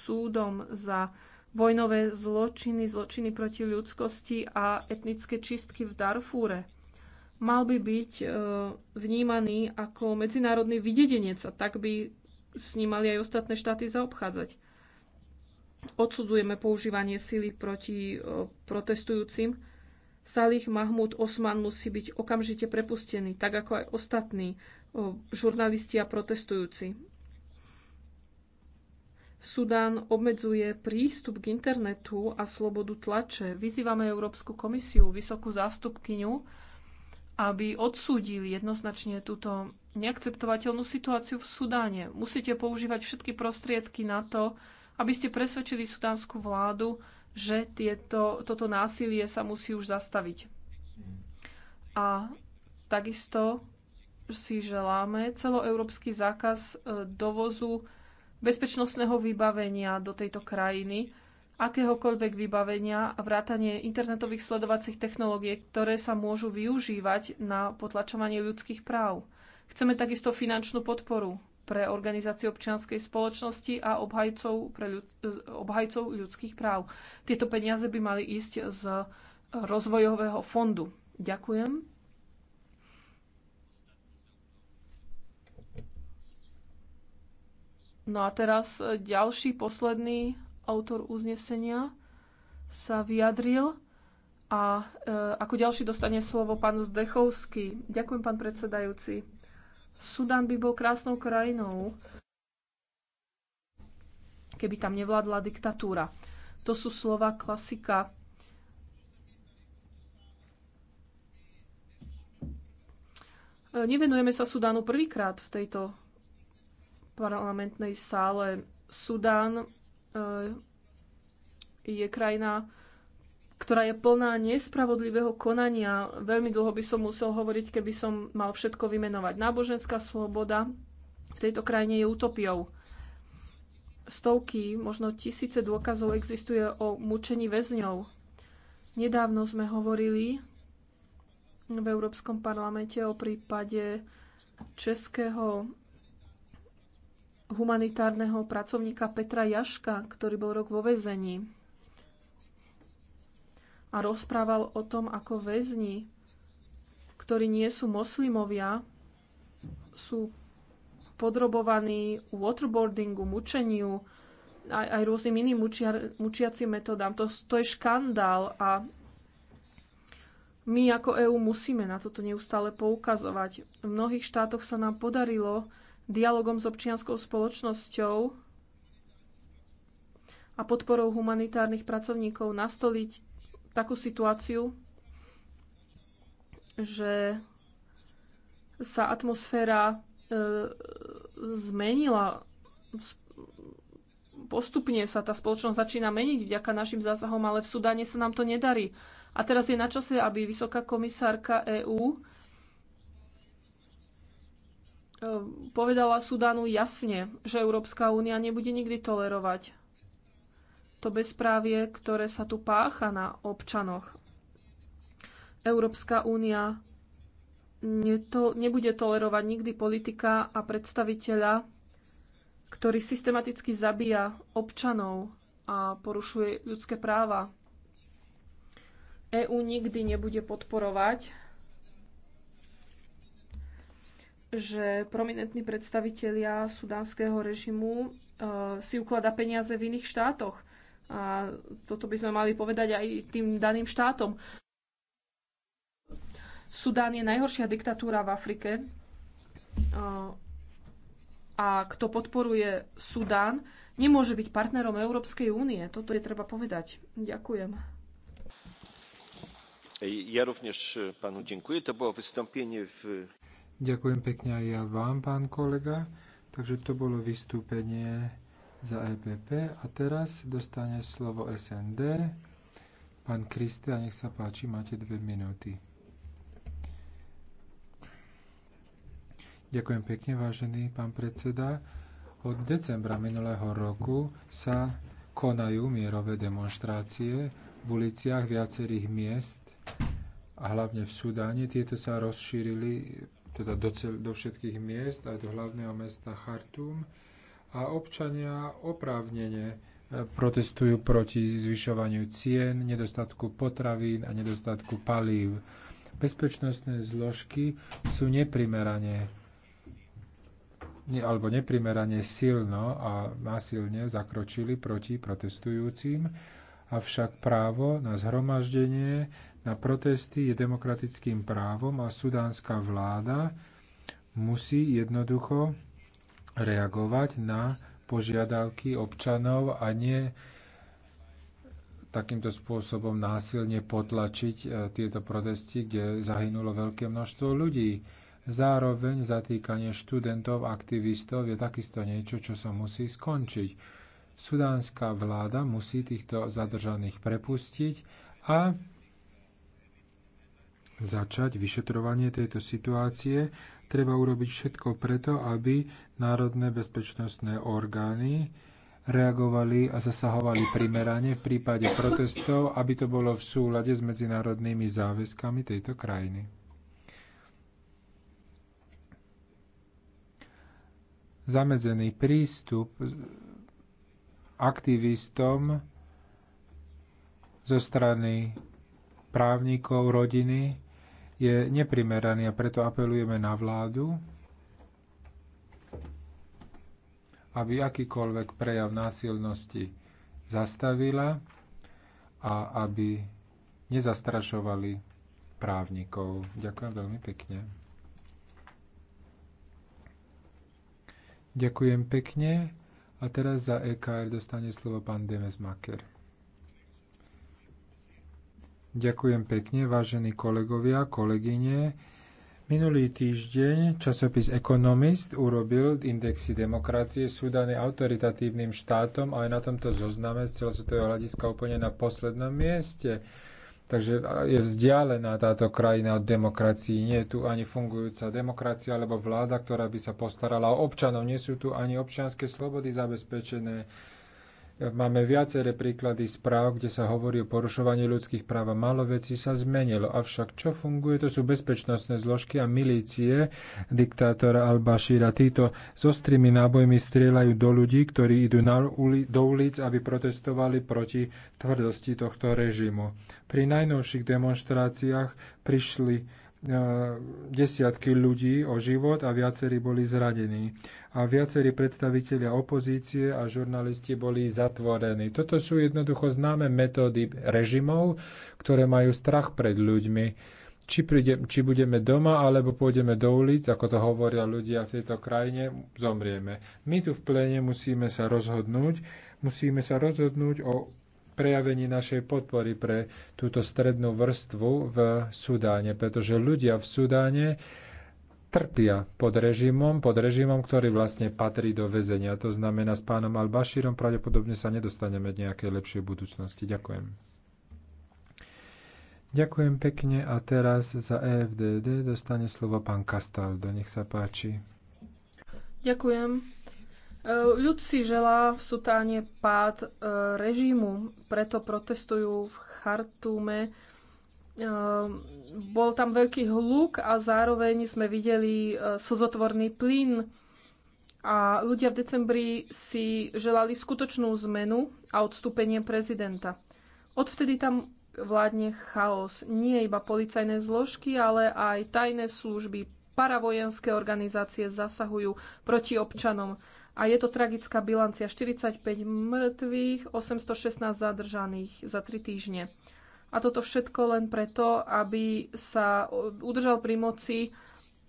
súdom za vojnové zločiny, zločiny proti ľudskosti a etnické čistky v Darfúre. Mal by byť e, vnímaný ako medzinárodný videdenec a tak by s ním mali aj ostatné štáty zaobchádzať. Odsudzujeme používanie sily proti e, protestujúcim. Salih Mahmud Osman musí byť okamžite prepustený, tak ako aj ostatní e, žurnalisti a protestujúci. Sudán obmedzuje prístup k internetu a slobodu tlače. Vyzývame Európsku komisiu, vysokú zástupkyňu, aby odsúdili jednoznačne túto neakceptovateľnú situáciu v Sudáne. Musíte používať všetky prostriedky na to, aby ste presvedčili sudánsku vládu, že tieto, toto násilie sa musí už zastaviť. A takisto si želáme celoeurópsky zákaz e, dovozu bezpečnostného vybavenia do tejto krajiny akéhokoľvek vybavenia a vrátanie internetových sledovacích technológií, ktoré sa môžu využívať na potlačovanie ľudských práv. Chceme takisto finančnú podporu pre organizácie občianskej spoločnosti a obhajcov, pre ľud- obhajcov ľudských práv. Tieto peniaze by mali ísť z rozvojového fondu. Ďakujem. No a teraz eh, ďalší, posledný autor uznesenia, sa vyjadril a e, ako ďalší dostane slovo pán Zdechovský. Ďakujem, pán predsedajúci. Sudan by bol krásnou krajinou, keby tam nevládla diktatúra. To sú slova klasika. E, nevenujeme sa Sudánu prvýkrát v tejto parlamentnej sále. Sudán E, je krajina, ktorá je plná nespravodlivého konania. Veľmi dlho by som musel hovoriť, keby som mal všetko vymenovať. Náboženská sloboda v tejto krajine je utopiou. Stovky, možno tisíce dôkazov existuje o mučení väzňov. Nedávno sme hovorili v Európskom parlamente o prípade českého humanitárneho pracovníka Petra Jaška, ktorý bol rok vo väzení a rozprával o tom, ako väzni, ktorí nie sú moslimovia, sú podrobovaní waterboardingu, mučeniu, aj, aj rôznym iným mučia, mučiacim metodám. To, to je škandál a my ako EÚ musíme na toto neustále poukazovať. V mnohých štátoch sa nám podarilo dialogom s občianskou spoločnosťou a podporou humanitárnych pracovníkov nastoliť takú situáciu, že sa atmosféra e, zmenila. Postupne sa tá spoločnosť začína meniť vďaka našim zásahom, ale v Sudáne sa nám to nedarí. A teraz je na čase, aby vysoká komisárka EÚ Ehm, povedala Sudanu jasne, že Európska únia nebude nikdy tolerovať to bezprávie, ktoré sa tu pácha na občanoch. Európska únia neto, nebude tolerovať nikdy politika a predstaviteľa, ktorý systematicky zabíja občanov a porušuje ľudské práva. EÚ nikdy nebude podporovať že prominentní predstavitelia sudánskeho režimu e, si ukladá peniaze v iných štátoch. A toto by sme mali povedať aj tým daným štátom. Sudán je najhoršia diktatúra v Afrike. E, a kto podporuje Sudán, nemôže byť partnerom Európskej únie. Toto je treba povedať. Ďakujem. Ja również panu dziękuję. To było wystąpienie w Ďakujem pekne aj ja vám, pán kolega. Takže to bolo vystúpenie za EPP. A teraz dostane slovo SND. Pán Kriste, a nech sa páči, máte dve minúty. Ďakujem pekne, vážený pán predseda. Od decembra minulého roku sa konajú mierové demonštrácie v uliciach viacerých miest a hlavne v Sudáne. Tieto sa rozšírili teda do, cel, do všetkých miest, aj do hlavného mesta Chartum. A občania oprávnene e, protestujú proti zvyšovaniu cien, nedostatku potravín a nedostatku palív. Bezpečnostné zložky sú neprimerane alebo neprimerane silno a násilne zakročili proti protestujúcim, avšak právo na zhromaždenie na protesty je demokratickým právom a sudánska vláda musí jednoducho reagovať na požiadavky občanov a nie takýmto spôsobom násilne potlačiť e, tieto protesty, kde zahynulo veľké množstvo ľudí. Zároveň zatýkanie študentov, aktivistov je takisto niečo, čo sa musí skončiť. Sudánska vláda musí týchto zadržaných prepustiť a začať vyšetrovanie tejto situácie. Treba urobiť všetko preto, aby národné bezpečnostné orgány reagovali a zasahovali primerane v prípade protestov, aby to bolo v súlade s medzinárodnými záväzkami tejto krajiny. Zamedzený prístup aktivistom zo strany právnikov, rodiny je neprimeraný a preto apelujeme na vládu, aby akýkoľvek prejav násilnosti zastavila a aby nezastrašovali právnikov. Ďakujem veľmi pekne. Ďakujem pekne. A teraz za EKR dostane slovo pán Demes Maker. Ďakujem pekne, vážení kolegovia, kolegyne. Minulý týždeň časopis Economist urobil indexy demokracie. sú je autoritatívnym štátom aj na tomto zozname z celosvetového hľadiska úplne na poslednom mieste. Takže je vzdialená táto krajina od demokracií. Nie je tu ani fungujúca demokracia alebo vláda, ktorá by sa postarala o občanov. Nie sú tu ani občianske slobody zabezpečené Máme viaceré príklady správ, kde sa hovorí o porušovaní ľudských práv a málo vecí sa zmenilo. Avšak čo funguje, to sú bezpečnostné zložky a milície diktátora Al-Bashira. Títo s ostrými nábojmi strieľajú do ľudí, ktorí idú na uli- do ulic, aby protestovali proti tvrdosti tohto režimu. Pri najnovších demonstráciách prišli desiatky ľudí o život a viacerí boli zranení. A viacerí predstavitelia opozície a žurnalisti boli zatvorení. Toto sú jednoducho známe metódy režimov, ktoré majú strach pred ľuďmi. Či, príde, či budeme doma, alebo pôjdeme do ulic, ako to hovoria ľudia v tejto krajine, zomrieme. My tu v plene musíme sa rozhodnúť, musíme sa rozhodnúť o prejavení našej podpory pre túto strednú vrstvu v Sudáne, pretože ľudia v Sudáne trpia pod režimom, pod režimom, ktorý vlastne patrí do väzenia. To znamená, s pánom Al-Bashirom pravdepodobne sa nedostaneme do nejakej lepšej budúcnosti. Ďakujem. Ďakujem pekne a teraz za EFDD dostane slovo pán Kastal. Do Nech sa páči. Ďakujem. Eh, ľud si želá v Sutáne pád eh, režimu, preto protestujú v Chartúme. Eh, bol tam veľký hluk a zároveň sme videli slzotvorný plyn. A ľudia v decembri si želali skutočnú zmenu a odstúpenie prezidenta. Odvtedy tam vládne chaos. Nie iba policajné zložky, ale aj tajné služby, paravojenské organizácie zasahujú proti občanom a je to tragická bilancia. 45 mŕtvych, 816 zadržaných za 3 týždne. A toto všetko len preto, aby sa udržal pri moci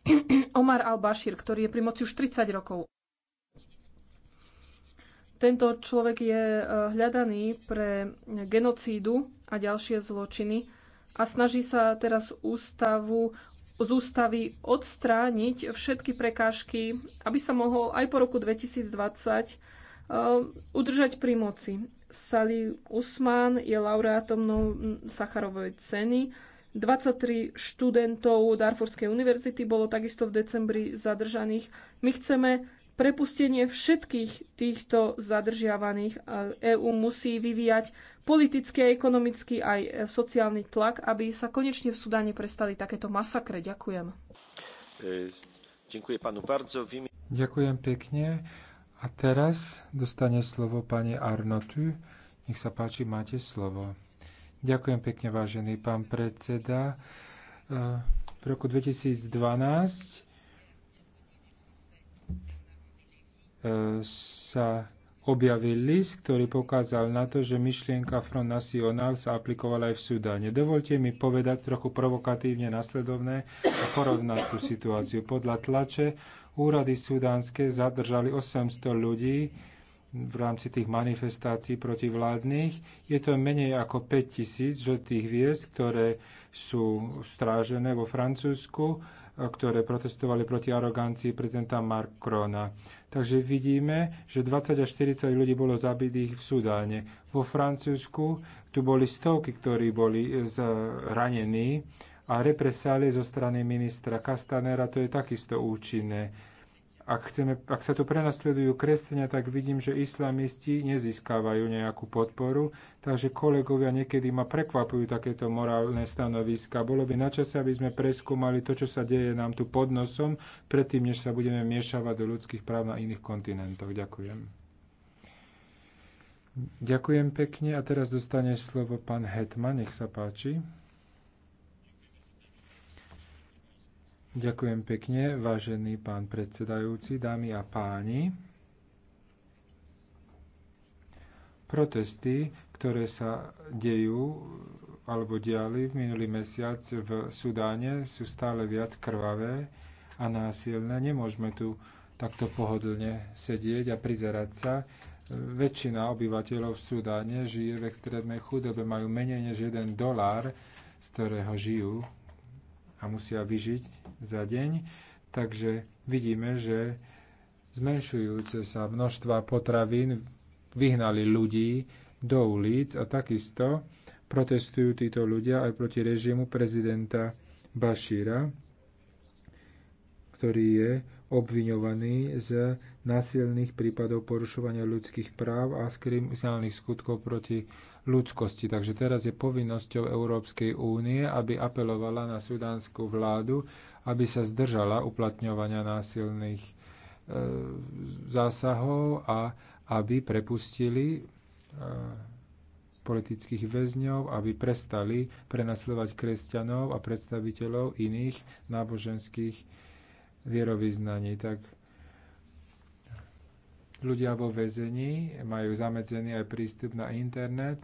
Omar al-Bashir, ktorý je pri moci už 30 rokov. Tento človek je e, hľadaný pre genocídu a ďalšie zločiny a snaží sa teraz ústavu z ústavy odstrániť všetky prekážky, aby sa mohol aj po roku 2020 eh, udržať pri moci. Sali Usman je laureátom no, mm, Sacharovej ceny. 23 študentov Darfurskej univerzity bolo takisto v decembri zadržaných. My chceme prepustenie všetkých týchto zadržiavaných. EÚ musí vyvíjať politický, ekonomický aj e, sociálny tlak, aby sa konečne v Sudáne prestali takéto masakre. Ďakujem. E, ďakujem pekne. A teraz dostane slovo pani Arnotu. Nech sa páči, máte slovo. Ďakujem pekne, vážený pán predseda. E, v roku 2012 sa objavil list, ktorý pokázal na to, že myšlienka Front National sa aplikovala aj v Sudáne. Dovolte mi povedať trochu provokatívne nasledovné a porovnať tú situáciu. Podľa tlače úrady sudánske zadržali 800 ľudí v rámci tých manifestácií protivládnych. Je to menej ako 5000 žltých hviezd, ktoré sú strážené vo Francúzsku, ktoré protestovali proti arogancii prezidenta Macrona. Takže vidíme, že 20 až 40 ľudí bolo zabitých v Sudáne. Vo Francúzsku tu boli stovky, ktorí boli e, zranení a represálie zo strany ministra Castanera, to je takisto účinné ak, chceme, ak sa tu prenasledujú kresťania, tak vidím, že islamisti nezískávajú nejakú podporu, takže kolegovia niekedy ma prekvapujú takéto morálne stanoviska. Bolo by na čase, aby sme preskúmali to, čo sa deje nám tu pod nosom, predtým, než sa budeme miešavať do ľudských práv na iných kontinentoch. Ďakujem. Ďakujem pekne a teraz dostane slovo pán Hetman, nech sa páči. Ďakujem pekne, vážený pán predsedajúci, dámy a páni. Protesty, ktoré sa dejú alebo diali minulý mesiac v Sudáne, sú stále viac krvavé a násilné. Nemôžeme tu takto pohodlne sedieť a prizerať sa. Väčšina obyvateľov v Sudáne žije v extrémnej chudobe, majú menej než jeden dolár, z ktorého žijú a musia vyžiť za deň. Takže vidíme, že zmenšujúce sa množstva potravín vyhnali ľudí do ulic a takisto protestujú títo ľudia aj proti režimu prezidenta Bašíra, ktorý je obviňovaný z násilných prípadov porušovania ľudských práv a z skutkov proti ľudskosti. Takže teraz je povinnosťou Európskej únie, aby apelovala na sudánsku vládu, aby sa zdržala uplatňovania násilných e, zásahov a aby prepustili e, politických väzňov, aby prestali prenasledovať kresťanov a predstaviteľov iných náboženských vierovýznaní. Tak ľudia vo väzení majú zamedzený aj prístup na internet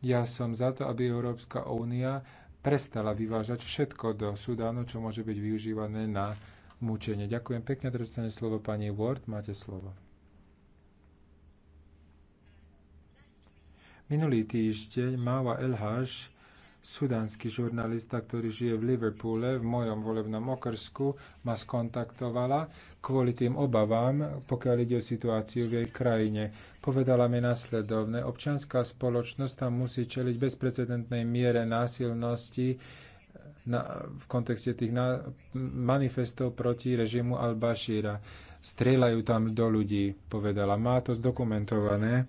ja som za to, aby Európska únia prestala vyvážať všetko do Sudánu, čo môže byť využívané na mučenie. Ďakujem pekne, teraz dostane slovo pani Ward, máte slovo. Minulý týždeň Máva Elháš sudánsky žurnalista, ktorý žije v Liverpoole, v mojom volebnom okrsku, ma skontaktovala kvôli tým obavám, pokiaľ ide o situáciu v jej krajine. Povedala mi nasledovne, občianská spoločnosť tam musí čeliť bezprecedentnej miere násilnosti na, v kontexte tých na, manifestov proti režimu al-Bashira. Strieľajú tam do ľudí, povedala. Má to zdokumentované.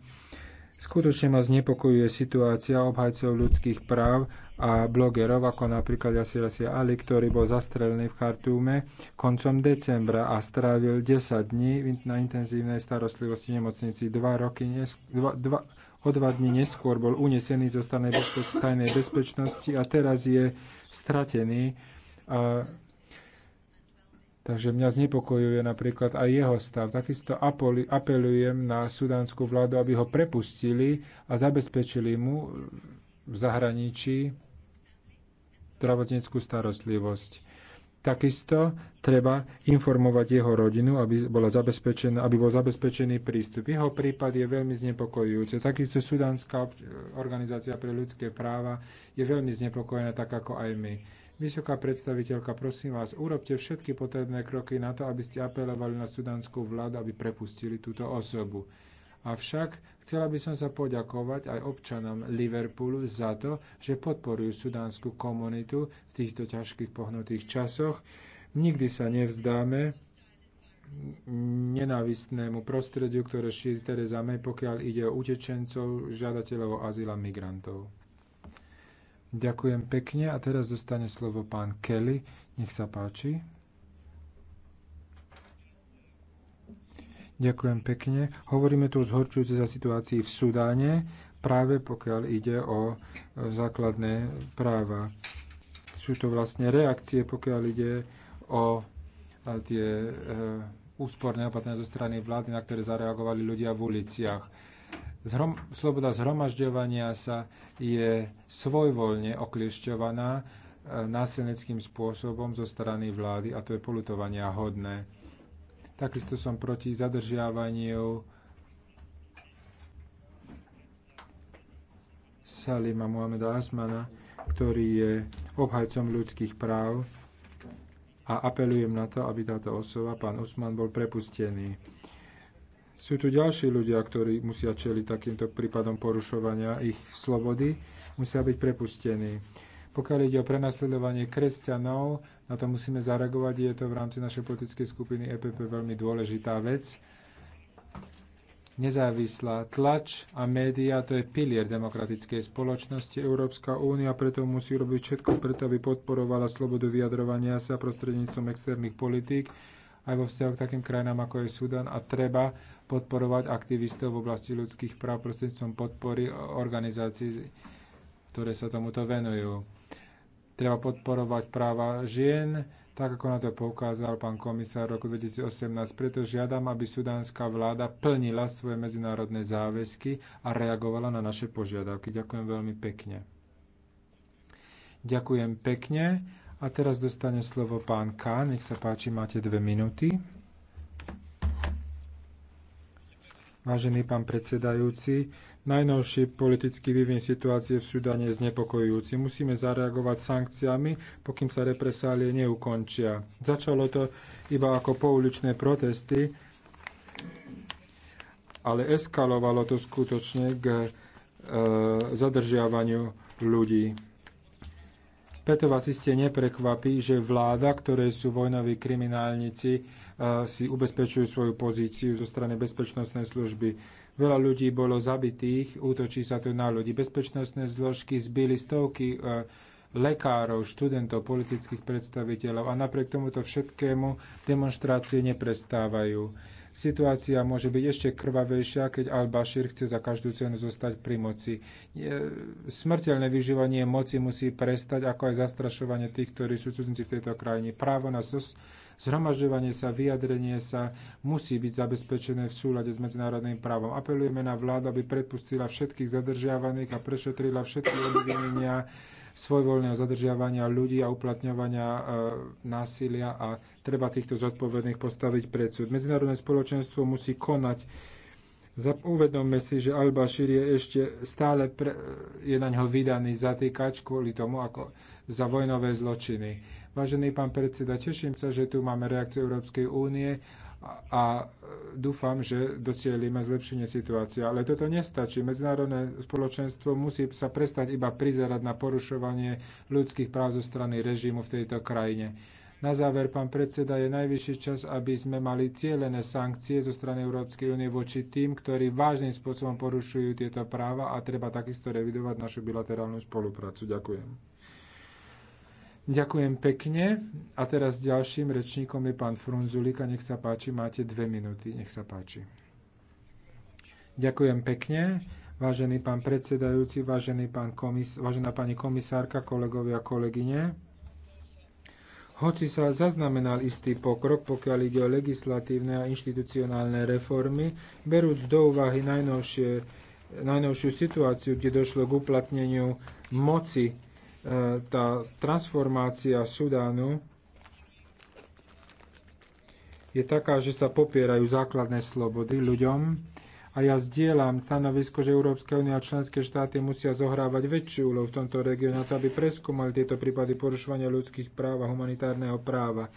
Skutočne ma znepokojuje situácia obhajcov ľudských práv a blogerov, ako napríklad Yasir Ali, ktorý bol zastrelený v Chartúme koncom decembra a strávil 10 dní na intenzívnej starostlivosti nemocnici. Dva roky nes- dva, dva, o dva dní neskôr bol unesený zo strany bezpe- tajnej bezpečnosti a teraz je stratený. A Takže mňa znepokojuje napríklad aj jeho stav. Takisto apelujem na sudánsku vládu, aby ho prepustili a zabezpečili mu v zahraničí zdravotníckú starostlivosť. Takisto treba informovať jeho rodinu, aby, bola zabezpečená, aby bol zabezpečený prístup. Jeho prípad je veľmi znepokojujúce. Takisto Sudánska organizácia pre ľudské práva je veľmi znepokojená, tak ako aj my. Vysoká predstaviteľka, prosím vás, urobte všetky potrebné kroky na to, aby ste apelovali na sudanskú vládu, aby prepustili túto osobu. Avšak chcela by som sa poďakovať aj občanom Liverpoolu za to, že podporujú sudánsku komunitu v týchto ťažkých pohnutých časoch. Nikdy sa nevzdáme nenávistnému prostrediu, ktoré šíri Tereza May, pokiaľ ide o utečencov, žiadateľov o azyl a migrantov. Ďakujem pekne a teraz dostane slovo pán Kelly. Nech sa páči. Ďakujem pekne. Hovoríme tu o zhorčujúcej sa situácii v Sudáne, práve pokiaľ ide o e, základné práva. Sú to vlastne reakcie, pokiaľ ide o e, tie e, úsporné opatrenia zo strany vlády, na ktoré zareagovali ľudia v uliciach Zhrom, sloboda zhromažďovania sa je svojvoľne okliešťovaná e, násilnickým spôsobom zo strany vlády a to je polutovania hodné. Takisto som proti zadržiavaniu Salima Muhameda Asmana, ktorý je obhajcom ľudských práv a apelujem na to, aby táto osoba, pán Usman, bol prepustený sú tu ďalší ľudia, ktorí musia čeliť takýmto prípadom porušovania ich slobody, musia byť prepustení. Pokiaľ ide o prenasledovanie kresťanov, na to musíme zareagovať, je to v rámci našej politickej skupiny EPP veľmi dôležitá vec. Nezávislá tlač a média to je pilier demokratickej spoločnosti. Európska únia preto musí robiť všetko preto, aby podporovala slobodu vyjadrovania sa prostredníctvom externých politík aj vo vzťahu k takým krajinám ako je Sudan a treba podporovať aktivistov v oblasti ľudských práv prostredníctvom podpory organizácií, ktoré sa tomuto venujú. Treba podporovať práva žien, tak ako na to poukázal pán komisár v roku 2018. Preto žiadam, aby sudánska vláda plnila svoje medzinárodné záväzky a reagovala na naše požiadavky. Ďakujem veľmi pekne. Ďakujem pekne. A teraz dostane slovo pán K. Nech sa páči, máte dve minúty. Vážený pán predsedajúci, najnovší politický vývin situácie v Sudane je znepokojujúci. Musíme zareagovať sankciami, pokým sa represálie neukončia. Začalo to iba ako pouličné protesty, ale eskalovalo to skutočne k e, zadržiavaniu ľudí. Preto vás iste neprekvapí, že vláda, ktoré sú vojnoví kriminálnici, e, si ubezpečujú svoju pozíciu zo strany bezpečnostnej služby. Veľa ľudí bolo zabitých, útočí sa tu na ľudí. Bezpečnostné zložky zbili stovky e, lekárov, študentov, politických predstaviteľov a napriek tomuto všetkému demonstrácie neprestávajú Situácia môže byť ešte krvavejšia, keď Al-Bashir chce za každú cenu zostať pri moci. Smrteľné vyžívanie moci musí prestať, ako aj zastrašovanie tých, ktorí sú cudzinci v tejto krajine. Právo na zhromažďovanie sa, vyjadrenie sa musí byť zabezpečené v súlade s medzinárodným právom. Apelujeme na vládu, aby predpustila všetkých zadržiavaných a prešetrila všetky obvinenia svojvoľného zadržiavania ľudí a uplatňovania e, násilia a treba týchto zodpovedných postaviť pred súd. Medzinárodné spoločenstvo musí konať Uvedomme si, že Al-Bashir je ešte stále pre, je na ňo vydaný zatýkač kvôli tomu, ako za vojnové zločiny. Vážený pán predseda, teším sa, že tu máme reakciu Európskej únie a dúfam, že docielíme zlepšenie situácie. Ale toto nestačí. Medzinárodné spoločenstvo musí sa prestať iba prizerať na porušovanie ľudských práv zo strany režimu v tejto krajine. Na záver, pán predseda, je najvyšší čas, aby sme mali cieľené sankcie zo strany Európskej únie voči tým, ktorí vážnym spôsobom porušujú tieto práva a treba takisto revidovať našu bilaterálnu spoluprácu. Ďakujem. Ďakujem pekne. A teraz ďalším rečníkom je pán Frunzulika. Nech sa páči, máte dve minúty. Nech sa páči. Ďakujem pekne. Vážený pán predsedajúci, vážený pán komis- vážená pani komisárka, kolegovia a kolegyne. Hoci sa zaznamenal istý pokrok, pokiaľ ide o legislatívne a inštitucionálne reformy, berúc do úvahy najnovšie, najnovšiu situáciu, kde došlo k uplatneniu moci E, tá transformácia Sudánu je taká, že sa popierajú základné slobody ľuďom a ja zdieľam stanovisko, že Európska únia a členské štáty musia zohrávať väčšiu úlohu v tomto regióne na to, aby preskúmali tieto prípady porušovania ľudských práv a humanitárneho práva.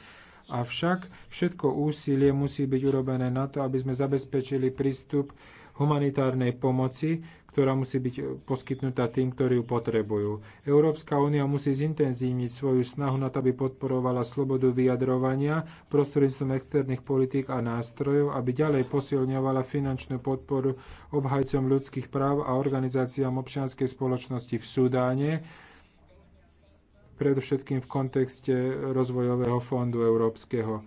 Avšak všetko úsilie musí byť urobené na to, aby sme zabezpečili prístup humanitárnej pomoci, ktorá musí byť e, poskytnutá tým, ktorí ju potrebujú. Európska únia musí zintenzívniť svoju snahu na to, aby podporovala slobodu vyjadrovania prostredníctvom externých politík a nástrojov, aby ďalej posilňovala finančnú podporu obhajcom ľudských práv a organizáciám občianskej spoločnosti v Sudáne, predovšetkým v kontexte rozvojového fondu európskeho.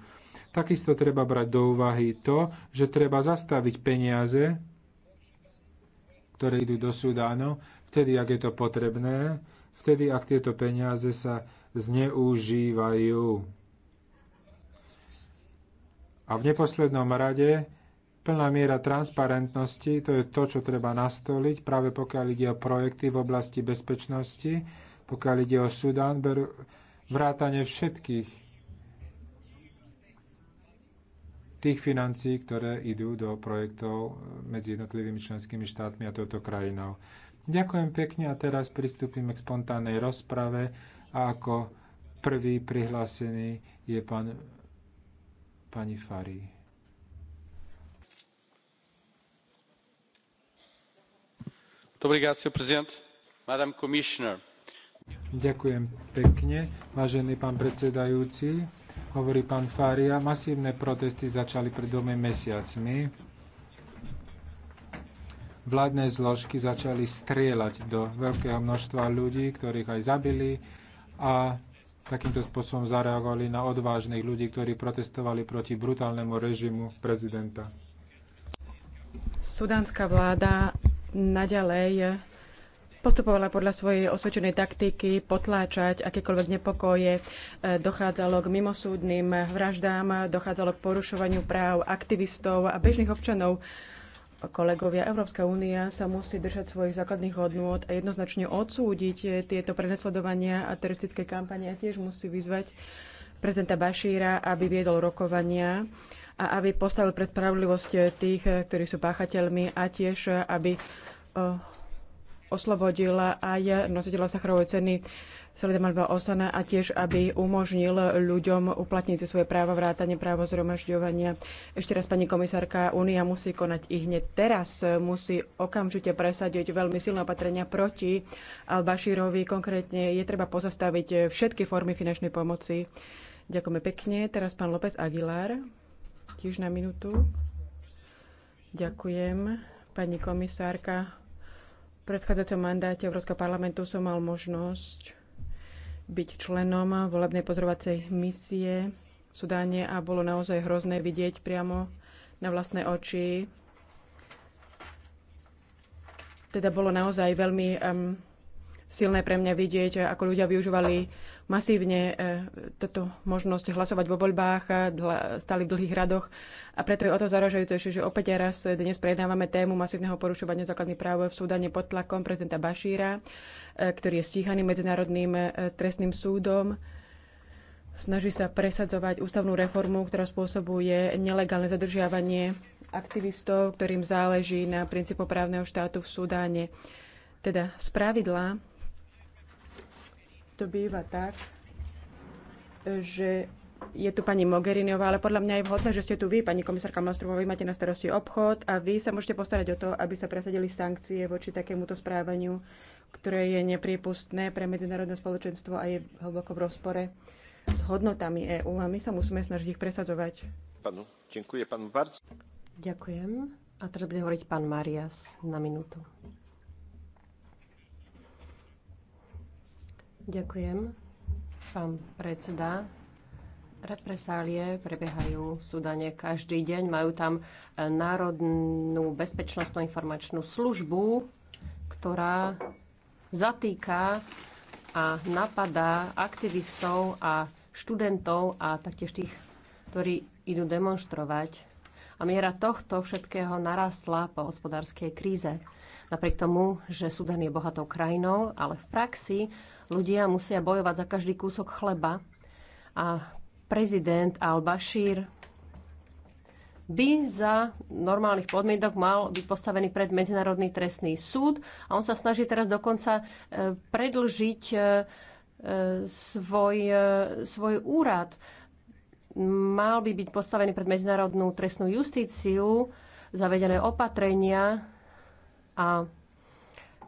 Takisto treba brať do úvahy to, že treba zastaviť peniaze ktoré idú do Sudánu, vtedy, ak je to potrebné, vtedy, ak tieto peniaze sa zneužívajú. A v neposlednom rade plná miera transparentnosti, to je to, čo treba nastoliť, práve pokiaľ ide o projekty v oblasti bezpečnosti, pokiaľ ide o Sudán, vrátane všetkých tých financií, ktoré idú do projektov eh, medzi jednotlivými členskými štátmi a touto krajinou. Ďakujem pekne a teraz pristúpime k spontánnej rozprave a ako prvý prihlásený je pán, pani Fari. Ďakujem pekne, vážený pán predsedajúci hovorí pán Fária, masívne protesty začali pred dvomi mesiacmi. Vládne zložky začali strieľať do veľkého množstva ľudí, ktorých aj zabili a takýmto spôsobom zareagovali na odvážnych ľudí, ktorí protestovali proti brutálnemu režimu prezidenta. Sudánska vláda naďalej postupovala podľa svojej osvedčenej taktiky potláčať akékoľvek nepokoje. E, dochádzalo k mimosúdnym vraždám, dochádzalo k porušovaniu práv aktivistov a bežných občanov. Kolegovia, Európska únia sa musí držať svojich základných hodnôt a jednoznačne odsúdiť tieto prenesledovania a teroristické kampanie a tiež musí vyzvať prezidenta Bašíra, aby viedol rokovania a aby postavil pred spravodlivosť tých, ktorí sú páchateľmi a tiež, aby e, oslobodil aj nositeľa Sacharovej ceny Malba Osana a tiež, aby umožnil ľuďom uplatniť si svoje práva vrátane právo zhromažďovania. Ešte raz, pani komisárka, Únia musí konať i hneď teraz. Musí okamžite presadiť veľmi silné opatrenia proti Albašírovi. Konkrétne je treba pozastaviť všetky formy finančnej pomoci. Ďakujeme pekne. Teraz pán López Aguilar, tiež na minútu. Ďakujem, pani komisárka predchádzajúcom mandáte Európskeho parlamentu som mal možnosť byť členom volebnej pozorovacej misie v Sudáne a bolo naozaj hrozné vidieť priamo na vlastné oči. Teda bolo naozaj veľmi um, silné pre mňa vidieť, ako ľudia využívali masívne e, toto možnosť hlasovať vo voľbách, stali v dlhých radoch a preto je o to zaražajúcejšie, že opäť raz dnes prejednávame tému masívneho porušovania základných práv v Súdane pod tlakom prezidenta Bašíra, e, ktorý je stíhaný Medzinárodným e, trestným súdom. Snaží sa presadzovať ústavnú reformu, ktorá spôsobuje nelegálne zadržiavanie aktivistov, ktorým záleží na princípu právneho štátu v Súdáne. Teda spravidla to býva tak, že je tu pani Mogherinová, ale podľa mňa je vhodné, že ste tu vy, pani komisárka Malstromová, vy máte na starosti obchod a vy sa môžete postarať o to, aby sa presadili sankcie voči takémuto správaniu, ktoré je nepriepustné pre medzinárodné spoločenstvo a je hlboko v rozpore s hodnotami EÚ a my sa musíme snažiť ich presadzovať. Pánu, ďakujem Ďakujem. A teraz bude hovoriť pán Marias na minútu. Ďakujem, pán predseda. Represálie prebiehajú v Sudane každý deň. Majú tam e, Národnú bezpečnostnú informačnú službu, ktorá zatýka a napadá aktivistov a študentov a taktiež tých, ktorí idú demonstrovať. A miera tohto všetkého narastla po hospodárskej kríze. Napriek tomu, že Sudan je bohatou krajinou, ale v praxi ľudia musia bojovať za každý kúsok chleba. A prezident al-Bashir by za normálnych podmienok mal byť postavený pred Medzinárodný trestný súd a on sa snaží teraz dokonca e, predlžiť e, e, svoj, svoj úrad. Mal by byť postavený pred Medzinárodnú trestnú justíciu, zavedené opatrenia a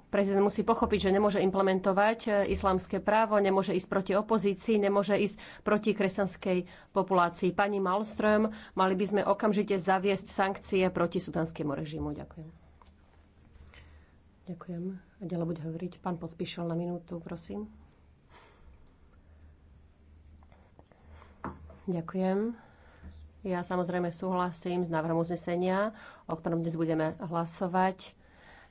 Prezident musí pochopiť, že nemôže implementovať e, islamské právo, nemôže ísť proti opozícii, nemôže ísť proti kresťanskej populácii. Pani Malström, mali by sme okamžite zaviesť sankcie proti sudanskému režimu. Ďakujem. Ďakujem. A ďalej bude hovoriť pán Pospíšil na minútu, prosím. Ďakujem. Ja samozrejme súhlasím s návrhom uznesenia, o ktorom dnes budeme hlasovať.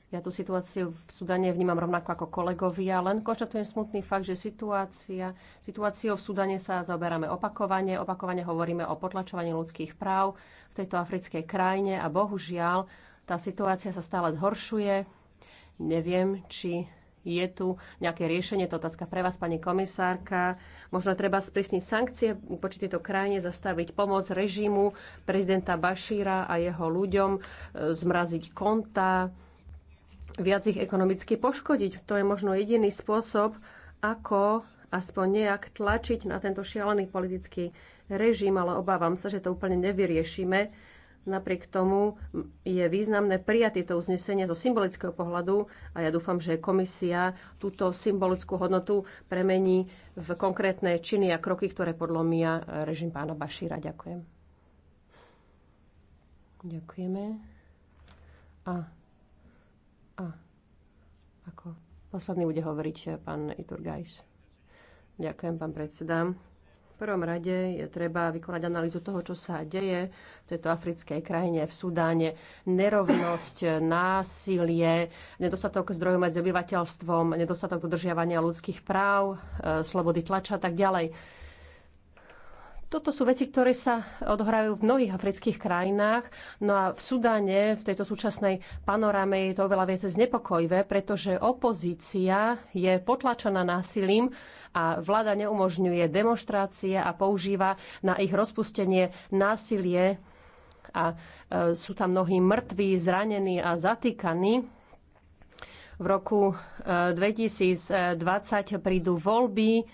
Ja tú situáciu v Sudane vnímam rovnako ako kolegovia, len konštatujem smutný fakt, že situácia, situáciou v Sudane sa zaoberáme opakovane. Opakovane hovoríme o potlačovaní ľudských práv v tejto africkej krajine a bohužiaľ tá situácia sa stále zhoršuje. Neviem, či je tu nejaké riešenie, to otázka pre vás, pani komisárka. Možno treba sprísniť sankcie voči tejto krajine, zastaviť pomoc režimu prezidenta Bašíra a jeho ľuďom, e, zmraziť konta, viac ich ekonomicky poškodiť. To je možno jediný spôsob, ako aspoň nejak tlačiť na tento šialený politický režim, ale obávam sa, že to úplne nevyriešime. Napriek tomu je významné prijať to uznesenie zo symbolického pohľadu a ja dúfam, že komisia túto symbolickú hodnotu premení v konkrétne činy a kroky, ktoré podlomia režim pána Bašíra. Ďakujem. Ďakujeme. A ako posledný bude hovoriť pán Gajš. Ďakujem, pán predseda. V prvom rade je treba vykonať analýzu toho, čo sa deje v tejto africkej krajine, v Sudáne. Nerovnosť, násilie, nedostatok zdrojov medzi obyvateľstvom, nedostatok dodržiavania ľudských práv, eh, slobody tlača a tak ďalej. Toto sú veci, ktoré sa odohrajú v mnohých afrických krajinách. No a v Sudáne, v tejto súčasnej panoráme je to oveľa viac znepokojivé, pretože opozícia je potlačená násilím a vláda neumožňuje demonstrácie a používa na ich rozpustenie násilie a e, sú tam mnohí mŕtví, zranení a zatýkaní. V roku 2020 e, prídu voľby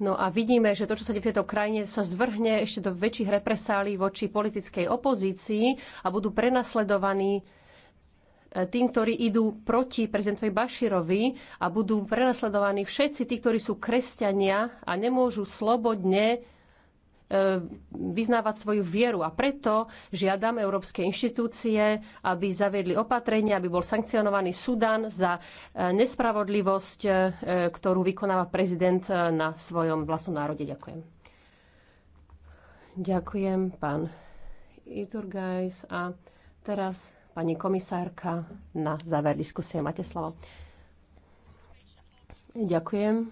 No a vidíme, že to, čo sa deje v tejto krajine, sa zvrhne ešte do väčších represálií voči politickej opozícii a budú prenasledovaní e, tým, ktorí idú proti prezidentovi Baširovi a budú prenasledovaní všetci tí, ktorí sú kresťania a nemôžu slobodne E, vyznávať svoju vieru. A preto žiadam európske inštitúcie, aby zaviedli opatrenia, aby bol sankcionovaný Sudan za e, nespravodlivosť, e, ktorú vykonáva prezident na svojom vlastnom národe. Ďakujem. Ďakujem, pán Iturgajs. A teraz pani komisárka na záver diskusie. Máte slovo. Ďakujem.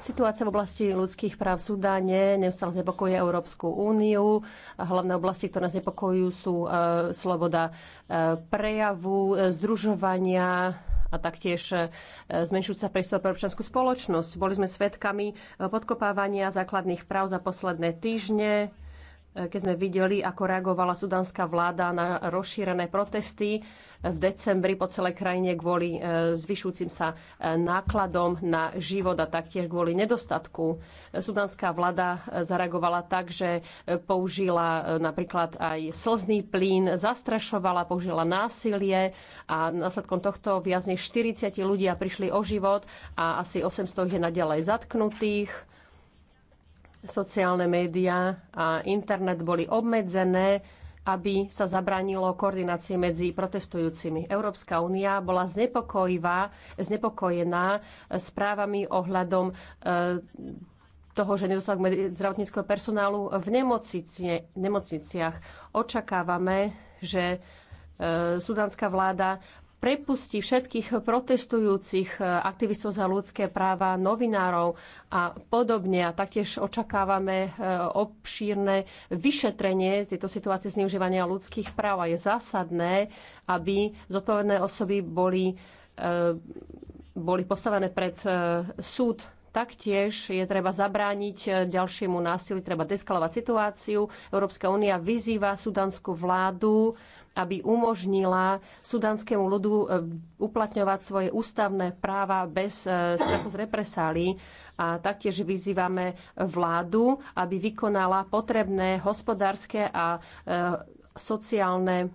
Situácia v oblasti ľudských práv v Sudáne neustále znepokojuje Európsku úniu. A hlavné oblasti, ktoré nás znepokojujú, sú e, sloboda e, prejavu, e, združovania a taktiež e, zmenšujúca priestor pre občanskú spoločnosť. Boli sme svedkami e, podkopávania základných práv za posledné týždne keď sme videli, ako reagovala sudanská vláda na rozšírené protesty v decembri po celej krajine kvôli e, zvyšujúcim sa e, nákladom na život a taktiež kvôli nedostatku. Sudanská vláda e, zareagovala tak, že použila napríklad aj slzný plyn, zastrašovala, použila násilie a následkom tohto viac než 40 ľudia prišli o život a asi 800 je naďalej zatknutých sociálne médiá a internet boli obmedzené, aby sa zabranilo koordinácii medzi protestujúcimi. Európska únia bola znepokojivá, znepokojená správami ohľadom eh, toho, že nedostatok zdravotníckého personálu v nemocniciach. Očakávame, že eh, sudánska vláda prepustí všetkých protestujúcich eh, aktivistov za ľudské práva, novinárov a podobne. A taktiež očakávame eh, obšírne vyšetrenie tejto situácie zneužívania ľudských práv. A je zásadné, aby zodpovedné osoby boli, eh, boli postavené pred súd taktiež je treba zabrániť ďalšiemu násiliu, treba deskalovať situáciu. Európska únia vyzýva sudanskú vládu aby umožnila sudanskému ľudu e, uplatňovať svoje ústavné práva bez e, strachu z represálií. A taktiež vyzývame vládu, aby vykonala potrebné hospodárske a e, sociálne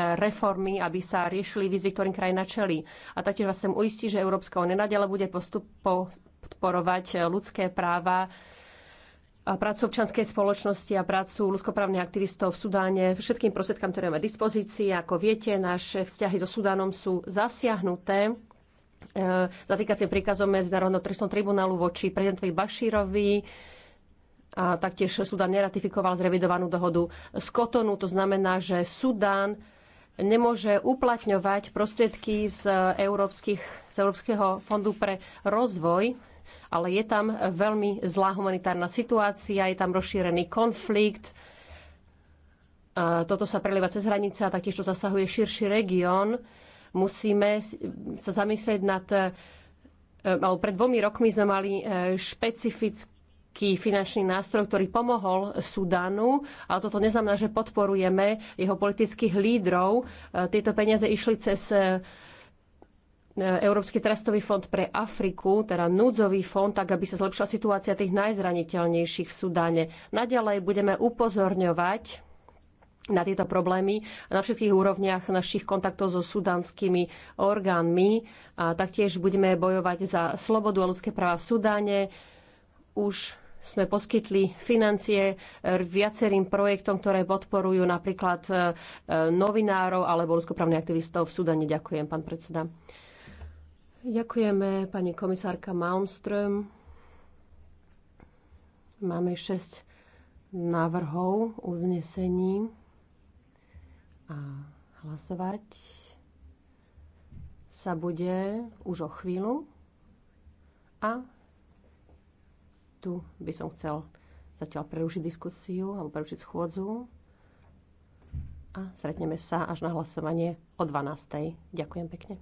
reformy, aby sa riešili výzvy, ktorým krajina čelí. A taktiež vás chcem uistiť, že Európska únia nadalej bude postup podporovať ľudské práva a prácu občanskej spoločnosti a prácu ľudskoprávnych aktivistov v Sudáne všetkým prostriedkám, ktoré máme dispozícii. Ako viete, naše vzťahy so Sudánom sú zasiahnuté e, zatýkacím príkazom Medzinárodného trestného tribunálu voči prezidentovi Bašírovi a taktiež Sudán neratifikoval zrevidovanú dohodu z Kotonu. To znamená, že Sudán nemôže uplatňovať prostriedky z, európskych, z Európskeho fondu pre rozvoj ale je tam veľmi zlá humanitárna situácia, je tam rozšírený konflikt. Toto sa prelieva cez hranice a taktiež to zasahuje širší región. Musíme sa zamyslieť nad... E, pred dvomi rokmi sme mali e, špecifický finančný nástroj, ktorý pomohol Sudanu, ale toto neznamená, že podporujeme jeho politických lídrov. E, tieto peniaze išli cez Európsky trestový fond pre Afriku, teda núdzový fond, tak aby sa zlepšila situácia tých najzraniteľnejších v Sudáne. Naďalej budeme upozorňovať na tieto problémy na všetkých úrovniach našich kontaktov so sudanskými orgánmi. A taktiež budeme bojovať za slobodu a ľudské práva v Sudáne. Už sme poskytli financie viacerým projektom, ktoré podporujú napríklad e, e, novinárov alebo ľudskoprávnych aktivistov v Sudane. Ďakujem, pán predseda. Ďakujeme pani komisárka Malmström. Máme 6 návrhov uznesení a hlasovať sa bude už o chvíľu. A tu by som chcel zatiaľ prerušiť diskusiu alebo prerušiť schôdzu. A stretneme sa až na hlasovanie o 12.00. Ďakujem pekne.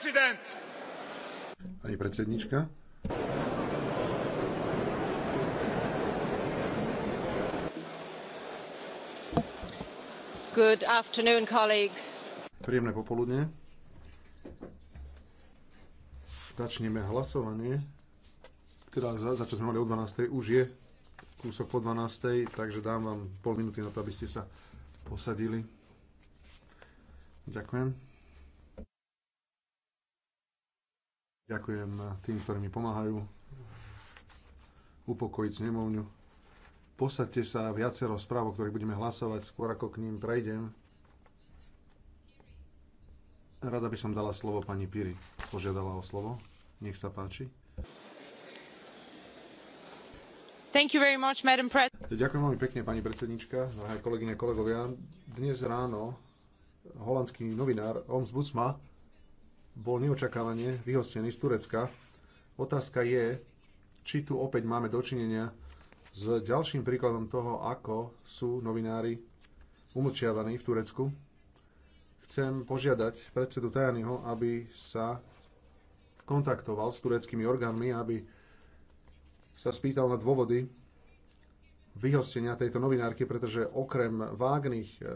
prezident! Pani predsednička. Good afternoon, colleagues. Príjemné popoludne. Začneme hlasovanie. Teda za, za čo sme mali o 12. už je kúsok po 12. Takže dám vám pol minúty na to, aby ste sa posadili. Ďakujem. Ďakujem tým, ktorí mi pomáhajú upokojiť snemovňu. Posadte sa viacero správ, o ktorých budeme hlasovať, skôr ako k ním prejdem. Rada by som dala slovo pani Piri. Požiadala o slovo. Nech sa páči. Much, Ďakujem veľmi pekne, pani predsednička, drahé kolegyne, kolegovia. Dnes ráno holandský novinár Ombudsman bol neočakávane vyhostený z Turecka. Otázka je, či tu opäť máme dočinenia s ďalším príkladom toho, ako sú novinári umlčiavaní v Turecku. Chcem požiadať predsedu Tajaniho, aby sa kontaktoval s tureckými orgánmi, aby sa spýtal na dôvody vyhostenia tejto novinárky, pretože okrem vágnych e,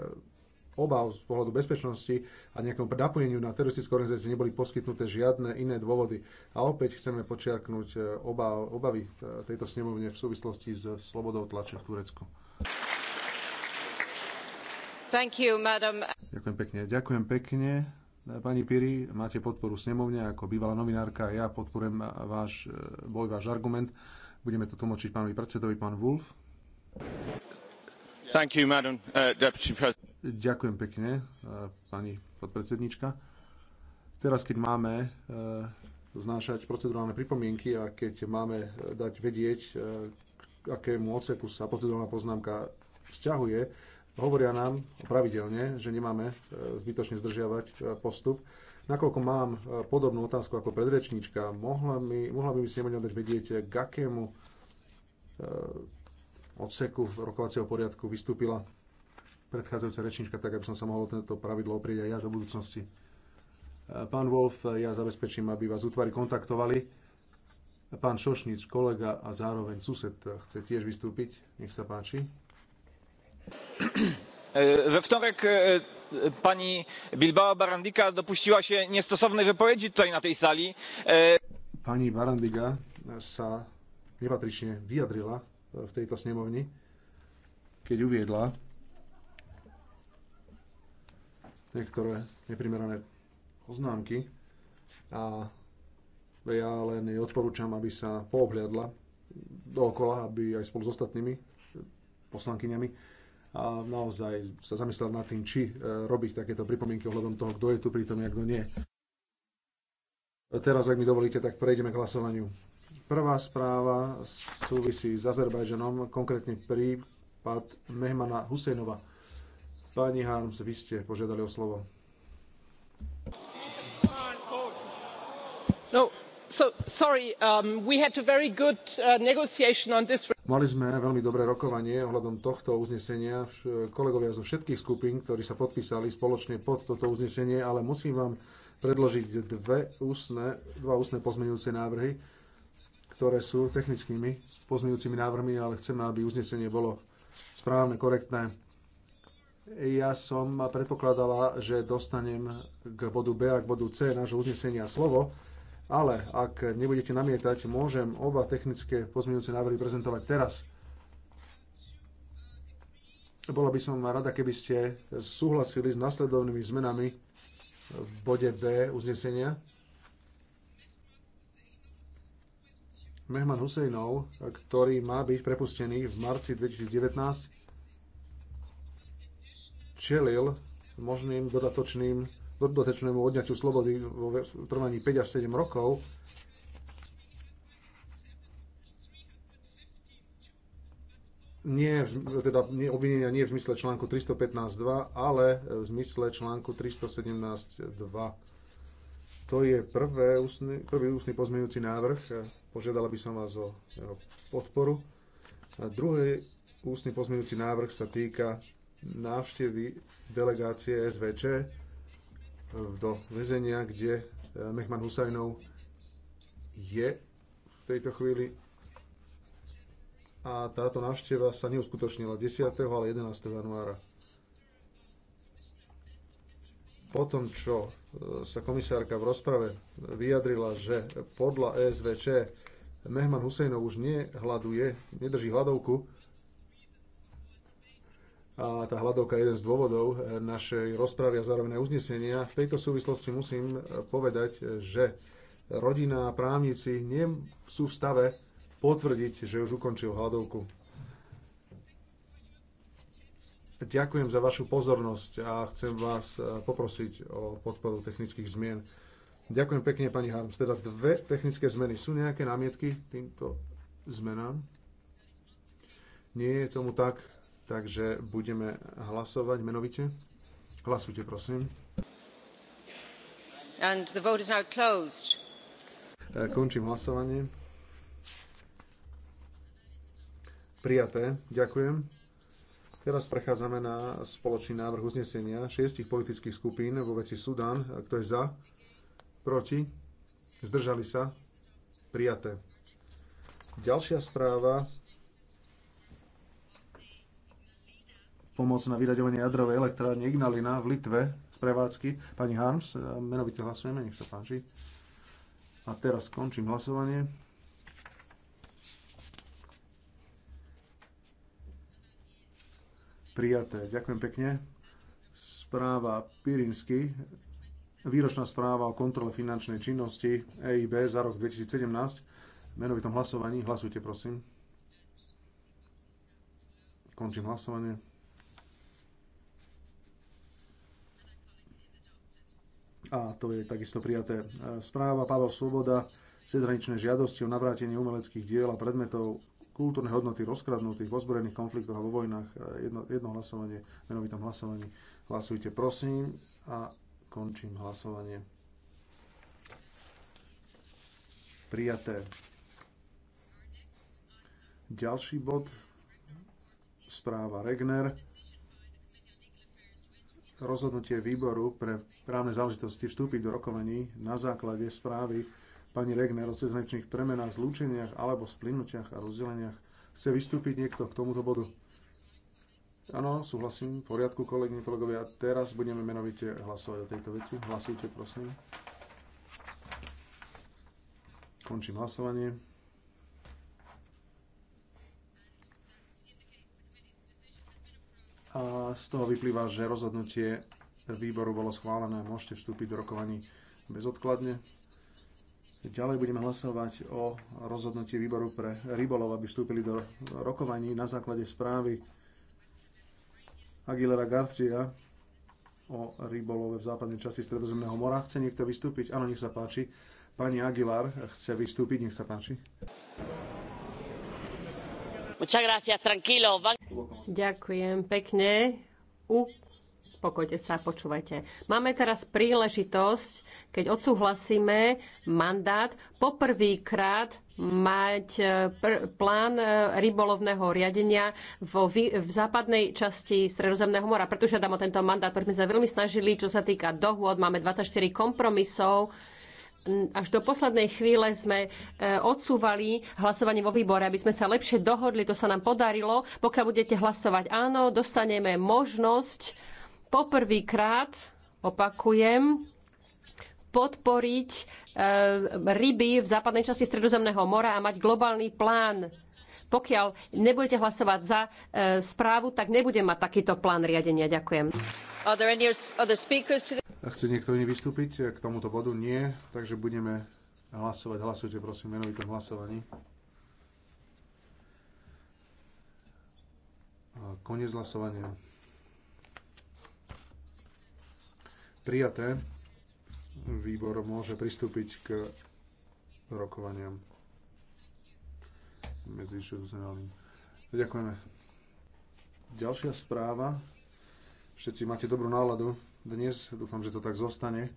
obav z pohľadu bezpečnosti a nejakom napojeniu na teroristickú organizáciu neboli poskytnuté žiadne iné dôvody. A opäť chceme počiarknúť e, obav, obavy e, tejto snemovne v súvislosti s slobodou tlače v Turecku. Thank you, madam. Ďakujem pekne. Ďakujem pekne. Pani Piri, máte podporu snemovne ako bývalá novinárka. Ja podporujem váš e, boj, váš argument. Budeme to tlmočiť pánovi predsedovi, pán Wolf. You, madam, uh, Ďakujem pekne, e, pani podpredsednička. Teraz, keď máme e, znášať procedurálne pripomienky a keď máme e, dať vedieť, k akému odseku sa procedurálna poznámka vzťahuje, hovoria nám pravidelne, že nemáme zbytočne zdržiavať postup. Nakoľko mám podobnú otázku ako predrečníčka, mohla, mi, mohla by mi snemoňa dať vedieť, k akému odseku rokovacieho poriadku vystúpila predchádzajúca rečnička, tak aby som sa mohol tento pravidlo oprieť aj ja do budúcnosti. E, pán Wolf, ja zabezpečím, aby vás útvary kontaktovali. Pán Šošnič, kolega a zároveň sused chce tiež vystúpiť. Nech sa páči. E, we wtorek e, pani Bilbao Barandika dopuściła się niestosownej wypowiedzi tutaj na tej sali. Pani Barandiga sa nepatrične vyjadrila v tejto snemovni, keď uviedla, niektoré neprimerané poznámky a ja len jej odporúčam, aby sa poobhľadla dookola, aby aj spolu s ostatnými poslankyňami a naozaj sa zamyslela nad tým, či e, robiť takéto pripomienky ohľadom toho, kto je tu pritom a kto nie. Teraz, ak mi dovolíte, tak prejdeme k hlasovaniu. Prvá správa súvisí s Azerbajdžanom, konkrétne prípad Mehmana Husejnova. Pani Harms, vy ste požiadali o slovo. No, so, sorry, um, we had a very good uh, negotiation on this. Mali sme veľmi dobré rokovanie ohľadom tohto uznesenia. Kolegovia zo všetkých skupín, ktorí sa podpísali spoločne pod toto uznesenie, ale musím vám predložiť dve ústne, dva ústne pozmeňujúce návrhy, ktoré sú technickými pozmeňujúcimi návrhmi, ale chcem, aby uznesenie bolo správne, korektné. Ja som predpokladala, že dostanem k bodu B a k bodu C nášho uznesenia slovo, ale ak nebudete namietať, môžem oba technické pozmeňujúce návrhy prezentovať teraz. Bola by som rada, keby ste súhlasili s nasledovnými zmenami v bode B uznesenia. Mehman Husejnov, ktorý má byť prepustený v marci 2019, čelil možným dodatočným, dodatočnému odňaťu slobody vo trvaní 5 až 7 rokov. Nie, teda nie, obvinenia nie v zmysle článku 315.2, ale v zmysle článku 317.2. To je prvé prvý ústny pozmeňujúci návrh. Požiadala by som vás o jeho podporu. A druhý ústny pozmeňujúci návrh sa týka návštevy delegácie SVČ eh, do väzenia, kde eh, Mehman Husajnov je v tejto chvíli. A táto návšteva sa neuskutočnila 10. ale 11. januára. Po tom, čo eh, sa komisárka v rozprave vyjadrila, že podľa SVČ Mehman Husejnov už nehľaduje, nedrží hľadovku, a tá hladovka je jeden z dôvodov eh, našej rozpravy a zároveň aj uznesenia. V tejto súvislosti musím eh, povedať, eh, že rodina a právnici nie sú v stave potvrdiť, že už ukončil hladovku. Ďakujem za vašu pozornosť a chcem vás poprosiť o podporu technických zmien. Ďakujem pekne, pani Harms. Teda dve technické zmeny. Sú nejaké námietky týmto zmenám? Nie je tomu tak. Takže budeme hlasovať menovite. Hlasujte, prosím. And the vote is now closed. E, končím hlasovanie. Prijaté. Ďakujem. Teraz prechádzame na spoločný návrh uznesenia šiestich politických skupín vo veci Sudán. E, kto je za? Proti? Zdržali sa? Prijaté. Ďalšia správa pomoc na vyraďovanie jadrovej elektrárne Ignalina v Litve z prevádzky. Pani Harms, e, menovite hlasujeme, nech sa páči. A teraz skončím hlasovanie. Prijaté. Ďakujem pekne. Správa Pirinsky. Výročná správa o kontrole finančnej činnosti EIB za rok 2017. Menovitom hlasovaní. Hlasujte, prosím. Končím hlasovanie. a to je takisto prijaté. E, správa Pavel Svoboda, cezhraničné žiadosti o navrátenie umeleckých diel a predmetov kultúrne hodnoty rozkradnutých v ozbrojených konfliktoch a vo vojnách. E, jedno, jedno hlasovanie, menovitom hlasovaní. Hlasujte prosím a končím hlasovanie. Prijaté. Ďalší bod. Správa Regner rozhodnutie výboru pre právne záležitosti vstúpiť do rokovaní na základe správy pani Regner o cezhraničných premenách, zlúčeniach alebo splynutiach a rozdeleniach. Chce vystúpiť niekto k tomuto bodu? Áno, súhlasím. V poriadku, kolegyne, kolegovia. Teraz budeme menovite hlasovať o tejto veci. Hlasujte, prosím. Končím hlasovanie. A z toho vyplýva, že rozhodnutie výboru bolo schválené. Môžete vstúpiť do rokovaní bezodkladne. Ďalej budeme hlasovať o rozhodnutí výboru pre rybolov, aby vstúpili do rokovaní na základe správy Aguilera Garcia o rybolove v západnej časti Stredozemného mora. Chce niekto vystúpiť? Áno, nech sa páči. Pani Aguilar chce vystúpiť, nech sa páči. Ďakujem pekne. Pokojte sa počúvajte. Máme teraz príležitosť, keď odsúhlasíme mandát, poprvýkrát mať e, plán e, rybolovného riadenia vo v západnej časti Stredozemného mora, pretože dám o tento mandát, pretože sme sa veľmi snažili, čo sa týka dohôd, máme 24 kompromisov, až do poslednej chvíle sme e, odsúvali hlasovanie vo výbore, aby sme sa lepšie dohodli. To sa nám podarilo. Pokiaľ budete hlasovať áno, dostaneme možnosť poprvýkrát, opakujem, podporiť e, ryby v západnej časti Stredozemného mora a mať globálny plán pokiaľ nebudete hlasovať za e, správu, tak nebudem mať takýto plán riadenia. Ďakujem. Chce niekto iný vystúpiť k tomuto bodu? Nie, takže budeme hlasovať. Hlasujte prosím menovitom hlasovaní. Konec hlasovania. Prijaté. Výbor môže pristúpiť k rokovaniam inštitucionálnym. Ďakujeme. Ďalšia správa. Všetci máte dobrú náladu dnes. Dúfam, že to tak zostane.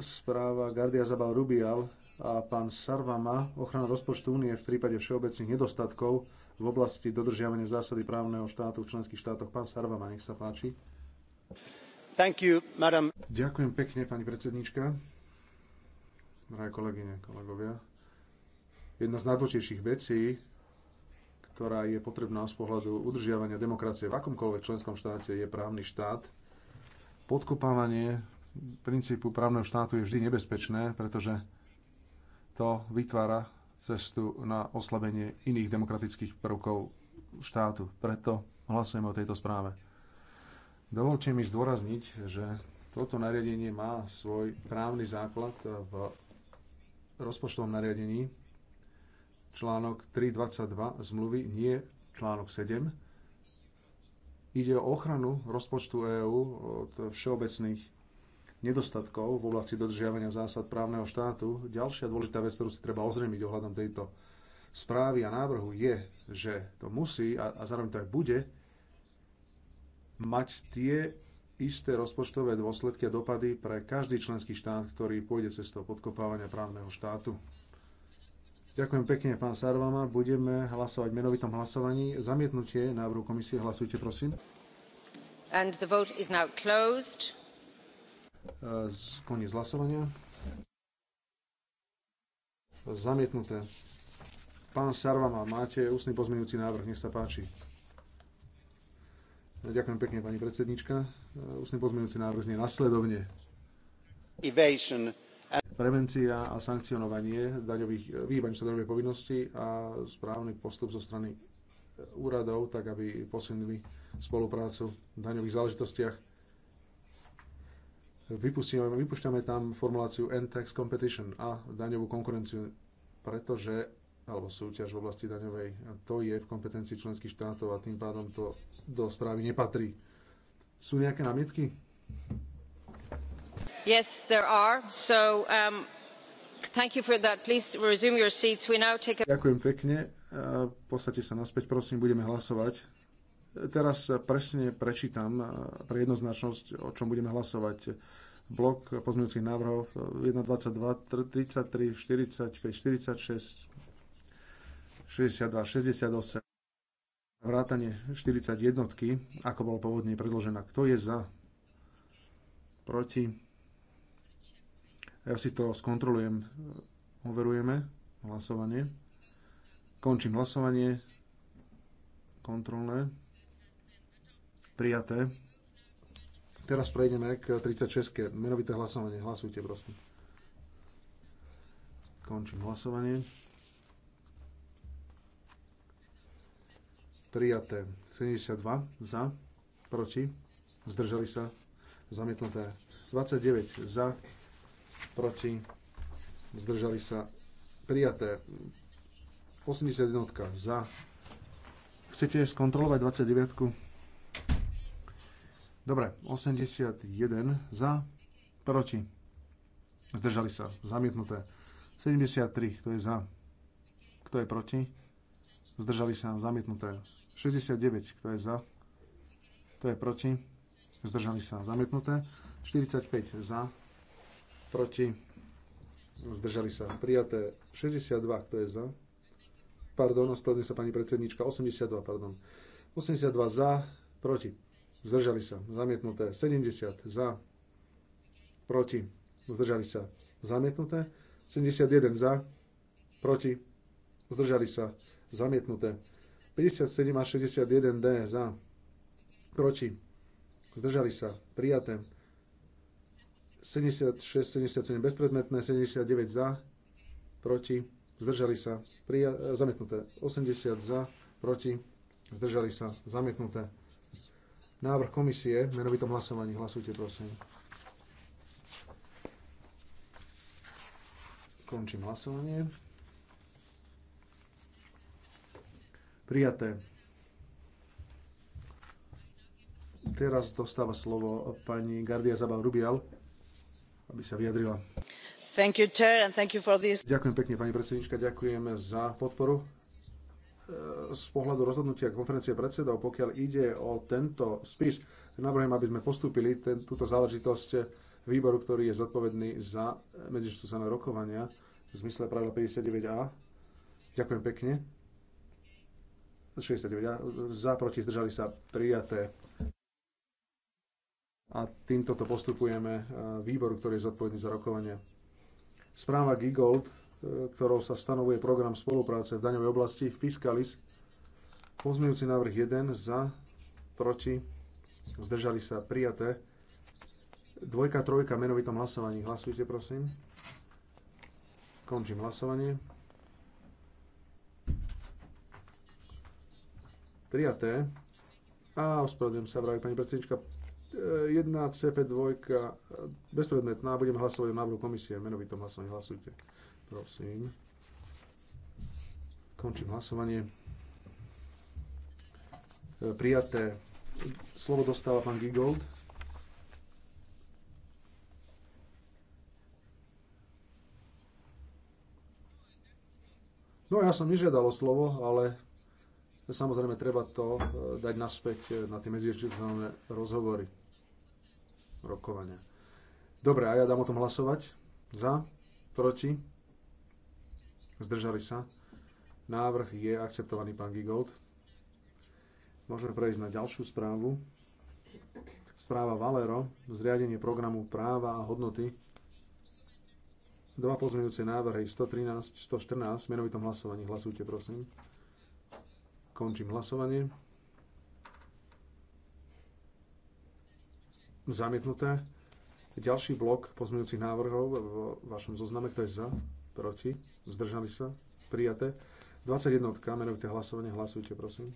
Správa Gardia Zabal Rubial a pán Sarvama, ochrana rozpočtu únie v prípade všeobecných nedostatkov v oblasti dodržiavania zásady právneho štátu v členských štátoch. Pán Sarvama, nech sa páči. Thank you, madam. Ďakujem pekne, pani predsedníčka. Drahé kolegyne, kolegovia, jedna z najdôležitejších vecí, ktorá je potrebná z pohľadu udržiavania demokracie v akomkoľvek členskom štáte, je právny štát. Podkopávanie princípu právneho štátu je vždy nebezpečné, pretože to vytvára cestu na oslabenie iných demokratických prvkov štátu. Preto hlasujeme o tejto správe. Dovolte mi zdôrazniť, že toto nariadenie má svoj právny základ v rozpočtovom nariadení článok 322 zmluvy, nie článok 7. Ide o ochranu rozpočtu EÚ od všeobecných nedostatkov v oblasti dodržiavania zásad právneho štátu. Ďalšia dôležitá vec, ktorú si treba ozrejmiť ohľadom tejto správy a návrhu je, že to musí a, a zároveň to aj bude mať tie isté rozpočtové dôsledky a dopady pre každý členský štát, ktorý pôjde cestou podkopávania právneho štátu. Ďakujem pekne, pán Sarvama. Budeme hlasovať v menovitom hlasovaní. Zamietnutie návrhu komisie. Hlasujte, prosím. And the vote is now closed. E, koniec hlasovania. Zamietnuté. Pán Sarvama, máte ústny pozmeňujúci návrh, nech sa páči. Ďakujem pekne, pani predsednička. E, ústny pozmeňujúci návrh znie nasledovne. Evasion prevencia a sankcionovanie daňových, výbaň sa daňovej povinnosti a správny postup zo strany úradov, tak aby posunili spoluprácu v daňových záležitostiach. vypúšťame tam formuláciu N-Tax Competition a daňovú konkurenciu, pretože alebo súťaž v oblasti daňovej. A to je v kompetencii členských štátov a tým pádom to do správy nepatrí. Sú nejaké námietky? yes there are so um, thank you for that please resume your seats we now take a... Ďakujem pekne podstate sa naspäť prosím budeme hlasovať teraz presne prečítam pre jednoznačnosť o čom budeme hlasovať blok pozmeňujúcich návrhov 1, 22, 33, 45, 46, 62, 68, vrátanie 41, ako bolo pôvodne predložená. Kto je za? Proti? Ja si to skontrolujem. Overujeme hlasovanie. Končím hlasovanie. Kontrolné. Prijaté. Teraz prejdeme k 36. Menovité hlasovanie. Hlasujte, prosím. Končím hlasovanie. Prijaté 72 za, proti, zdržali sa, zamietnuté 29 za, proti, zdržali sa prijaté. 81 za. Chcete skontrolovať 29? Dobre, 81 za, proti. Zdržali sa, zamietnuté. 73, kto je za, kto je proti. Zdržali sa, zamietnuté. 69, kto je za, kto je proti. Zdržali sa, zamietnuté. 45 za, proti, zdržali sa prijaté 62, kto je za, pardon, ospravedlňujem sa pani predsednička, 82, pardon, 82 za, proti, zdržali sa, zamietnuté 70 za, proti, zdržali sa, zamietnuté 71 za, proti, zdržali sa, zamietnuté 57 a 61 D za, proti, zdržali sa, prijaté 76, 77 bezpredmetné, 79 za, proti, zdržali sa, prija- zamietnuté. 80 za, proti, zdržali sa, zamietnuté. Návrh komisie, menovitom hlasovaní, hlasujte prosím. Končím hlasovanie. Prijaté. Teraz dostáva slovo pani Gardia Zabal Rubial aby sa vyjadrila. You, chair, ďakujem pekne, pani predsednička, ďakujem za podporu. E, z pohľadu rozhodnutia konferencie predsedov, pokiaľ ide o tento spis, navrhujem, aby sme postúpili ten, túto záležitosť výboru, ktorý je zodpovedný za medzištúcané rokovania v zmysle pravidla 59a. Ďakujem pekne. 69a. Za, proti, zdržali sa prijaté a týmto to postupujeme e, výboru, ktorý je zodpovedný za rokovanie. Správa Gigold, e, ktorou sa stanovuje program spolupráce v daňovej oblasti Fiscalis, pozmejúci návrh 1 za, proti, zdržali sa prijaté. Dvojka, trojka, menovitom hlasovaní. Hlasujte, prosím. Končím hlasovanie. Prijaté. A ospravedlňujem sa, vraví pani predsednička, 1 CP2 bezpredmetná. Budem hlasovať o návrhu komisie. Menovitom hlasovaní hlasujte. Prosím. Končím hlasovanie. Prijaté. Slovo dostáva pán Gigold. No ja som nežiadal o slovo, ale samozrejme treba to eh, dať naspäť eh, na tie medzičiteľné rozhovory rokovania. Dobre, a ja dám o tom hlasovať. Za, proti, zdržali sa. Návrh je akceptovaný, pán Gigold. Môžeme prejsť na ďalšiu správu. Správa Valero, zriadenie programu práva a hodnoty. Dva pozmeňujúce návrhy 113, 114, menovitom hlasovaní. Hlasujte, prosím. Končím hlasovanie. Zamietnuté. Ďalší blok pozmeňujúcich návrhov v vašom zozname. Kto je za? Proti? Zdržali sa? Prijaté. 21. Menovité hlasovanie. Hlasujte, prosím.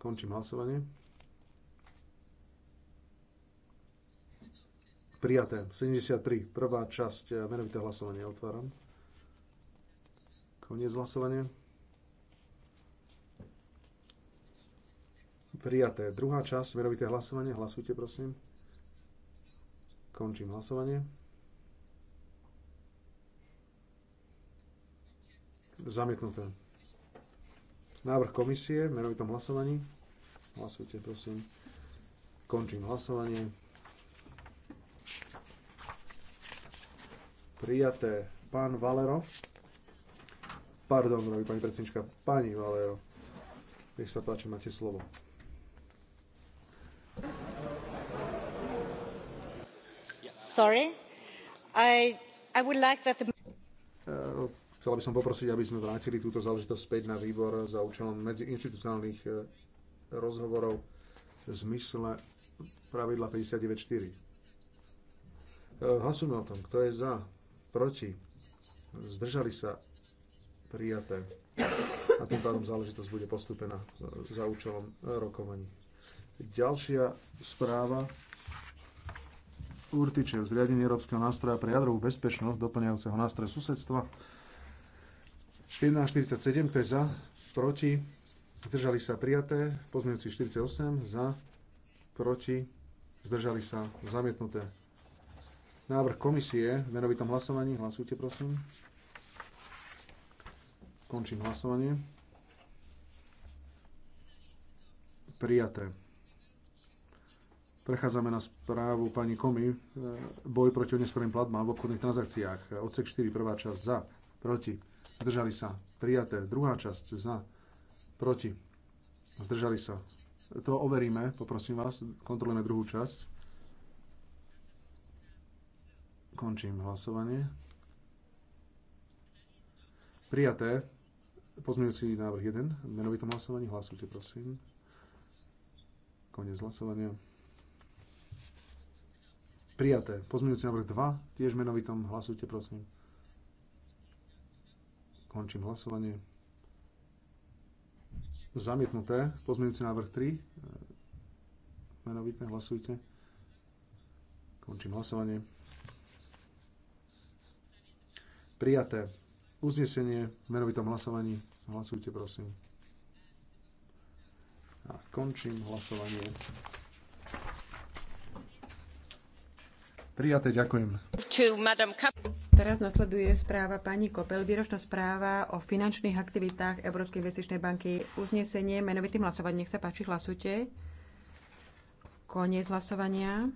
Končím hlasovanie. Prijaté. 73. Prvá časť menovité hlasovanie. Otváram. Koniec hlasovania. Prijaté. Druhá časť, verovité hlasovanie. Hlasujte, prosím. Končím hlasovanie. Zamietnuté. Návrh komisie v menovitom hlasovaní. Hlasujte, prosím. Končím hlasovanie. Prijaté. Pán Valero. Pardon, pani predsednička, pani Valero. Nech sa páči, máte slovo. sorry. Eh, chcela by som poprosiť, aby sme vrátili túto záležitosť späť na výbor za účelom medziinstitucionálnych eh, rozhovorov v zmysle pravidla 59.4. Eh, hlasujme o tom, kto je za, proti, zdržali sa, prijaté. A tým pádom záležitosť bude postúpená za účelom rokovaní. Ďalšia správa Urtičev, zriadenie Európskeho nástroja pre jadrovú bezpečnosť, doplňajúceho nástroja susedstva. 1,47, to je za, proti, zdržali sa prijaté, pozmeňujúci 48, za, proti, zdržali sa zamietnuté. Návrh komisie v menovitom hlasovaní, hlasujte prosím. Končím hlasovanie. Prijaté. Prechádzame na správu pani Komy. E, boj proti oneskorým platbám v obchodných transakciách. Odsek 4, prvá časť za, proti. Zdržali sa. Prijaté. Druhá časť za, proti. Zdržali sa. To overíme, poprosím vás. Kontrolujeme druhú časť. Končím hlasovanie. Prijaté. Pozmeňujúci návrh 1. menovitom hlasovaní. Hlasujte, prosím. Koniec hlasovania Prijaté. Pozmeňujúci návrh 2, tiež menovitom hlasujte, prosím. Končím hlasovanie. Zamietnuté. Pozmeňujúci návrh 3, menovitne hlasujte. Končím hlasovanie. Prijaté. Uznesenie v menovitom hlasovaní. Hlasujte, prosím. A končím hlasovanie. Prijaté, ďakujem. Teraz nasleduje správa pani Kopel, výročná správa o finančných aktivitách Európskej investičnej banky. Uznesenie menovitým hlasovaním. Nech sa páči, hlasujte. Koniec hlasovania.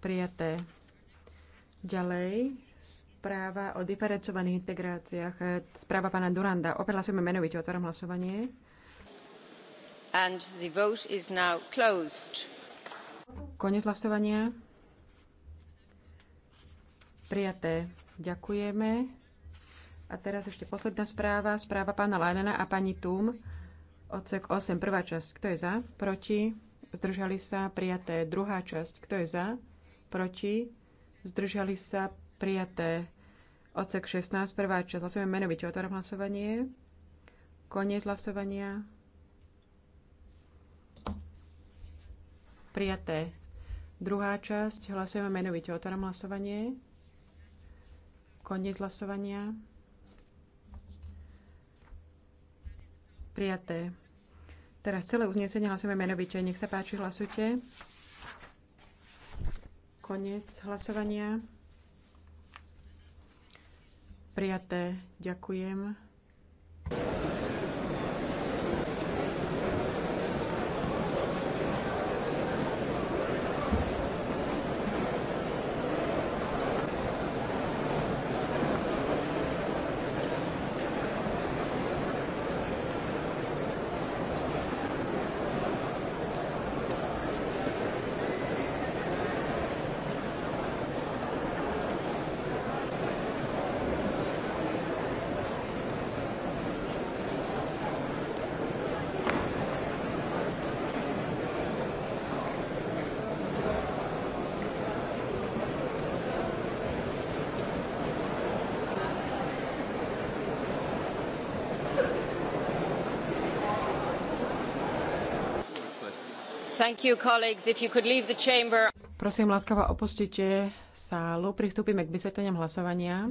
Prijaté. Ďalej, správa o diferencovaných integráciách. Správa pána Duranda. Opäť hlasujeme menovite. Otváram hlasovanie. Koniec hlasovania. Prijaté. Ďakujeme. A teraz ešte posledná správa. Správa pána Lánena a pani Tum. Odsek 8, prvá časť. Kto je za? Proti? Zdržali sa? Prijaté. Druhá časť. Kto je za? Proti? Zdržali sa? Prijaté. Odsek 16, prvá časť. Hlasujeme menovite. Otváram hlasovanie. Koniec hlasovania. Prijaté. Druhá časť. Hlasujeme menovite. Otváram hlasovanie. Koniec hlasovania. Prijaté. Teraz celé uznesenie hlasujeme menovite. Nech sa páči, hlasujte. Koniec hlasovania. Prijaté. Ďakujem. You, Prosím, láskavo opustite sálu. Pristúpime k vysvetleniam hlasovania.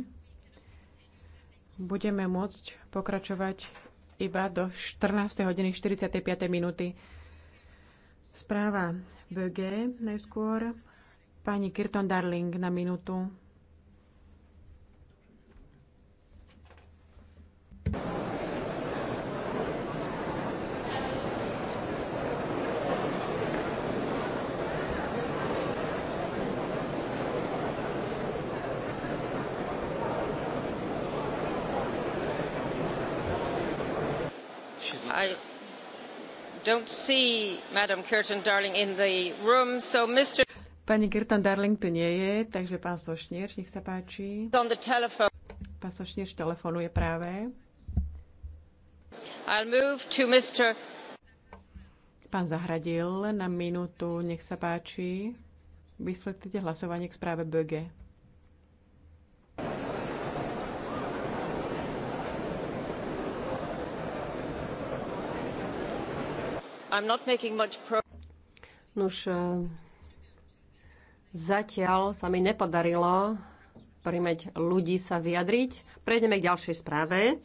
Budeme môcť pokračovať iba do 14. hodiny 45. minúty. Správa BG najskôr. Pani Kirton Darling na minútu. i don't see madam curtin darling in the room so mr Pani Gertan Darling tu nie je, takže pán Sošnierš, nech sa páči. On the telephone. Pán Sošnierš telefonuje práve. I'll move to Mr. Pán Zahradil na minútu, nech sa páči. Vysvetlite hlasovanie k správe Böge. Nuž, eh, zatiaľ sa mi nepodarilo primeť ľudí sa vyjadriť. Prejdeme k ďalšej správe.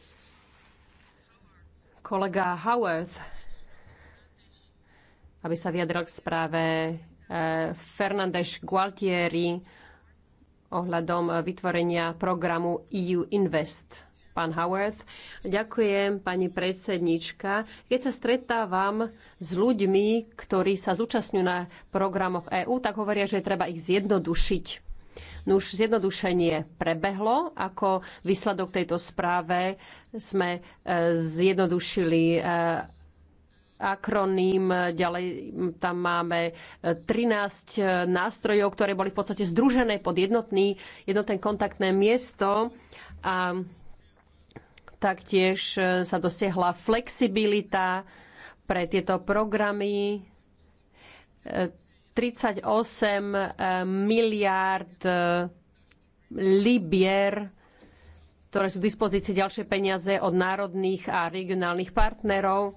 Kolega Howarth, aby sa vyjadril k správe eh, Fernández Gualtieri ohľadom vytvorenia programu EU Invest pán Howard. Ďakujem, pani predsednička. Keď sa stretávam s ľuďmi, ktorí sa zúčastňujú na programoch EÚ, tak hovoria, že treba ich zjednodušiť. No už zjednodušenie prebehlo. Ako výsledok tejto správe sme e, zjednodušili e, akroným, ďalej tam máme 13 e, nástrojov, ktoré boli v podstate združené pod jednotný, jednotné kontaktné miesto a Taktiež e, sa dosiahla flexibilita pre tieto programy. 38 e, e, miliárd libier, ktoré sú v dispozícii ďalšie peniaze od národných a regionálnych partnerov.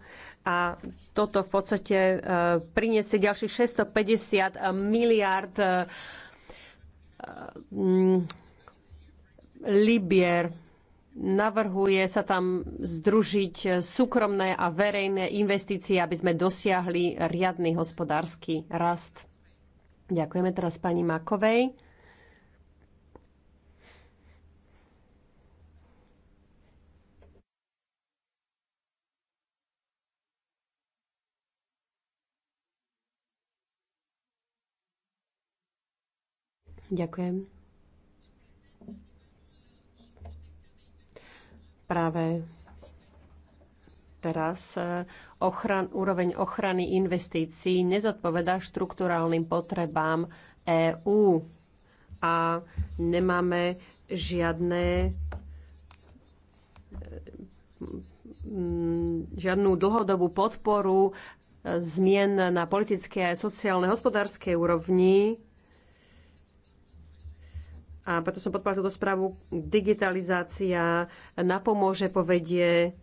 A toto v podstate priniesie ďalších 650 miliárd libier Navrhuje sa tam združiť súkromné a verejné investície, aby sme dosiahli riadny hospodársky rast. Ďakujeme teraz pani Makovej. Ďakujem. práve teraz e, ochran, úroveň ochrany investícií nezodpovedá štruktúrálnym potrebám EÚ a nemáme žiadne e, žiadnu dlhodobú podporu e, zmien na politickej a sociálnej hospodárskej úrovni a preto som podporila túto správu. Digitalizácia napomôže, povedie,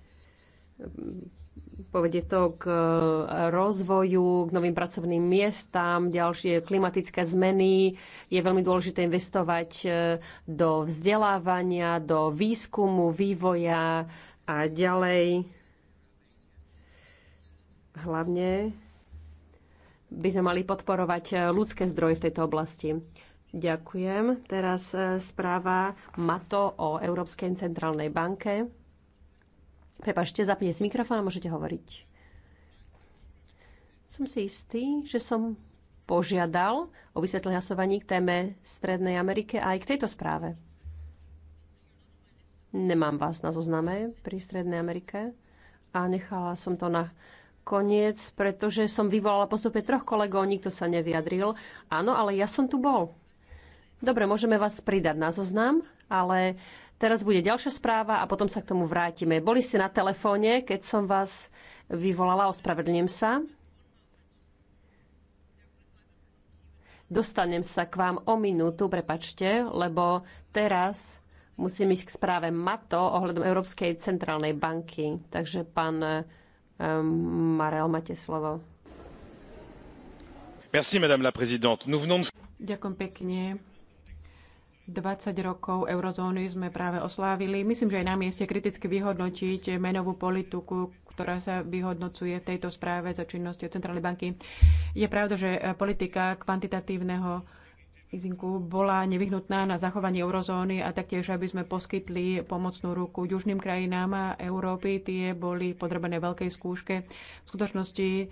povedie to k e, rozvoju, k novým pracovným miestam, ďalšie klimatické zmeny. Je veľmi dôležité investovať e, do vzdelávania, do výskumu, vývoja a ďalej. Hlavne by sme mali podporovať ľudské zdroje v tejto oblasti. Ďakujem. Teraz e, správa Mato o Európskej centrálnej banke. Prepašte, zapnite si mikrofón a môžete hovoriť. Som si istý, že som požiadal o vysvetlenie hlasovaní k téme Strednej Amerike aj k tejto správe. Nemám vás na zozname pri Strednej Amerike a nechala som to na koniec, pretože som vyvolala postupne troch kolegov, nikto sa nevyjadril. Áno, ale ja som tu bol. Dobre, môžeme vás pridať na zoznam, ale teraz bude ďalšia správa a potom sa k tomu vrátime. Boli ste na telefóne, keď som vás vyvolala, ospravedlňujem sa. Dostanem sa k vám o minútu, prepačte, lebo teraz musím ísť k správe MATO ohľadom Európskej centrálnej banky. Takže pán um, Marel, máte slovo. Merci, madame la présidente. Nous venons de... Ďakujem pekne. 20 rokov eurozóny sme práve oslávili. Myslím, že je na mieste kriticky vyhodnotiť menovú politiku, ktorá sa vyhodnocuje v tejto správe za činnosťou Centrálnej banky. Je pravda, že politika kvantitatívneho Izinku, bola nevyhnutná na zachovanie eurozóny a taktiež, aby sme poskytli pomocnú ruku južným krajinám a Európy. Tie boli podrobené veľkej skúške. V skutočnosti e,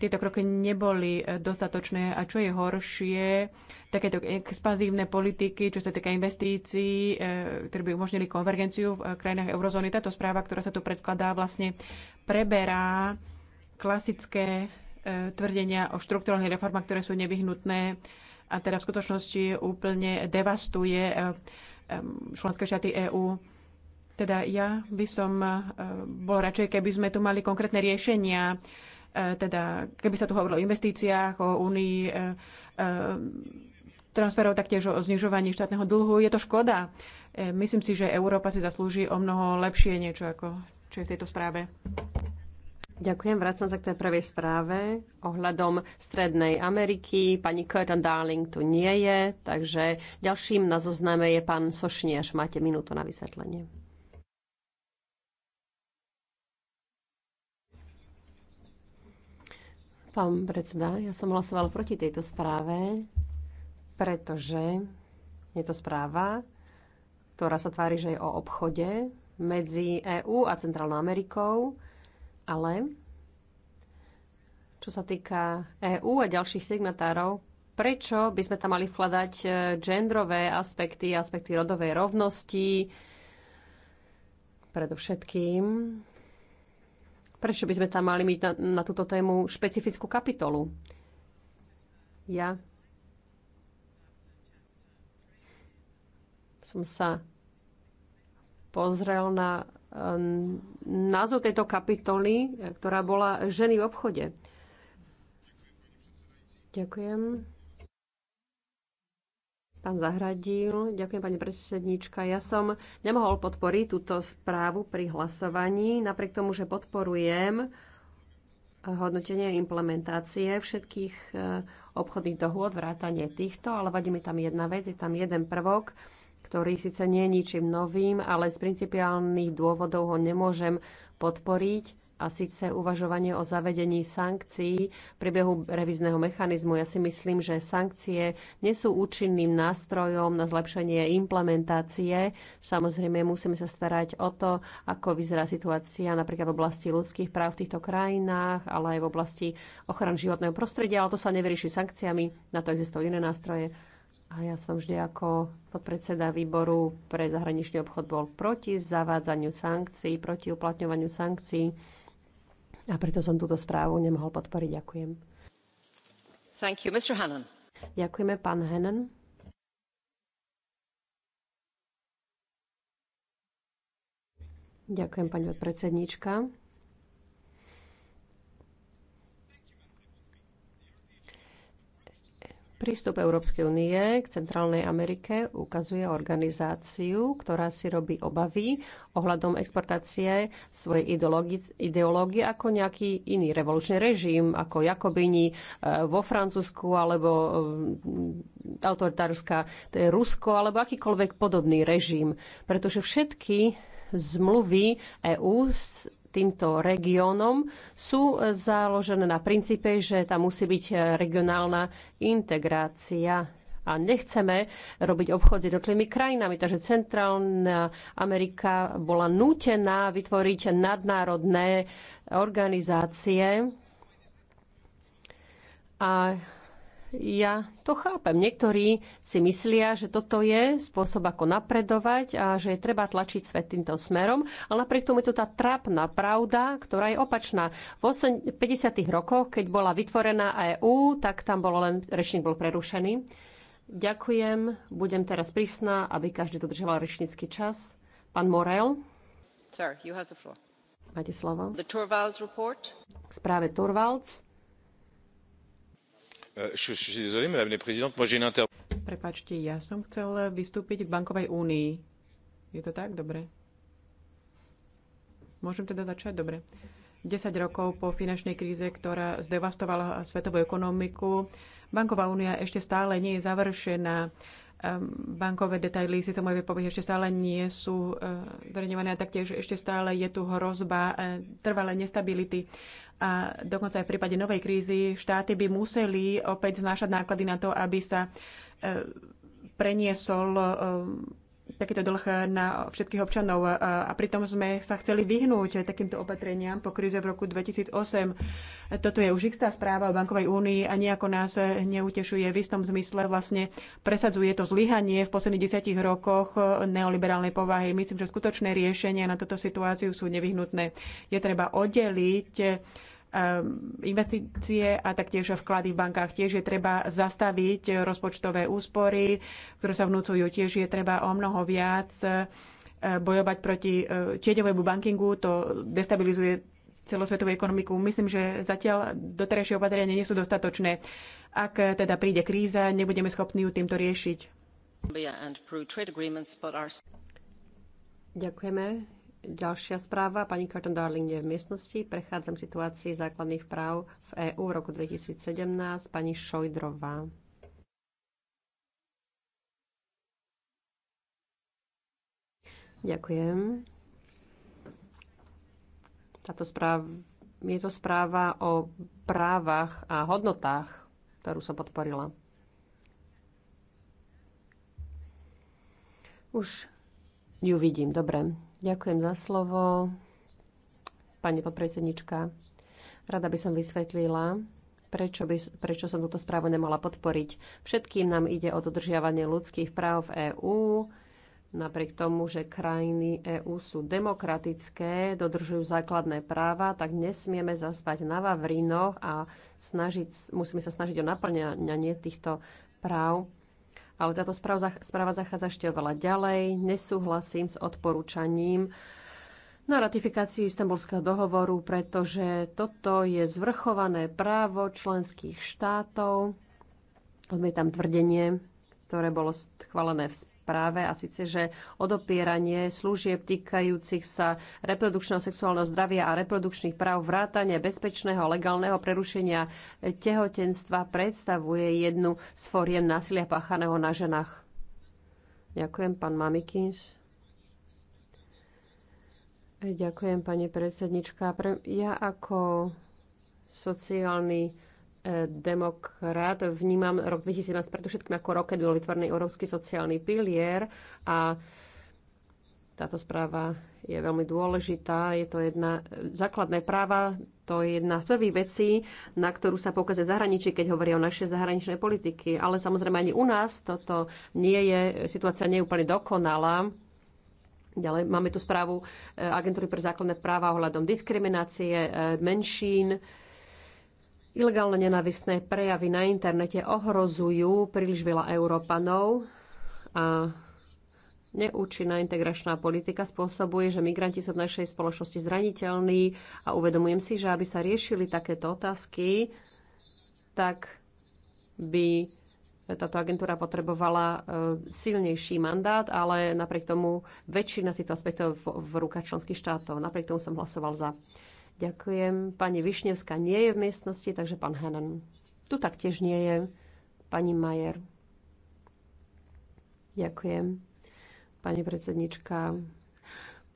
tieto kroky neboli e, dostatočné a čo je horšie, takéto expanzívne politiky, čo sa týka investícií, e, ktoré by umožnili konvergenciu v e, krajinách eurozóny. Táto správa, ktorá sa tu predkladá, vlastne preberá klasické e, tvrdenia o štruktúrnych reformách, ktoré sú nevyhnutné a teda v skutočnosti úplne devastuje eh, eh, členské štáty EÚ. Teda ja by som eh, bol radšej, keby sme tu mali konkrétne riešenia, teda keby sa tu hovorilo o investíciách, o únii transferov, taktiež o znižovaní štátneho dlhu. Je to škoda. Myslím si, že Európa si zaslúži o mnoho lepšie niečo, ako čo je v tejto správe. Ďakujem. Vracam sa k tej prvej správe ohľadom Strednej Ameriky. Pani Curtin Darling tu nie je, takže ďalším na zozname je pán Sošnieš. Máte minútu na vysvetlenie. Pán predseda, ja som hlasoval proti tejto správe, pretože je to správa, ktorá sa tvári, že je o obchode medzi EÚ a Centrálnou Amerikou ale čo sa týka EÚ a ďalších signatárov, prečo by sme tam mali vkladať e, genderové aspekty, aspekty rodovej rovnosti, predovšetkým. Prečo by sme tam mali mať na, na túto tému špecifickú kapitolu? Ja som sa pozrel na Ehm, názov tejto kapitoly, ktorá bola Ženy v obchode. Ďakujem. Pán Zahradil, ďakujem pani predsednička. Ja som nemohol podporiť túto správu pri hlasovaní, napriek tomu, že podporujem hodnotenie implementácie všetkých eh, obchodných dohôd, vrátanie týchto, ale vadí mi tam jedna vec, je tam jeden prvok, ktorý síce nie je ničím novým, ale z principiálnych dôvodov ho nemôžem podporiť a síce uvažovanie o zavedení sankcií v priebehu revizného mechanizmu. Ja si myslím, že sankcie nie sú účinným nástrojom na zlepšenie implementácie. Samozrejme, musíme sa starať o to, ako vyzerá situácia napríklad v oblasti ľudských práv v týchto krajinách, ale aj v oblasti ochran životného prostredia, ale to sa nevyrieši sankciami, na to existujú iné nástroje. A ja som vždy ako podpredseda výboru pre zahraničný obchod bol proti zavádzaniu sankcií, proti uplatňovaniu sankcií. A preto som túto správu nemohol podporiť. Ďakujem. Thank you, Mr. Ďakujeme, pán Hennen. Ďakujem, pani podpredsedníčka. Prístup Európskej únie k Centrálnej Amerike ukazuje organizáciu, ktorá si robí obavy ohľadom exportácie svojej ideológie ako nejaký iný revolučný režim, ako Jakobini e, vo Francúzsku alebo e, autoritárska e, Rusko alebo akýkoľvek podobný režim. Pretože všetky zmluvy EÚ týmto regiónom sú založené na princípe, že tam musí byť regionálna integrácia a nechceme robiť obchod s jednotlivými krajinami. Takže Centrálna Amerika bola nútená vytvoriť nadnárodné organizácie a ja to chápem. Niektorí si myslia, že toto je spôsob, ako napredovať a že je treba tlačiť svet týmto smerom, ale napriek tomu je to tá trápna pravda, ktorá je opačná. V 50. rokoch, keď bola vytvorená EÚ, tak tam bolo len, rečník bol prerušený. Ďakujem, budem teraz prísna, aby každý dodržoval rečnícky čas. Pán Morel. Sir, you have the floor. Máte slovo. The Torvalds report. K správe Torvalds Prepačte, ja som chcel vystúpiť k bankovej únii. Je to tak? Dobre. Môžem teda začať? Dobre. 10 rokov po finančnej kríze, ktorá zdevastovala svetovú ekonomiku, banková únia ešte stále nie je završená. Ehm, bankové detaily môj pobehy ešte stále nie sú eh, verejňované a taktiež ešte stále je tu hrozba eh, trvalé nestability a dokonca aj v prípade novej krízy štáty by museli opäť znášať náklady na to, aby sa e, preniesol e, takýto dlh na všetkých občanov e, a pritom sme sa chceli vyhnúť takýmto opatreniam po kríze v roku 2008. Toto je už istá správa o bankovej únii a nejako nás neutešuje. V istom zmysle vlastne presadzuje to zlyhanie v posledných desiatich rokoch neoliberálnej povahy. Myslím, že skutočné riešenia na túto situáciu sú nevyhnutné. Je treba oddeliť Ehm, investície a taktiež vklady v bankách. Tiež je treba zastaviť rozpočtové úspory, ktoré sa vnúcujú. Tiež je treba o mnoho viac e, bojovať proti e, tieňovému bankingu. To destabilizuje celosvetovú ekonomiku. Myslím, že zatiaľ doterajšie opatrenia nie sú dostatočné. Ak e, teda príde kríza, nebudeme schopní ju týmto riešiť. Ďakujeme. Ďalšia správa. Pani Carton Darling je v miestnosti. Prechádzam situácii základných práv v EÚ v roku 2017. Pani Šojdrová. Ďakujem. Táto správa, je to správa o právach a hodnotách, ktorú som podporila. Už ju vidím, dobre. Ďakujem za slovo. Pani podpredsednička, rada by som vysvetlila, prečo, by, prečo som túto správu nemohla podporiť. Všetkým nám ide o dodržiavanie ľudských práv v EÚ. Napriek tomu, že krajiny EÚ sú demokratické, dodržujú základné práva, tak nesmieme zaspať na vavrinoch a snažiť, musíme sa snažiť o naplňanie týchto práv ale táto správa zachádza ešte oveľa ďalej. Nesúhlasím s odporúčaním na ratifikácii Istanbulského dohovoru, pretože toto je zvrchované právo členských štátov. Odmietam tvrdenie, ktoré bolo schválené v práve a síce, že odopieranie služieb týkajúcich sa reprodukčného sexuálneho zdravia a reprodukčných práv, vrátania bezpečného legálneho prerušenia tehotenstva predstavuje jednu z foriem násilia páchaného na ženách. Ďakujem, pán Mamikins. Ďakujem, pani predsednička. Pre ja ako sociálny demokrat vnímam rok 2017 všetkým ako rok, keď bol vytvorený Európsky sociálny pilier a táto správa je veľmi dôležitá. Je to jedna základné práva, to je jedna z prvých vecí, na ktorú sa pokazuje zahraničí, keď hovoria o našej zahraničnej politiky. Ale samozrejme ani u nás toto nie je, situácia nie je úplne dokonalá. Ďalej máme tu správu eh, Agentúry pre základné práva ohľadom diskriminácie eh, menšín Ilegálne nenavistné prejavy na internete ohrozujú príliš veľa Európanov a Neúčinná integračná politika spôsobuje, že migranti sú v našej spoločnosti zraniteľní a uvedomujem si, že aby sa riešili takéto otázky, tak by táto agentúra potrebovala e, silnejší mandát, ale napriek tomu väčšina si to aspektov v, rukách členských štátov. Napriek tomu som hlasoval za. Ďakujem. Pani Višnevská nie je v miestnosti, takže pán Hanan tu taktiež nie je. Pani Majer. Ďakujem. Pani predsednička,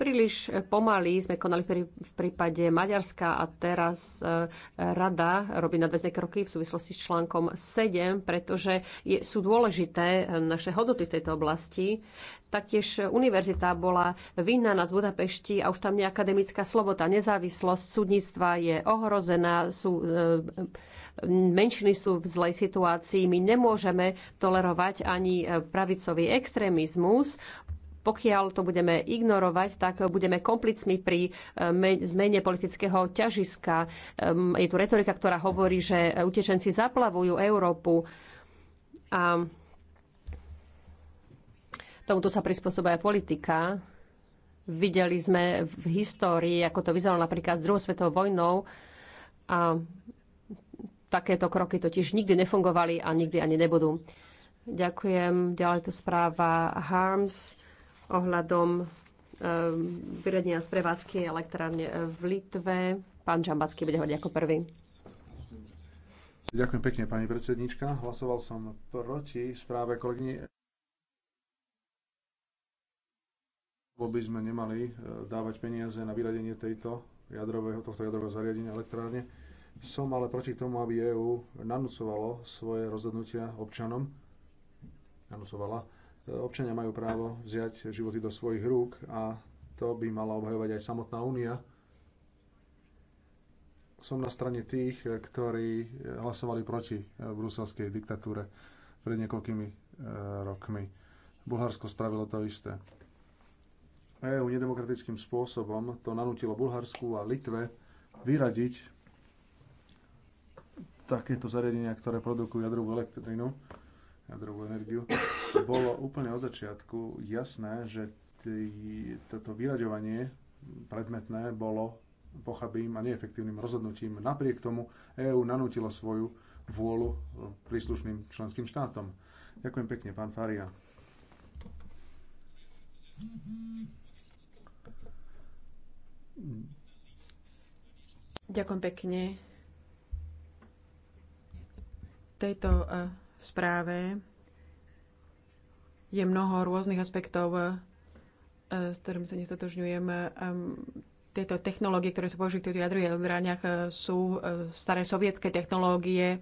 Príliš pomaly sme konali v prípade Maďarska a teraz e, rada robí nadväzné kroky v súvislosti s článkom 7, pretože je, sú dôležité e, naše hodnoty v tejto oblasti. Taktiež univerzita bola vinná na Budapešti a už tam nie akademická sloboda, nezávislosť súdnictva je ohrozená, sú, e, menšiny sú v zlej situácii. My nemôžeme tolerovať ani pravicový extrémizmus. Pokiaľ to budeme ignorovať, tak budeme komplicmi pri e, zmene politického ťažiska. Je tu retorika, ktorá hovorí, že utečenci zaplavujú Európu. A tomuto sa prispôsobuje politika. Videli sme v histórii, ako to vyzeralo napríklad s druhou svetovou vojnou. A takéto kroky totiž nikdy nefungovali a nikdy ani nebudú. Ďakujem. Ďalej tu správa Harms ohľadom e, vyradenia z prevádzky elektrárne v Litve. Pán Žambacký bude hovoriť ako prvý. Ďakujem pekne, pani predsednička. Hlasoval som proti správe kolegyni. By sme nemali e, dávať peniaze na vyradenie tejto jadrového, tohto jadrového zariadenia elektrárne. Som ale proti tomu, aby EÚ nanúcovalo svoje rozhodnutia občanom. Nanúcovala Občania majú právo vziať životy do svojich rúk a to by mala obhajovať aj samotná únia. Som na strane tých, ktorí hlasovali proti eh, bruselskej diktatúre pred niekoľkými eh, rokmi. Bulharsko spravilo to isté. EU nedemokratickým spôsobom to nanútilo Bulharsku a Litve vyradiť takéto zariadenia, ktoré produkujú jadrovú elektrinu jadrovú energiu, bolo úplne od začiatku jasné, že tý, toto vyraďovanie predmetné bolo pochabým a neefektívnym rozhodnutím. Napriek tomu EÚ nanútilo svoju vôľu príslušným členským štátom. Ďakujem pekne, pán Faria. Ďakujem pekne. V tejto eh, správe je mnoho rôznych aspektov, e, s ktorým sa nestotožňujem. E, tieto technológie, ktoré sú použité v jadrových elektrárniach, e, sú staré sovietské technológie.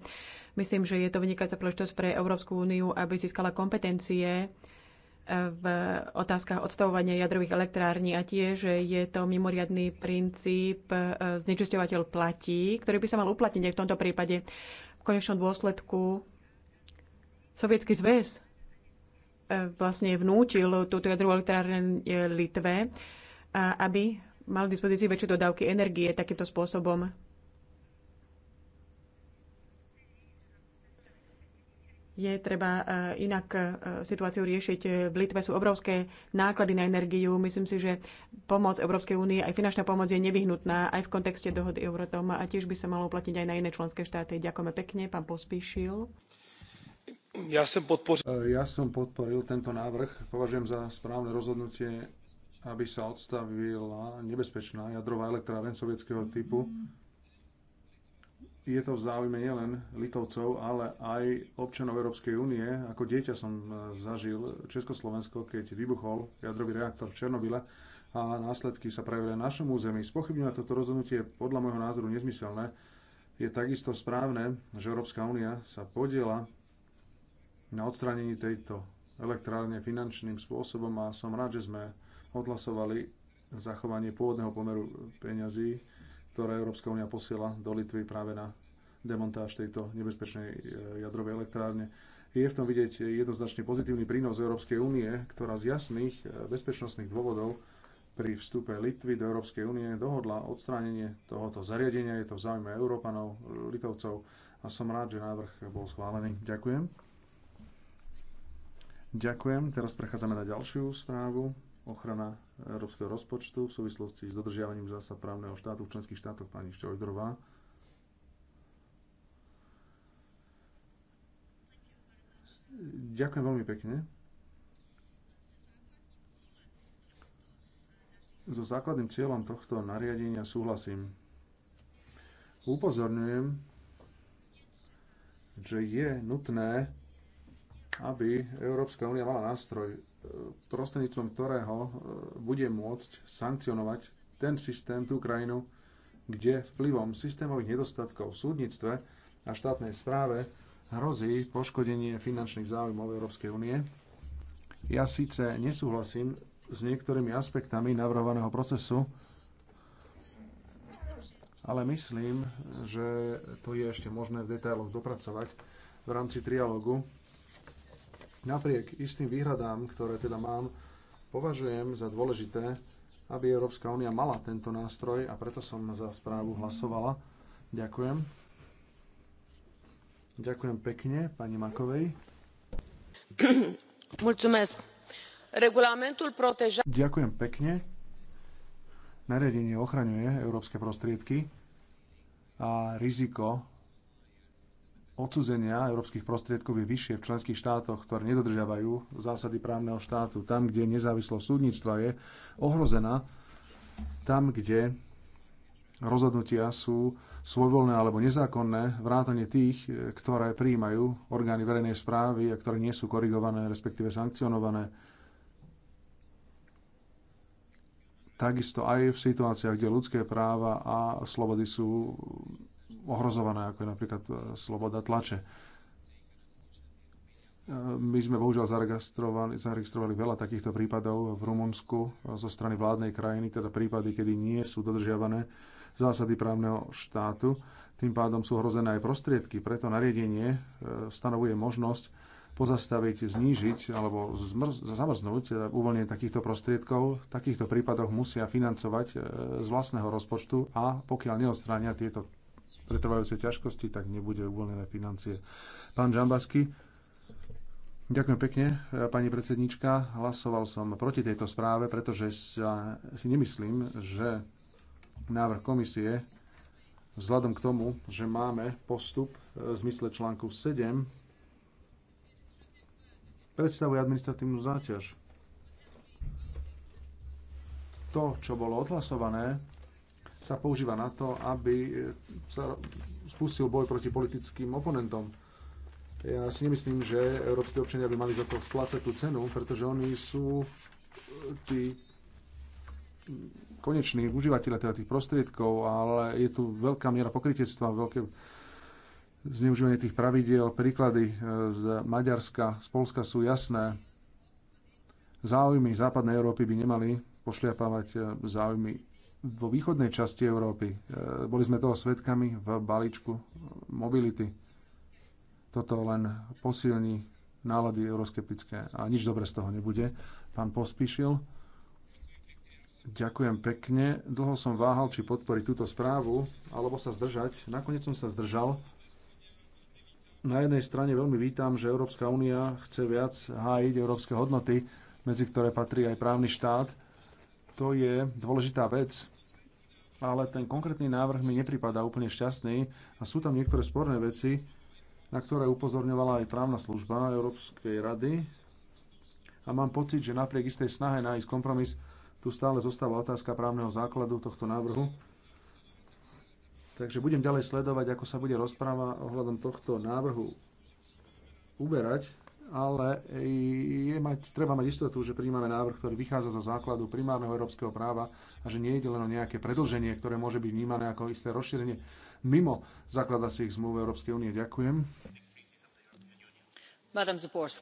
Myslím, že je to vynikajúca príležitosť pre Európsku úniu, aby získala kompetencie v otázkach odstavovania jadrových elektrární a tiež je to mimoriadný princíp znečisťovateľ platí, ktorý by sa mal uplatniť aj v tomto prípade. V konečnom dôsledku Sovietský zväz e, vlastne vnútil túto jadrovú elektrárne Litve, e, aby mal v dispozícii väčšie dodávky energie takýmto spôsobom. Je treba e, inak situáciu riešiť. V Litve sú obrovské náklady na energiu. Myslím si, že pomoc Európskej únie, aj finančná pomoc je nevyhnutná aj v kontexte dohody Euratom a tiež by sa malo uplatniť aj na iné členské štáty. Ďakujeme pekne, pán Pospíšil. Ja som podporil... E, ja som podporil tento návrh. Považujem za správne rozhodnutie, aby sa odstavila nebezpečná jadrová elektráreň sovietského typu. Je to v záujme nielen Litovcov, ale aj občanov Európskej únie. Ako dieťa som e, zažil Československo, keď vybuchol jadrový reaktor v Černobyle a následky sa prejavili na našom území. Spochybňovať toto rozhodnutie je podľa môjho názoru nezmyselné. Je takisto správne, že Európska únia sa podiela na odstránení tejto elektrárne finančným spôsobom a som rád, že sme odhlasovali zachovanie pôvodného pomeru peňazí, ktoré Európska únia posiela do Litvy práve na demontáž tejto nebezpečnej e, jadrovej elektrárne. Je v tom vidieť jednoznačne pozitívny prínos Európskej únie, ktorá z jasných e, bezpečnostných dôvodov pri vstupe Litvy do Európskej únie dohodla odstránenie tohoto zariadenia. Je to v záujme Európanov, Litovcov a som rád, že návrh bol schválený. Ďakujem. Ďakujem. Teraz prechádzame na ďalšiu správu. Ochrana európskeho rozpočtu v súvislosti s dodržiavaním zásad právneho štátu v členských štátoch pani Šťojdrová. Ďakujem veľmi pekne. So základným cieľom tohto nariadenia súhlasím. Upozorňujem, že je nutné aby Európska únia mala nástroj, e, prostredníctvom ktorého e, bude môcť sankcionovať ten systém, tú krajinu, kde vplyvom systémových nedostatkov v súdnictve a štátnej správe hrozí poškodenie finančných záujmov Európskej únie. Ja síce nesúhlasím s niektorými aspektami navrhovaného procesu, ale myslím, že to je ešte možné v detailoch dopracovať v rámci trialógu Napriek istým výhradám, ktoré teda mám, považujem za dôležité, aby Európska únia mala tento nástroj a preto som za správu hlasovala. Ďakujem. Ďakujem pekne pani Makovej. Mulțumesc. Regulamentul proteja... Ďakujem pekne. Nariadenie ochraňuje európske prostriedky a riziko odsudzenia európskych prostriedkov je vyššie v členských štátoch, ktoré nedodržiavajú zásady právneho štátu. Tam, kde nezávislosť súdnictva je ohrozená, tam, kde rozhodnutia sú svojvoľné alebo nezákonné, vrátane tých, e, ktoré prijímajú orgány verejnej správy a ktoré nie sú korigované, respektíve sankcionované. Takisto aj v situáciách, kde ľudské práva a slobody sú ohrozované, ako je napríklad e, sloboda tlače. E, my sme bohužiaľ zaregistrovali, zaregistrovali veľa takýchto prípadov v Rumunsku zo strany vládnej krajiny, teda prípady, kedy nie sú dodržiavané zásady právneho štátu. Tým pádom sú hrozené aj prostriedky, preto nariadenie e, stanovuje možnosť pozastaviť, znížiť alebo zmrz, zamrznúť uvoľnenie takýchto prostriedkov. V takýchto prípadoch musia financovať z vlastného rozpočtu a pokiaľ neodstránia tieto Pretrvajúcej ťažkosti, tak nebude uvoľnené financie. Pán Žambasky, Ďakujem pekne, pani predsednička. Hlasoval som proti tejto správe, pretože sa, si nemyslím, že návrh komisie vzhľadom k tomu, že máme postup e, v zmysle článku 7, predstavuje administratívnu záťaž. To, čo bolo odhlasované, sa používa na to, aby sa spustil boj proti politickým oponentom. Ja si nemyslím, že európske občania by mali za to splácať tú cenu, pretože oni sú tí koneční užívateľe teda tých prostriedkov, ale je tu veľká miera pokrytectva, veľké zneužívanie tých pravidiel. Príklady e, z Maďarska, z Polska sú jasné. Záujmy západnej Európy by nemali pošliapávať e, záujmy vo východnej časti Európy. E, boli sme toho svetkami v balíčku mobility. Toto len posilní nálady euroskeptické a nič dobre z toho nebude. Pán Pospíšil, ďakujem pekne. Dlho som váhal, či podporiť túto správu, alebo sa zdržať. Nakoniec som sa zdržal. Na jednej strane veľmi vítam, že Európska únia chce viac hájiť európske hodnoty, medzi ktoré patrí aj právny štát. To je dôležitá vec ale ten konkrétny návrh mi nepripadá úplne šťastný a sú tam niektoré sporné veci, na ktoré upozorňovala aj právna služba Európskej rady. A mám pocit, že napriek istej snahe nájsť kompromis, tu stále zostáva otázka právneho základu tohto návrhu. Takže budem ďalej sledovať, ako sa bude rozpráva ohľadom tohto návrhu uberať ale je mať, treba mať istotu, že príjmame návrh, ktorý vychádza zo základu primárneho európskeho práva a že nie je len o nejaké predlženie, ktoré môže byť vnímané ako isté rozšírenie mimo zakladacích zmluv Európskej únie. Ďakujem.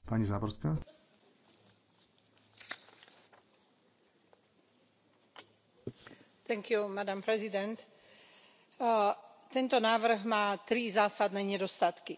Pani Záborská. Thank you, madam president. Uh, tento návrh má tri zásadné nedostatky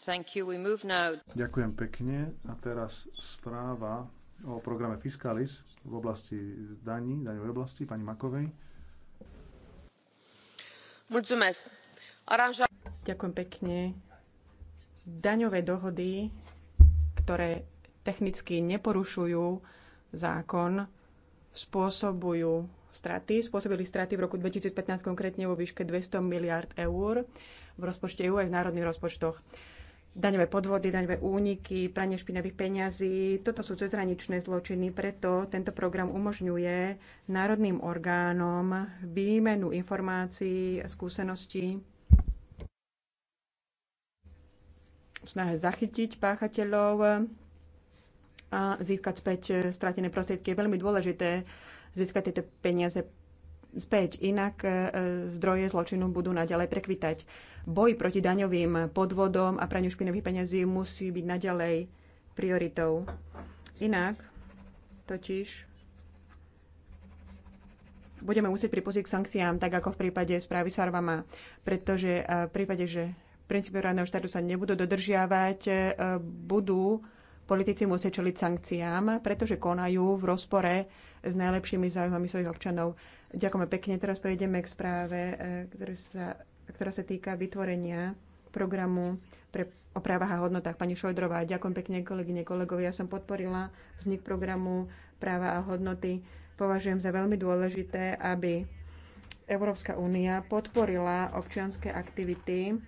Ďakujem pekne. A teraz správa o programe Fiscalis v oblasti daní, daňovej oblasti, pani Makovej. Ďakujem pekne. Daňové dohody, ktoré technicky neporušujú zákon, spôsobujú straty. Spôsobili straty v roku 2015 konkrétne vo výške 200 miliard eur v rozpočte EU aj v národných rozpočtoch daňové podvody, daňové úniky, pranie špinavých peňazí. Toto sú cezhraničné zločiny, preto tento program umožňuje národným orgánom výmenu informácií a skúseností v snahe zachytiť páchateľov a získať späť stratené prostriedky. Je veľmi dôležité získať tieto peniaze späť, inak eh, zdroje zločinu budú naďalej prekvitať. Boj proti daňovým podvodom a praniu špinových peňazí musí byť naďalej prioritou. Inak totiž budeme musieť pripustiť k sankciám, tak ako v prípade správy Sarvama, pretože eh, v prípade, že princípy právneho štátu sa nebudú dodržiavať, eh, budú politici musieť čeliť sankciám, pretože konajú v rozpore s najlepšími záujmami svojich občanov. Ďakujeme pekne. Teraz prejdeme k správe, eh, ktoré sa ktorá sa týka vytvorenia programu pre, o právach a hodnotách. Pani Šojdrová, ďakujem pekne kolegyne, kolegovia. Ja som podporila vznik programu práva a hodnoty. Považujem za veľmi dôležité, aby Európska únia podporila občianské aktivity.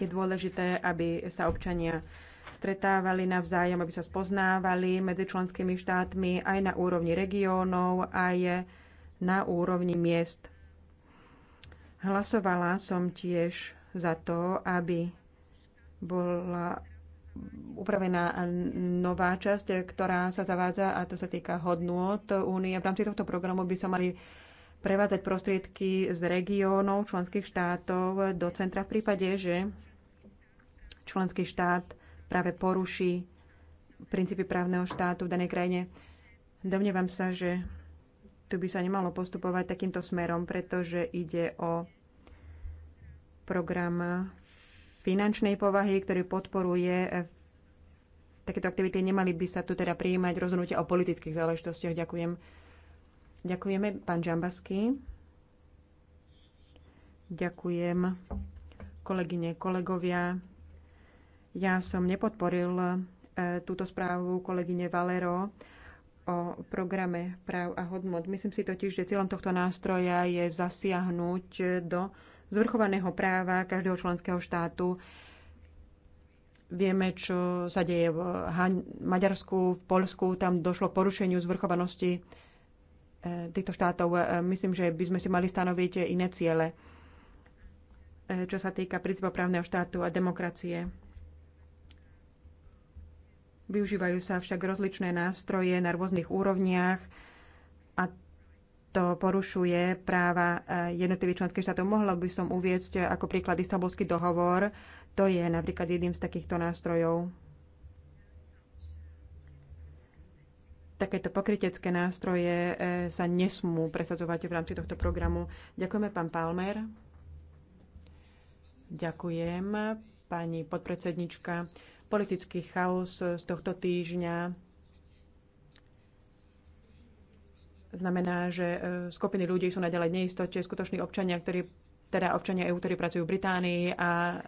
Je dôležité, aby sa občania stretávali navzájom, aby sa spoznávali medzi členskými štátmi aj na úrovni regiónov, aj na úrovni miest. Hlasovala som tiež za to, aby bola upravená nová časť, ktorá sa zavádza a to sa týka hodnôt únie. V rámci tohto programu by sa mali prevádzať prostriedky z regiónov členských štátov do centra v prípade, že členský štát práve poruší princípy právneho štátu v danej krajine. Domnievam sa, že tu by sa nemalo postupovať takýmto smerom, pretože ide o program finančnej povahy, ktorý podporuje e, takéto aktivity. Nemali by sa tu teda prijímať rozhodnutia o politických záležitostiach. Ďakujem. Ďakujeme, pán Žambasky. Ďakujem, kolegyne, kolegovia. Ja som nepodporil e, túto správu kolegyne Valero, o programe práv a hodnot. Myslím si totiž, že cieľom tohto nástroja je zasiahnuť do zvrchovaného práva každého členského štátu. Vieme, čo sa deje v Maďarsku, v Polsku, tam došlo k porušeniu zvrchovanosti e, týchto štátov. E, myslím, že by sme si mali stanoviť iné ciele, e, čo sa týka princípov právneho štátu a demokracie. Využívajú sa však rozličné nástroje na rôznych úrovniach a to porušuje práva e, jednotlivých členských štátov. Mohla by som uviezť ako príklad Istanbulský dohovor. To je napríklad jedným z takýchto nástrojov. Takéto pokrytecké nástroje e, sa nesmú presadzovať v rámci tohto programu. Ďakujeme, pán Palmer. Ďakujem, pani podpredsednička politický chaos z tohto týždňa znamená, že e, skupiny ľudí sú naďalej neistote, skutoční občania, ktorí, teda občania EU, ktorí pracujú v Británii a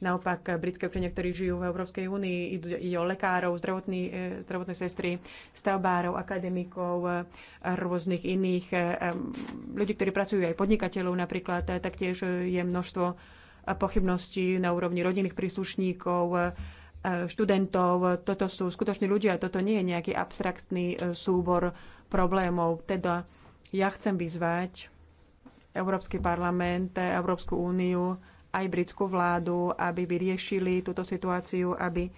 naopak britské občania, ktorí žijú v Európskej únii, ide o lekárov, zdravotní, e, zdravotné sestry, stavbárov, akademikov, e, rôznych iných ľudí, ktorí pracujú aj podnikateľov napríklad, taktiež je množstvo pochybností na úrovni rodinných príslušníkov, Eh, študentov. Toto sú skutoční ľudia, toto nie je nejaký abstraktný eh, súbor problémov. Teda ja chcem vyzvať Európsky parlament, Európsku úniu, aj britskú vládu, aby vyriešili túto situáciu, aby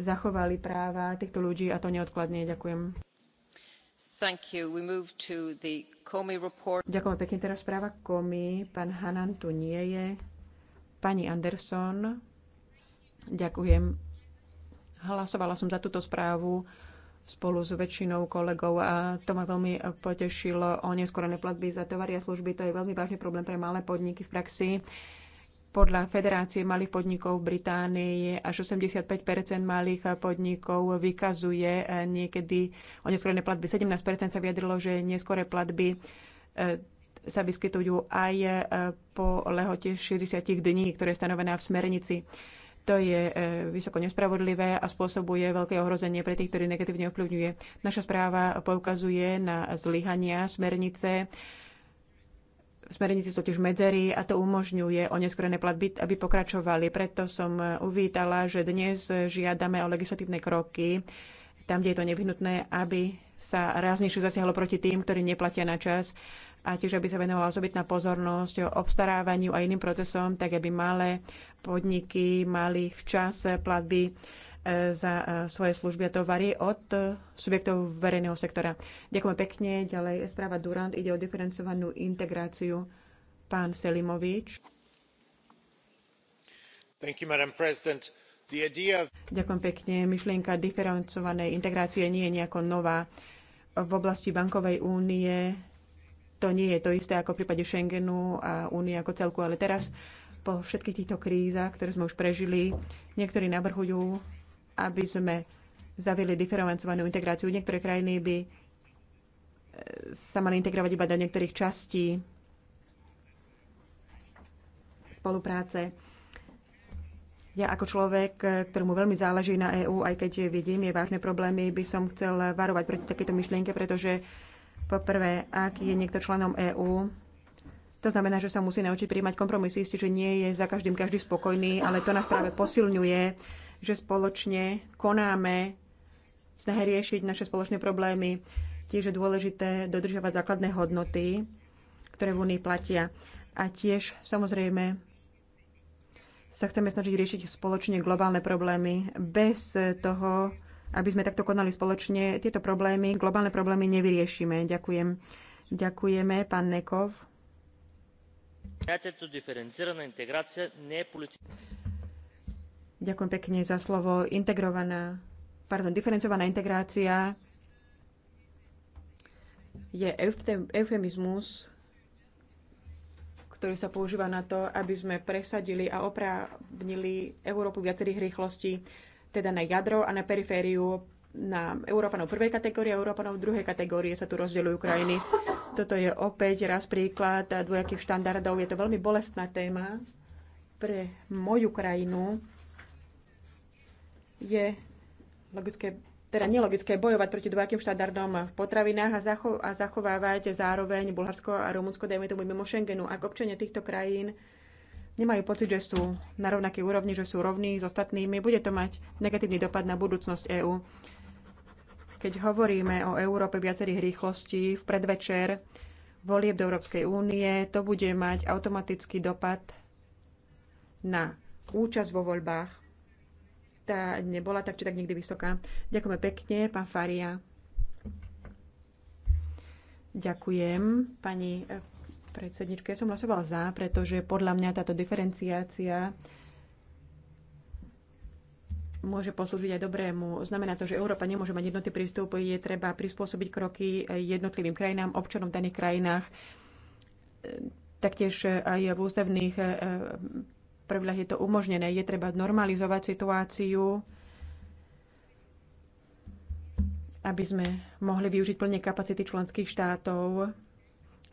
zachovali práva týchto ľudí a to neodkladne. Ďakujem. Ďakujem pekne. Teraz správa Komi. Pán Hanan tu nie je. Pani Anderson. Ďakujem. Hlasovala som za túto správu spolu s väčšinou kolegov a to ma veľmi potešilo o neskorené platby za tovary a služby. To je veľmi vážny problém pre malé podniky v praxi. Podľa Federácie malých podnikov v Británii až 85 malých podnikov vykazuje niekedy o neskorené platby. 17 sa vyjadrilo, že neskoré platby eh, sa vyskytujú aj eh, po lehote 60 dní, ktoré je stanovená v smernici. To je e, vysoko nespravodlivé a spôsobuje veľké ohrozenie pre tých, ktorí negatívne ovplyvňuje. Naša správa poukazuje na zlyhania smernice, smernici sú totiž medzery a to umožňuje oneskorené platby, aby pokračovali. Preto som uvítala, že dnes žiadame o legislatívne kroky tam, kde je to nevyhnutné, aby sa ráznejšie zasiahlo proti tým, ktorí neplatia na čas a tiež, aby sa venovala osobitná pozornosť o obstarávaniu a iným procesom, tak aby malé podniky mali včas platby e, za e, svoje služby a tovary od e, subjektov verejného sektora. Ďakujem pekne. Ďalej správa Durant ide o diferencovanú integráciu. Pán Selimovič. You, of... Ďakujem pekne. Myšlienka diferencovanej integrácie nie je nejako nová. V oblasti bankovej únie to nie je to isté ako v prípade Schengenu a únie ako celku, ale teraz po všetkých týchto krízach, ktoré sme už prežili, niektorí navrhujú, aby sme zaviedli diferencovanú integráciu. Niektoré krajiny by e, sa mali integrovať iba do niektorých častí spolupráce. Ja ako človek, ktorému veľmi záleží na EÚ, aj keď vidím je vážne problémy, by som chcel varovať proti takéto myšlienke, pretože poprvé, ak je niekto členom EÚ, to znamená, že sa musí naučiť príjmať kompromisy, isté, že nie je za každým každý spokojný, ale to nás práve posilňuje, že spoločne konáme snahe riešiť naše spoločné problémy. Tiež je dôležité dodržiavať základné hodnoty, ktoré v Únii platia. A tiež samozrejme sa chceme snažiť riešiť spoločne globálne problémy. Bez toho, aby sme takto konali spoločne, tieto problémy, globálne problémy nevyriešime. Ďakujem. Ďakujeme, pán Nekov. Ďakujem pekne za slovo. Integrovaná, pardon, diferencovaná integrácia je eufemizmus, ktorý sa používa na to, aby sme presadili a oprávnili Európu viacerých rýchlostí, teda na jadro a na perifériu na Európanov prvej kategórie a Európanov druhej kategórie sa tu rozdeľujú krajiny. Toto je opäť raz príklad dvojakých štandardov. Je to veľmi bolestná téma pre moju krajinu. Je logické, teda nelogické bojovať proti dvojakým štandardom v potravinách a, zacho- a zachovávať zároveň Bulharsko a Rumunsko, dajme tomu mimo Schengenu. Ak občania týchto krajín nemajú pocit, že sú na rovnakej úrovni, že sú rovní s ostatnými, bude to mať negatívny dopad na budúcnosť EÚ. Keď hovoríme o Európe viacerých rýchlostí v predvečer volieb do Európskej únie, to bude mať automatický dopad na účasť vo voľbách. Tá nebola tak či tak nikdy vysoká. Ďakujeme pekne, pán Faria. Ďakujem, pani eh, predsedničke. Ja som hlasovala za, pretože podľa mňa táto diferenciácia môže poslúžiť aj dobrému. Znamená to, že Európa nemôže mať jednotný prístup, je treba prispôsobiť kroky jednotlivým krajinám, občanom v daných krajinách. Taktiež aj v ústavných eh, pravidlách je to umožnené. Je treba normalizovať situáciu, aby sme mohli využiť plne kapacity členských štátov,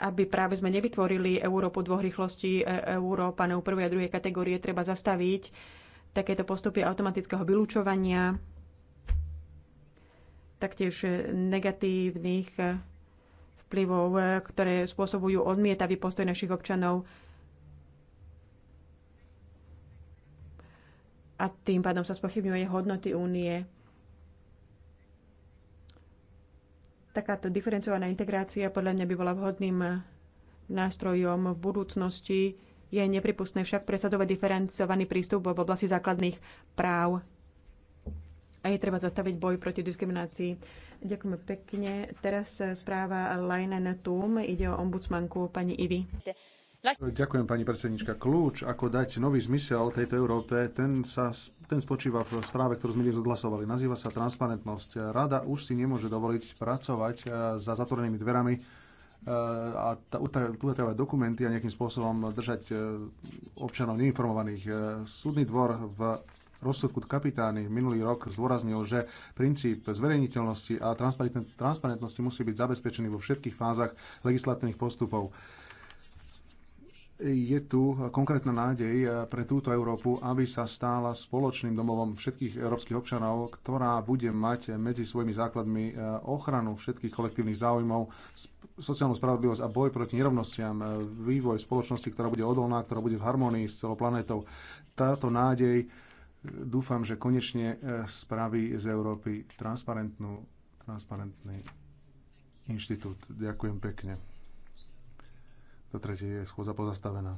aby práve sme nevytvorili Európu dvoch rýchlostí, eh, na prvej a druhej kategórie, treba zastaviť takéto postupy automatického vylúčovania, taktiež negatívnych vplyvov, ktoré spôsobujú odmietavý postoj našich občanov a tým pádom sa spochybňuje hodnoty únie. Takáto diferencovaná integrácia podľa mňa by bola vhodným nástrojom v budúcnosti je nepripustné však presadovať diferencovaný prístup v oblasti základných práv a je treba zastaviť boj proti diskriminácii. Ďakujeme pekne. Teraz správa Lainen Tum ide o ombudsmanku pani Ivy. Ďakujem, pani predsednička. Kľúč, ako dať nový zmysel tejto Európe, ten, sa, ten spočíva v správe, ktorú sme dnes odhlasovali. Nazýva sa transparentnosť. Rada už si nemôže dovoliť pracovať eh, za zatvorenými dverami a utajovať dokumenty a nejakým spôsobom držať e, občanov neinformovaných. E, súdny dvor v rozsudku kapitány minulý rok zdôraznil, že princíp zverejniteľnosti a transparentnosti musí byť zabezpečený vo všetkých fázach legislatívnych postupov je tu konkrétna nádej pre túto Európu, aby sa stála spoločným domovom všetkých európskych občanov, ktorá bude mať medzi svojimi základmi e, ochranu všetkých kolektívnych záujmov, sociálnu spravodlivosť a boj proti nerovnostiam, e, vývoj spoločnosti, ktorá bude odolná, ktorá bude v harmonii s celou planetou. Táto nádej e, dúfam, že konečne spraví z Európy transparentnú, transparentný inštitút. Ďakujem pekne do tretej je schôdza pozastavená.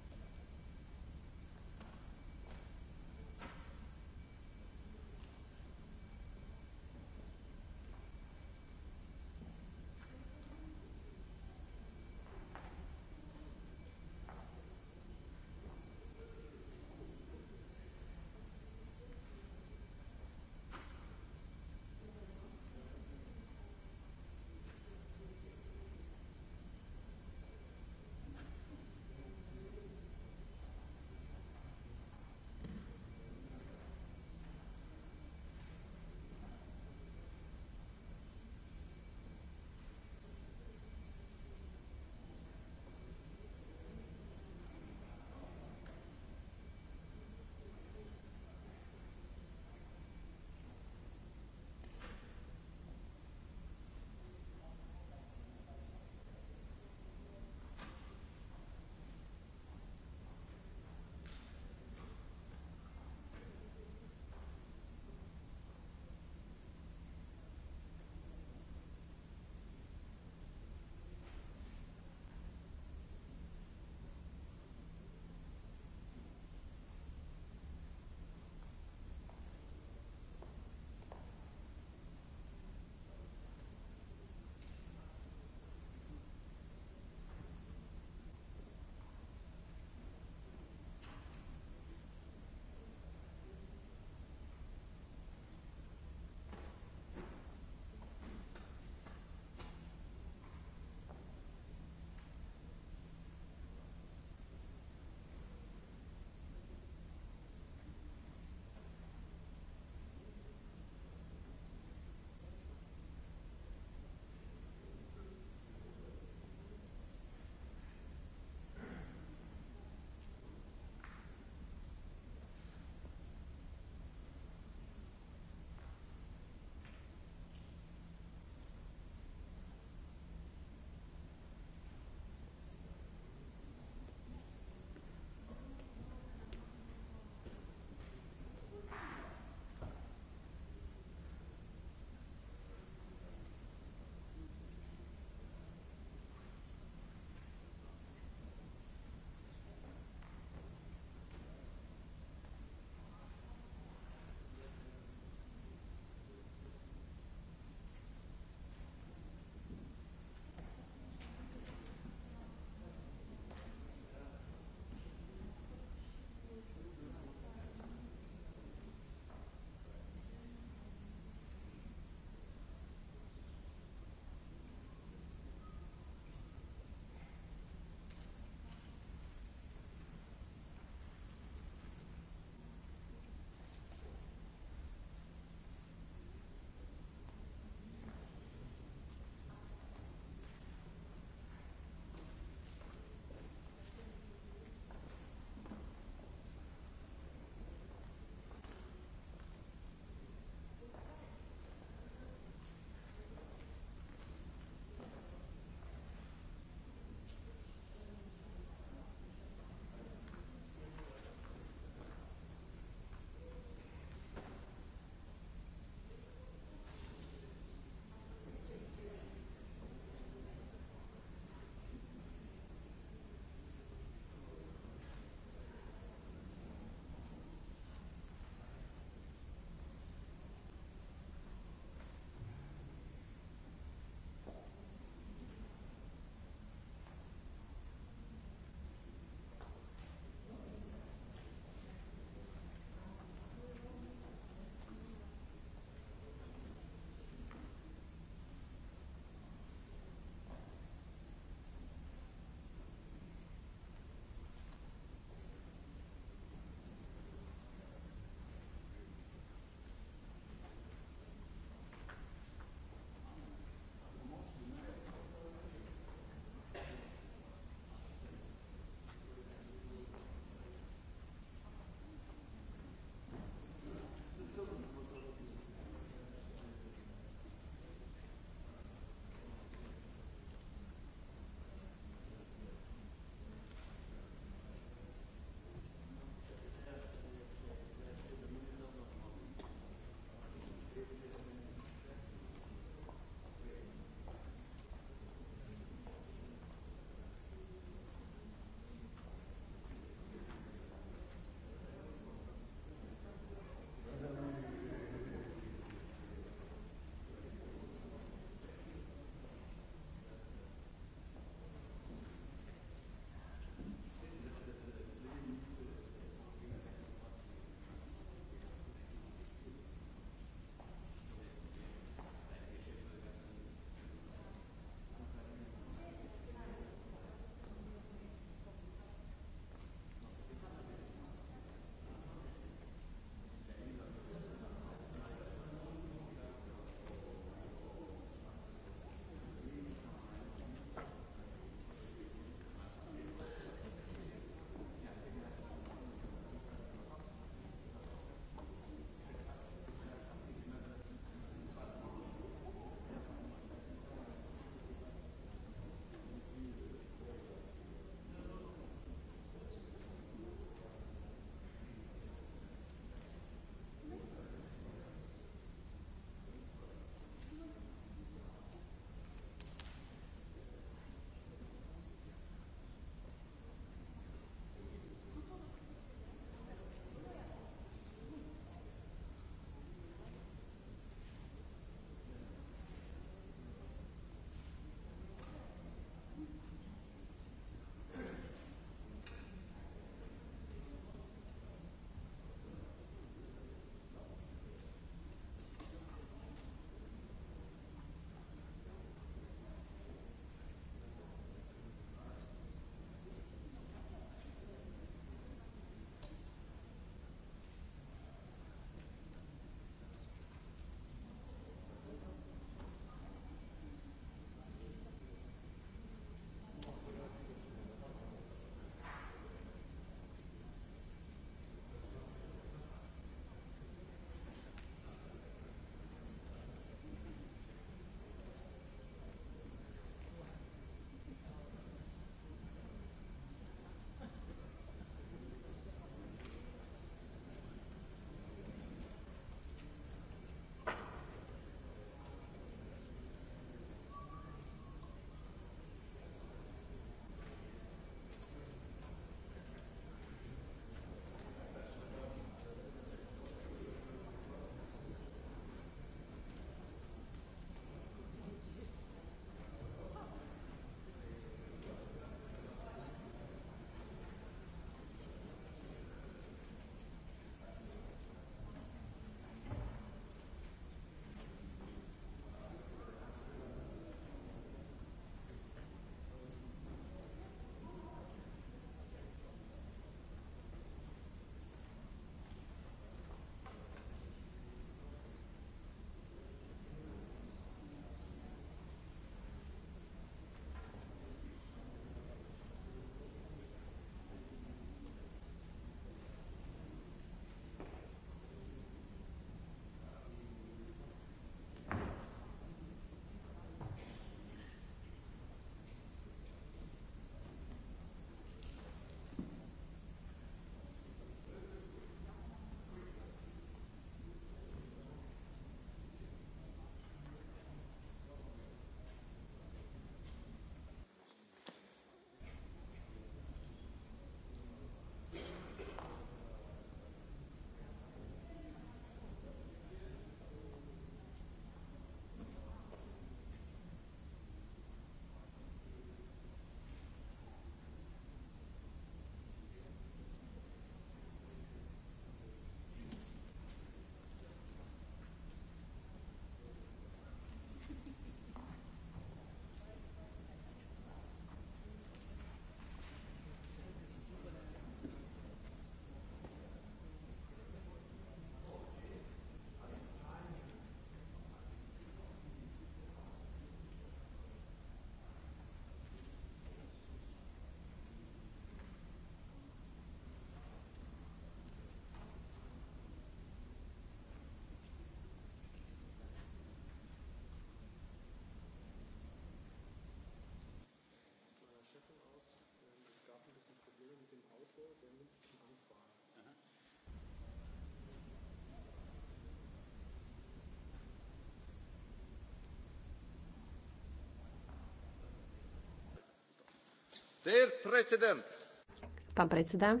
Pán predseda.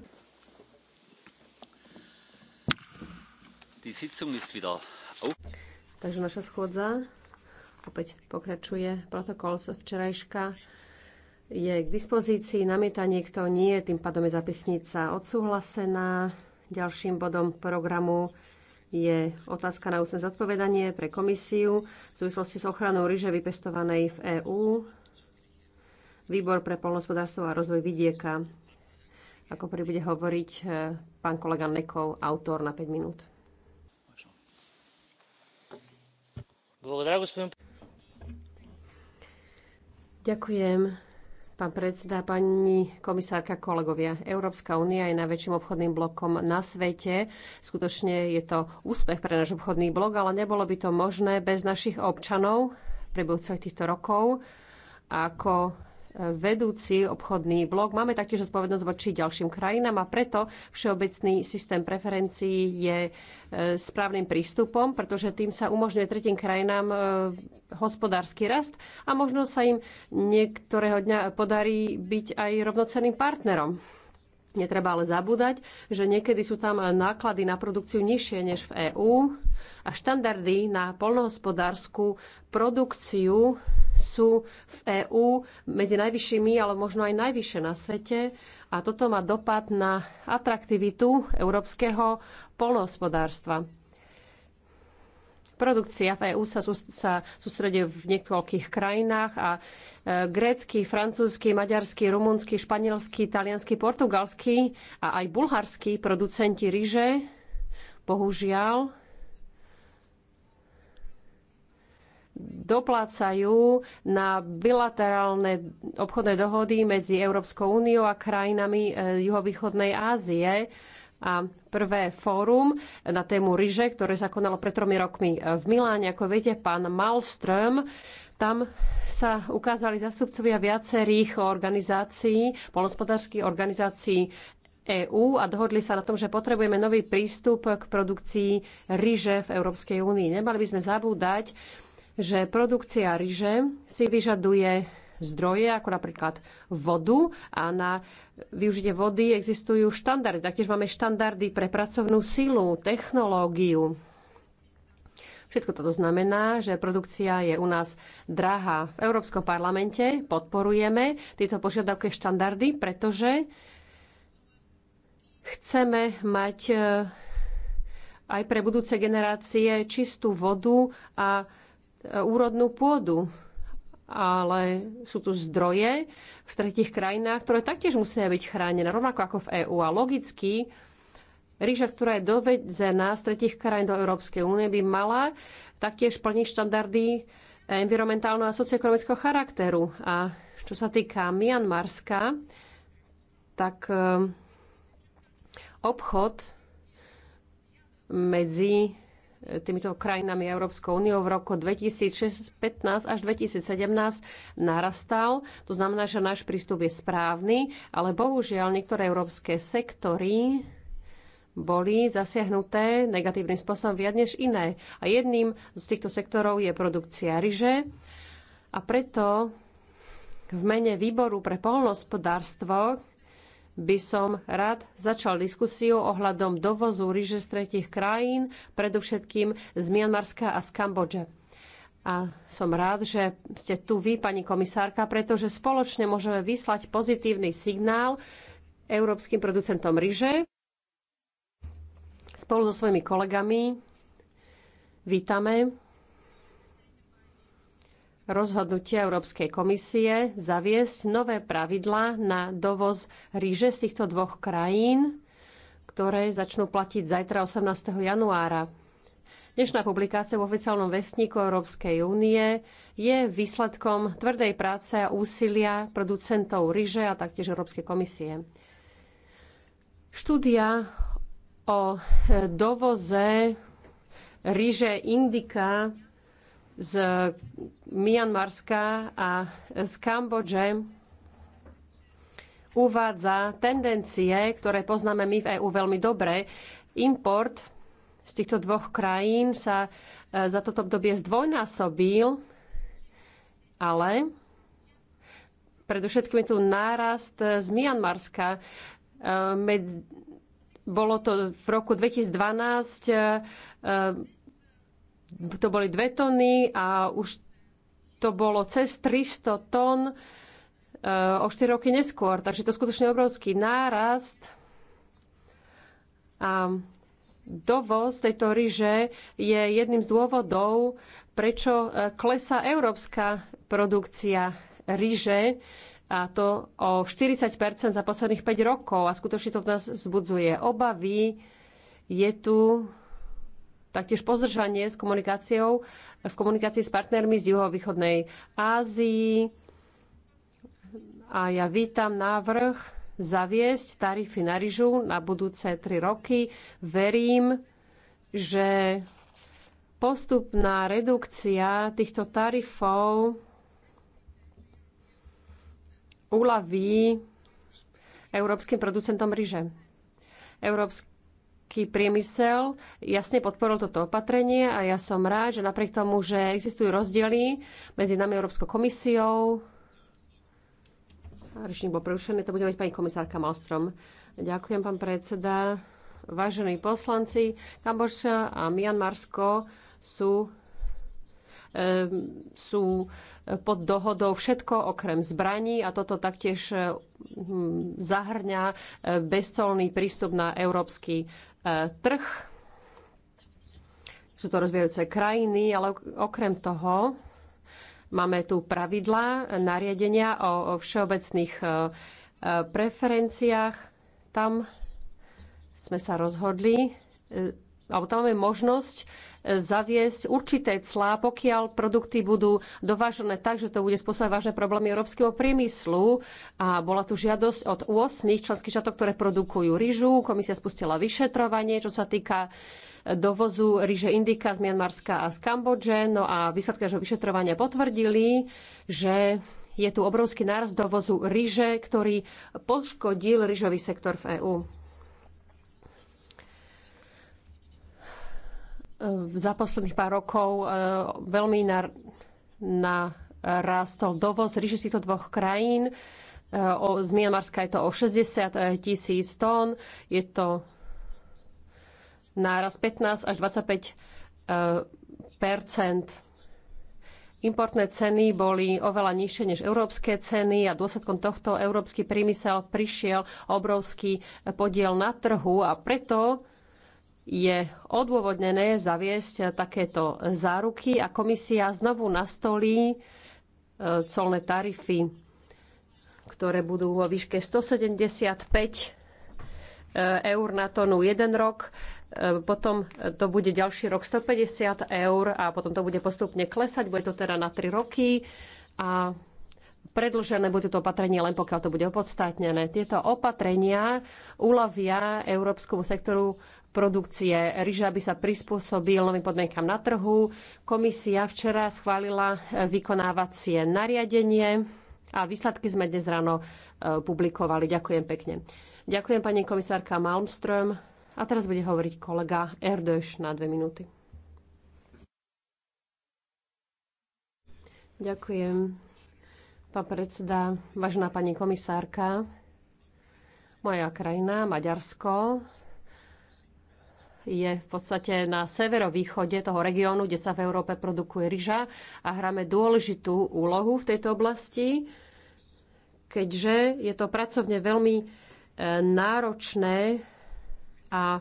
Takže naša schôdza opäť pokračuje. Protokol z včerajška je k dispozícii. Namieta niekto? Nie. Tým pádom je zapisnica odsúhlasená. Ďalším bodom programu je otázka na ústne zodpovedanie pre komisiu v súvislosti s ochranou ryže vypestovanej v EÚ. Výbor pre polnospodárstvo a rozvoj vidieka. Ako prvý bude hovoriť e, pán kolega Nekov, autor na 5 minút. Ďakujem, pán predseda, pani komisárka, kolegovia. Európska únia je najväčším obchodným blokom na svete. Skutočne je to úspech pre náš obchodný blok, ale nebolo by to možné bez našich občanov prebudúcich týchto rokov. A ako vedúci obchodný blok. Máme taktiež zodpovednosť voči ďalším krajinám a preto všeobecný systém preferencií je e, správnym prístupom, pretože tým sa umožňuje tretím krajinám e, hospodársky rast a možno sa im niektorého dňa podarí byť aj rovnocenným partnerom. Netreba ale zabúdať, že niekedy sú tam náklady na produkciu nižšie než v EÚ a štandardy na polnohospodárskú produkciu sú v EÚ medzi najvyššími, ale možno aj najvyššie na svete. A toto má dopad na atraktivitu európskeho polnohospodárstva. Produkcia v EÚ sa, sa sústredie v niekoľkých krajinách a e, grécky, francúzsky, maďarský, rumunsky, španielský, taliansky, portugalský a aj bulharskí producenti ryže bohužiaľ doplácajú na bilaterálne obchodné dohody medzi Európskou úniou a krajinami e, juhovýchodnej Ázie. A prvé fórum na tému ryže, ktoré sa konalo pred tromi rokmi v Miláne, ako viete, pán Malström, tam sa ukázali zastupcovia viacerých organizácií, polospodárských organizácií EÚ a dohodli sa na tom, že potrebujeme nový prístup k produkcii ryže v Európskej únii. Nemali by sme zabúdať že produkcia ryže si vyžaduje zdroje, ako napríklad vodu a na využitie vody existujú štandardy. Taktiež máme štandardy pre pracovnú silu, technológiu. Všetko toto znamená, že produkcia je u nás drahá. V Európskom parlamente podporujeme tieto požiadavky štandardy, pretože chceme mať eh, aj pre budúce generácie čistú vodu a úrodnú pôdu, ale sú tu zdroje v tretich krajinách, ktoré taktiež musia byť chránené, rovnako ako v EÚ. A logicky, ríža, ktorá je dovedzená z tretich krajín do Európskej únie, by mala taktiež plniť štandardy environmentálneho a socioekonomického charakteru. A čo sa týka Mianmarska, tak eh, obchod medzi týmito krajinami Európskou úniou v roku 2015 až 2017 narastal. To znamená, že náš prístup je správny, ale bohužiaľ niektoré európske sektory boli zasiahnuté negatívnym spôsobom viac než iné. A jedným z týchto sektorov je produkcia ryže. A preto v mene výboru pre polnospodárstvo, by som rád začal diskusiu ohľadom dovozu ryže z tretich krajín, predovšetkým z Mianmarska a z Kambodže. A som rád, že ste tu vy, pani komisárka, pretože spoločne môžeme vyslať pozitívny signál európskym producentom ryže. Spolu so svojimi kolegami vítame rozhodnutie Európskej komisie zaviesť nové pravidlá na dovoz ríže z týchto dvoch krajín, ktoré začnú platiť zajtra 18. januára. Dnešná publikácia v oficiálnom vestníku Európskej únie je výsledkom tvrdej práce a úsilia producentov ryže a taktiež Európskej komisie. Štúdia o dovoze ryže indika z Mianmarska a z Kambodže uvádza tendencie, ktoré poznáme my v EÚ veľmi dobre. Import z týchto dvoch krajín sa e, za toto obdobie zdvojnásobil, ale predovšetkým je tu nárast z Mianmarska. E, bolo to v roku 2012 to boli dve tony a už to bolo cez 300 tón e, o 4 roky neskôr. Takže to je skutočne obrovský nárast. A dovoz tejto ryže je jedným z dôvodov, prečo e, klesá európska produkcia ryže a to o 40 za posledných 5 rokov. A skutočne to v nás vzbudzuje obavy. Je tu taktiež pozdržanie s komunikáciou, v komunikácii s partnermi z juhovýchodnej Ázii. A ja vítam návrh zaviesť tarify na ryžu na budúce tri roky. Verím, že postupná redukcia týchto tarifov uľaví európskym producentom ryže. Európsky nemecký priemysel jasne podporil toto opatrenie a ja som rád, že napriek tomu, že existujú rozdiely medzi nami Európskou komisiou, Rečník bol prerušený, to bude mať pani komisárka Malstrom. Ďakujem, pán predseda. Vážení poslanci, Kamboža a Mianmarsko sú Ehm, sú eh, pod dohodou všetko okrem zbraní a toto taktiež eh, hm, zahrňa eh, bezcolný prístup na európsky trh. Sú to rozvíjajúce krajiny, ale okrem toho máme tu pravidlá, nariadenia o všeobecných preferenciách. Tam sme sa rozhodli, alebo tam máme možnosť zaviesť určité clá, pokiaľ produkty budú dovážené tak, že to bude spôsobovať vážne problémy európskeho priemyslu. A bola tu žiadosť od 8 členských štátov, ktoré produkujú ryžu. Komisia spustila vyšetrovanie, čo sa týka dovozu ríže Indika z Mianmarska a z Kambodže. No a výsledky vyšetrovania potvrdili, že je tu obrovský nárast dovozu ryže, ktorý poškodil ryžový sektor v EÚ. E, za posledných pár rokov e, veľmi narastol dovoz ríže z týchto dvoch krajín. E, z Mianmarska je to o 60 tisíc tón. Je to náraz 15 až 25 percent. Importné ceny boli oveľa nižšie než európske ceny a dôsledkom tohto európsky prímysel prišiel obrovský podiel na trhu a preto je odôvodnené zaviesť takéto záruky a komisia znovu nastolí e, colné tarify, ktoré budú vo výške 175 e, eur na tonu jeden rok, e, potom to bude ďalší rok 150 eur a potom to bude postupne klesať, bude to teda na 3 roky a predlžené bude to opatrenie len pokiaľ to bude opodstatnené. Tieto opatrenia uľavia európskemu sektoru produkcie ryža, aby sa prispôsobil novým podmienkam na trhu. Komisia včera schválila vykonávacie nariadenie a výsledky sme dnes ráno e, publikovali. Ďakujem pekne. Ďakujem pani komisárka Malmström. A teraz bude hovoriť kolega Erdős na dve minúty. Ďakujem. Pán predseda, vážená pani komisárka, moja krajina, Maďarsko, je v podstate na severovýchode toho regiónu, kde sa v Európe produkuje ryža a hráme dôležitú úlohu v tejto oblasti, keďže je to pracovne veľmi e, náročné a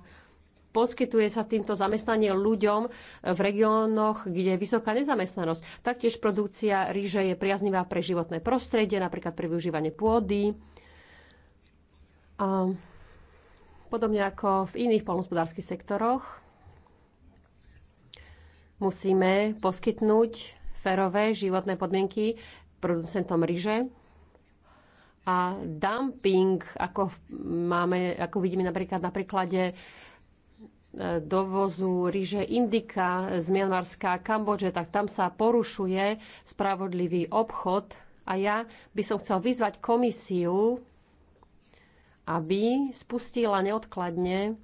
poskytuje sa týmto zamestnanie ľuďom v regiónoch, kde je vysoká nezamestnanosť. Taktiež produkcia ríže je priaznivá pre životné prostredie, napríklad pre využívanie pôdy. A podobne ako v iných polnospodárských sektoroch musíme poskytnúť férové životné podmienky producentom ryže, a dumping, ako, máme, ako vidíme napríklad na príklade dovozu ryže Indika z Mianmarska a Kambodže, tak tam sa porušuje spravodlivý obchod. A ja by som chcel vyzvať komisiu, aby spustila neodkladne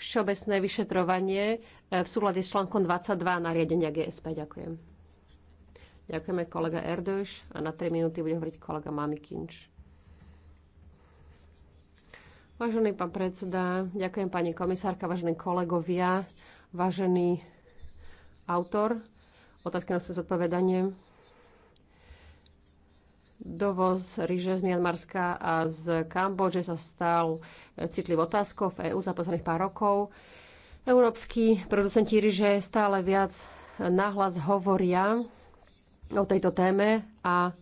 všeobecné vyšetrovanie e, v súlade s článkom 22 nariadenia GSP. Ďakujem. Ďakujeme kolega Erdoš a na 3 minúty bude hovoriť kolega Mamikinč. Vážený pán predseda, ďakujem pani komisárka, vážení kolegovia, vážený autor. Otázky na zodpovedanie. Dovoz ríže z Mianmarska a z Kambodže sa stal citlivou otázkou v EÚ za posledných pár rokov. Európsky producenti ríže stále viac nahlas hovoria o tejto téme a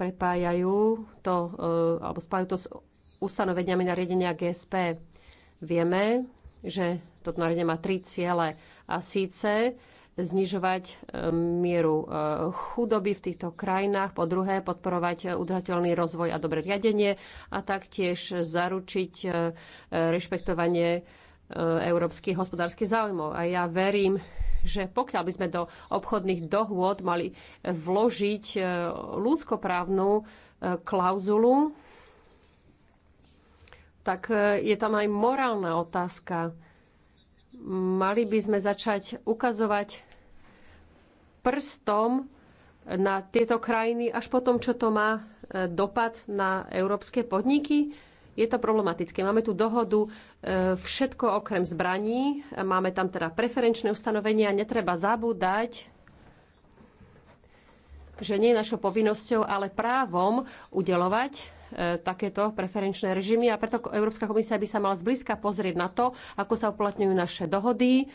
prepájajú to, e, alebo spájajú to s ustanoveniami nariadenia GSP. Vieme, že toto nariadenie má tri ciele a síce znižovať e, mieru e, chudoby v týchto krajinách, po druhé podporovať e, udržateľný rozvoj a dobré riadenie a taktiež zaručiť rešpektovanie európskych hospodárskych záujmov. A ja verím, že pokiaľ by sme do obchodných dohôd mali vložiť ľudskoprávnu klauzulu, tak e, je tam aj morálna otázka. Mali by sme začať ukazovať prstom na tieto krajiny až po tom, čo to má e, dopad na európske podniky. Je to problematické. Máme tu dohodu e, všetko okrem zbraní. Máme tam teda preferenčné ustanovenia. Netreba zabúdať, že nie je našou povinnosťou, ale právom udelovať E, takéto preferenčné režimy a preto Európska komisia by sa mala zblízka pozrieť na to, ako sa uplatňujú naše dohody,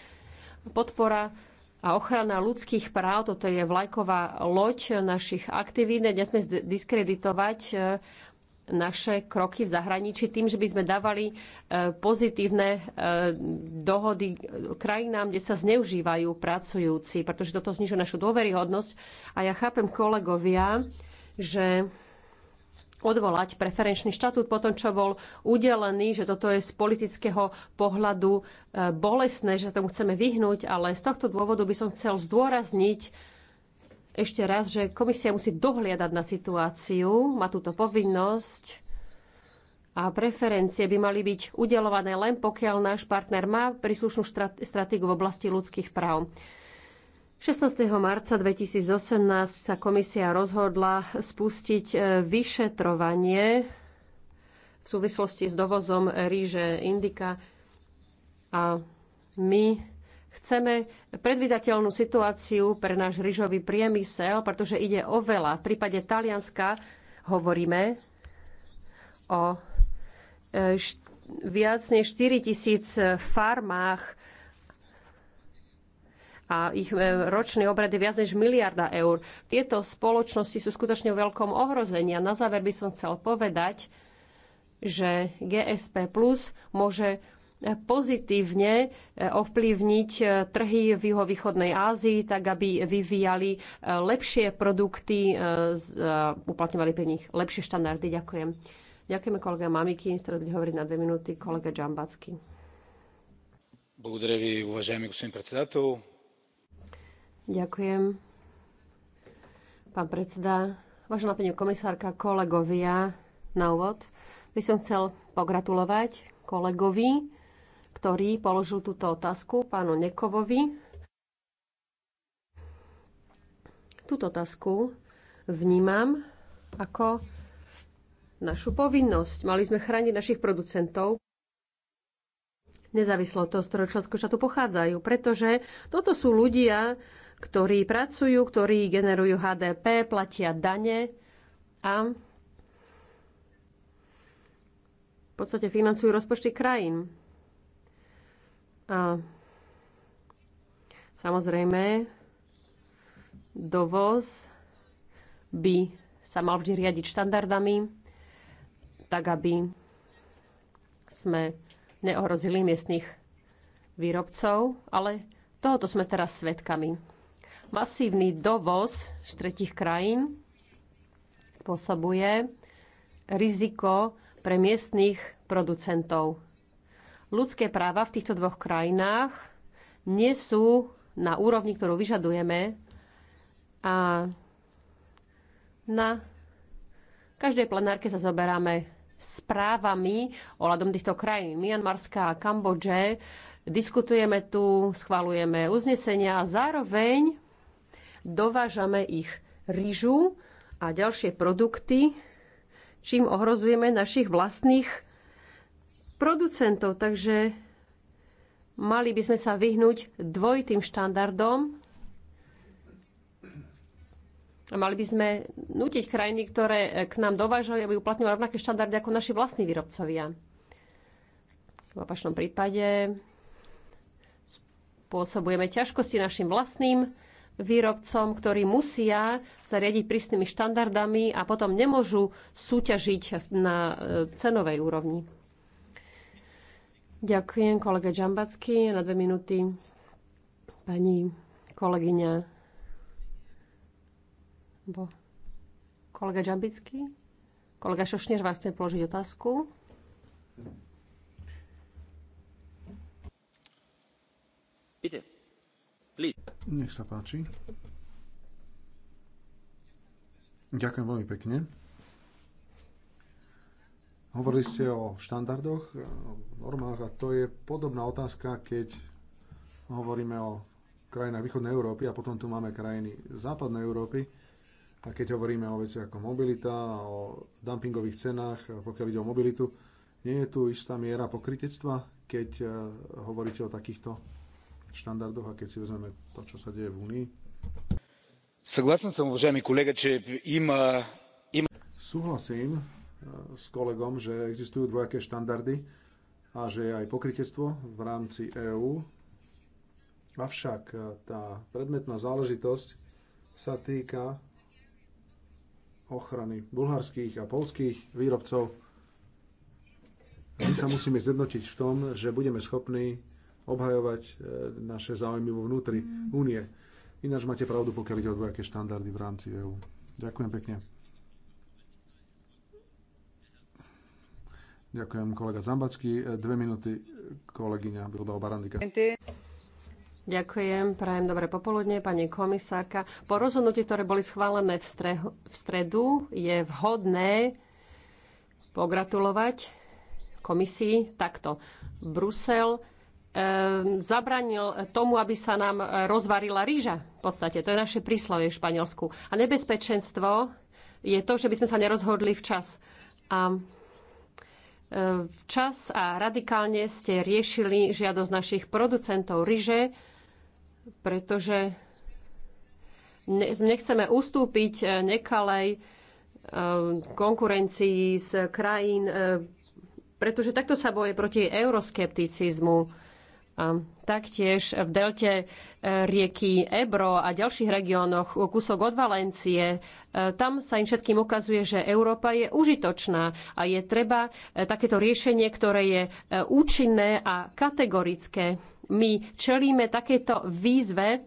podpora a ochrana ľudských práv, toto je vlajková loď našich aktivít. Nesme diskreditovať e, naše kroky v zahraničí tým, že by sme dávali e, pozitívne dohody krajinám, kde sa zneužívajú pracujúci, pretože toto znižuje našu dôveryhodnosť. A ja chápem kolegovia, že odvolať preferenčný štatút po tom, čo bol udelený, že toto je z politického pohľadu e, bolestné, že sa tomu chceme vyhnúť, ale z tohto dôvodu by som chcel zdôrazniť ešte raz, že komisia musí dohliadať na situáciu, má túto povinnosť a preferencie by mali byť udelované len pokiaľ náš partner má príslušnú stratégiu v oblasti ľudských práv. 16. marca 2018 sa komisia rozhodla spustiť e, vyšetrovanie v súvislosti s dovozom ríže Indika a my chceme predvydateľnú situáciu pre náš rýžový priemysel, pretože ide o veľa. V prípade Talianska hovoríme o e, viac než 4 tisíc farmách a ich e, ročný obrad je viac než miliarda eur. Tieto spoločnosti sú skutočne v veľkom ohrození. A na záver by som chcel povedať, že GSP Plus môže e, pozitívne e, ovplyvniť trhy v juhovýchodnej Ázii, tak aby vyvíjali lepšie produkty, uplatňovali pre nich lepšie štandardy. Ďakujem. Ďakujeme kolega Mamiky, teraz bude hovoriť na dve minúty kolega Džambacký. Благодаря ви, уважаеми господин председател. Ďakujem. Pán predseda, vážená pani komisárka, kolegovia, na úvod by som chcel pogratulovať kolegovi, ktorý položil túto otázku pánu Nekovovi. Túto otázku vnímam ako našu povinnosť. Mali sme chrániť našich producentov, nezávislo od toho, z ktorého členského štátu pochádzajú, pretože toto sú ľudia, ktorí pracujú, ktorí generujú HDP, platia dane a v podstate financujú rozpočty krajín. A samozrejme, dovoz by sa mal vždy riadiť štandardami, tak aby sme neohrozili miestnych výrobcov, ale tohoto sme teraz svedkami masívny dovoz z tretich krajín spôsobuje riziko pre miestných producentov. Ľudské práva v týchto dvoch krajinách nie sú na úrovni, ktorú vyžadujeme a na každej plenárke sa zoberáme správami ohľadom týchto krajín. Mianmarská a Kambodže diskutujeme tu, schvalujeme uznesenia a zároveň dovážame ich rýžu a ďalšie produkty, čím ohrozujeme našich vlastných producentov. Takže mali by sme sa vyhnúť dvojitým štandardom a mali by sme nutiť krajiny, ktoré k nám dovážajú, aby uplatňovali rovnaké štandardy ako naši vlastní výrobcovia. V opačnom prípade spôsobujeme ťažkosti našim vlastným výrobcom, ktorí musia sa riadiť prísnymi štandardami a potom nemôžu súťažiť na e, cenovej úrovni. Ďakujem kolega Džambacky. Na dve minúty pani kolegyňa bo kolega Džambický. Kolega Šošnier, vás chcem položiť otázku. Please. Nech sa páči. Ďakujem veľmi pekne. Hovorili ste o štandardoch, normách a to je podobná otázka, keď hovoríme o krajinách východnej Európy a potom tu máme krajiny západnej Európy. A keď hovoríme o veci ako mobilita, o dumpingových cenách, pokiaľ ide o mobilitu, nie je tu istá miera pokritectva, keď eh, hovoríte o takýchto štandardoch a keď si vezmeme to, čo sa deje v Únii. Súhlasím som, uvažený kolega, že im, eh, im... Súhlasím eh, s kolegom, že existujú dvojaké štandardy a že je aj pokrytectvo v rámci EÚ. Avšak eh, tá predmetná záležitosť sa týka ochrany bulharských a polských výrobcov. My sa musíme zjednotiť v tom, že budeme schopní obhajovať e, naše záujmy vo vnútri mm. únie. Ináč máte pravdu, pokiaľ ide o dvojaké štandardy v rámci EÚ. Ďakujem pekne. Ďakujem kolega Zambacký. E, dve minúty kolegyňa Bilbao Barandika. Ďakujem, prajem dobré popoludne, pani komisárka. Po rozhodnutí, ktoré boli schválené v, strehu, v stredu, je vhodné pogratulovať komisii takto. Brusel Ehm, zabranil tomu, aby sa nám rozvarila rýža. V podstate to je naše príslovie v Španielsku. A nebezpečenstvo je to, že by sme sa nerozhodli včas. A ehm, včas a radikálne ste riešili žiadosť našich producentov ryže, pretože nechceme ustúpiť e, nekalej ehm, konkurencii z krajín, e, pretože takto sa boje proti euroskepticizmu a taktiež v delte e, rieky Ebro a ďalších regiónoch, kúsok od Valencie, e, tam sa im všetkým ukazuje, že Európa je užitočná a je treba e, takéto riešenie, ktoré je účinné a kategorické. My čelíme takéto výzve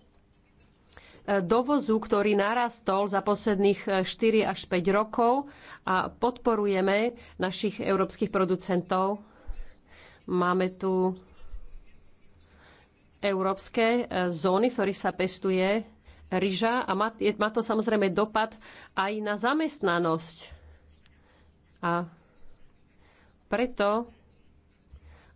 dovozu, ktorý narastol za posledných 4 až 5 rokov a podporujeme našich európskych producentov. Máme tu európske e, zóny, v ktorých sa pestuje ryža a má, je, má to samozrejme dopad aj na zamestnanosť. A preto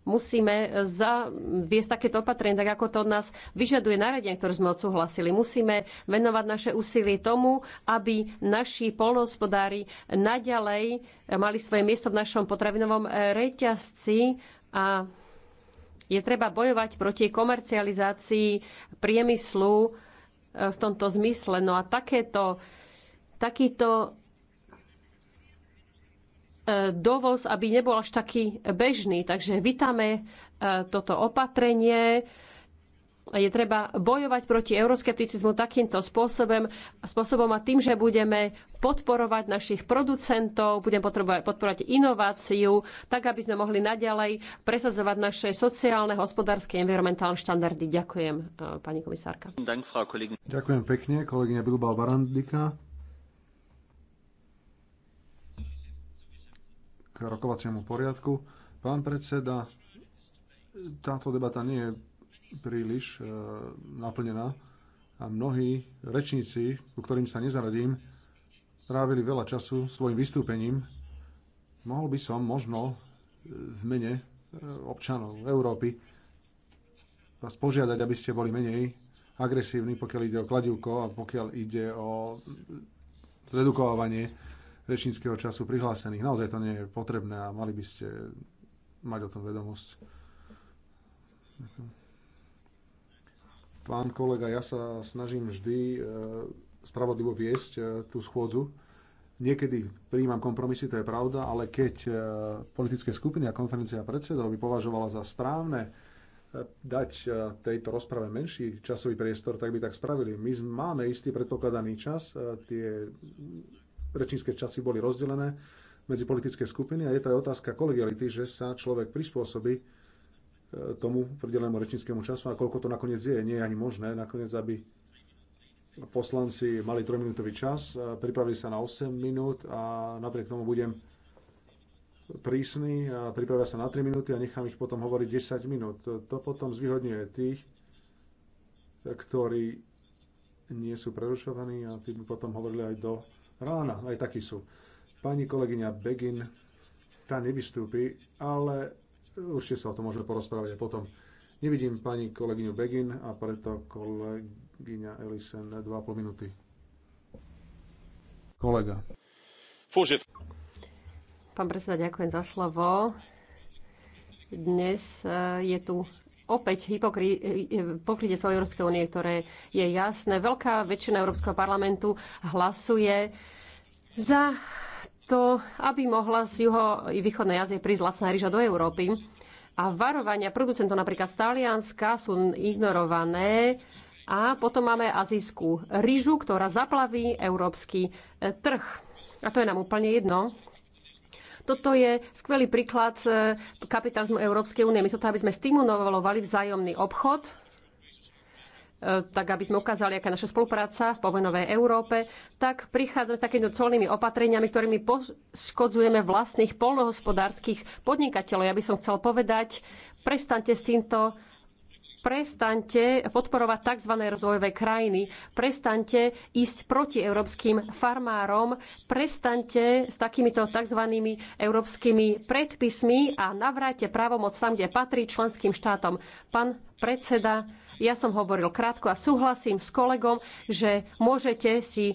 musíme e, zaviesť takéto opatrenie, tak ako to od nás vyžaduje naredenie, ktoré sme odsúhlasili. Musíme venovať naše úsilie tomu, aby naši polnohospodári naďalej e, mali svoje miesto v našom potravinovom reťazci a je treba bojovať proti komercializácii priemyslu e, v tomto zmysle. No a takéto, takýto e, dovoz, aby nebol až taký bežný. Takže vítame e, toto opatrenie je treba bojovať proti euroskepticizmu takýmto spôsobom, spôsobom a tým, že budeme podporovať našich producentov, budeme podporovať inováciu, tak aby sme mohli naďalej presadzovať naše sociálne, hospodárske, environmentálne štandardy. Ďakujem, eh, pani komisárka. Ďakujem pekne, kolegyňa Bilbao Barandika. K rokovaciemu poriadku. Pán predseda, táto debata nie je príliš e, naplnená a mnohí rečníci, ku ktorým sa nezaradím, trávili veľa času svojim vystúpením. Mohol by som možno e, v mene e, občanov Európy vás požiadať, aby ste boli menej agresívni, pokiaľ ide o kladivko a pokiaľ ide o zredukovanie rečníckého času prihlásených. Naozaj to nie je potrebné a mali by ste mať o tom vedomosť. Ďakujem. Pán kolega, ja sa snažím vždy e, spravodlivo viesť e, tú schôdzu. Niekedy príjmam kompromisy, to je pravda, ale keď e, politické skupiny a konferencia predsedov by považovala za správne dať tejto rozprave menší časový priestor, tak by tak spravili. My máme istý predpokladaný čas, tie rečnícke časy boli rozdelené medzi politické skupiny a je to aj otázka kolegiality, že sa človek prispôsobí tomu pridelenému rečníckému času a koľko to nakoniec je. Nie je ani možné nakoniec, aby poslanci mali trojminútový čas, pripravili sa na 8 minút a napriek tomu budem prísny a pripravia sa na 3 minúty a nechám ich potom hovoriť 10 minút. To potom zvýhodňuje tých, ktorí nie sú prerušovaní a tí by potom hovorili aj do rána. Aj takí sú. Pani kolegyňa Begin, tá nevystúpi, ale Určite sa o tom môžeme porozprávať aj potom. Nevidím pani kolegyňu Begin a preto kolegyňa Elisen 2,5 minúty. Kolega. Fúžit. Pán predseda, ďakujem za slovo. Dnes e, je tu opäť e, pokrytie svojej Európskej únie, ktoré je jasné. Veľká väčšina Európskeho parlamentu hlasuje za to, aby mohla z juho i východnej Ázie prísť lacná ryža do Európy. A varovania producentov napríklad z Talianska sú ignorované. A potom máme azijskú ryžu, ktorá zaplaví európsky e, trh. A to je nám úplne jedno. Toto je skvelý príklad e, kapitalizmu Európskej únie. My to, aby sme stimulovali vzájomný obchod, tak aby sme ukázali, aká je naša spolupráca v povojnovej Európe, tak prichádzame s takýmito colnými opatreniami, ktorými poškodzujeme vlastných polnohospodárskych podnikateľov. Ja by som chcel povedať, prestante s týmto prestaňte podporovať tzv. rozvojové krajiny, prestaňte ísť proti európskym farmárom, prestaňte s takýmito tzv. európskymi predpismi a navráte právomoc tam, kde patrí členským štátom. Pán predseda, ja som hovoril krátko a súhlasím s kolegom, že môžete si, e,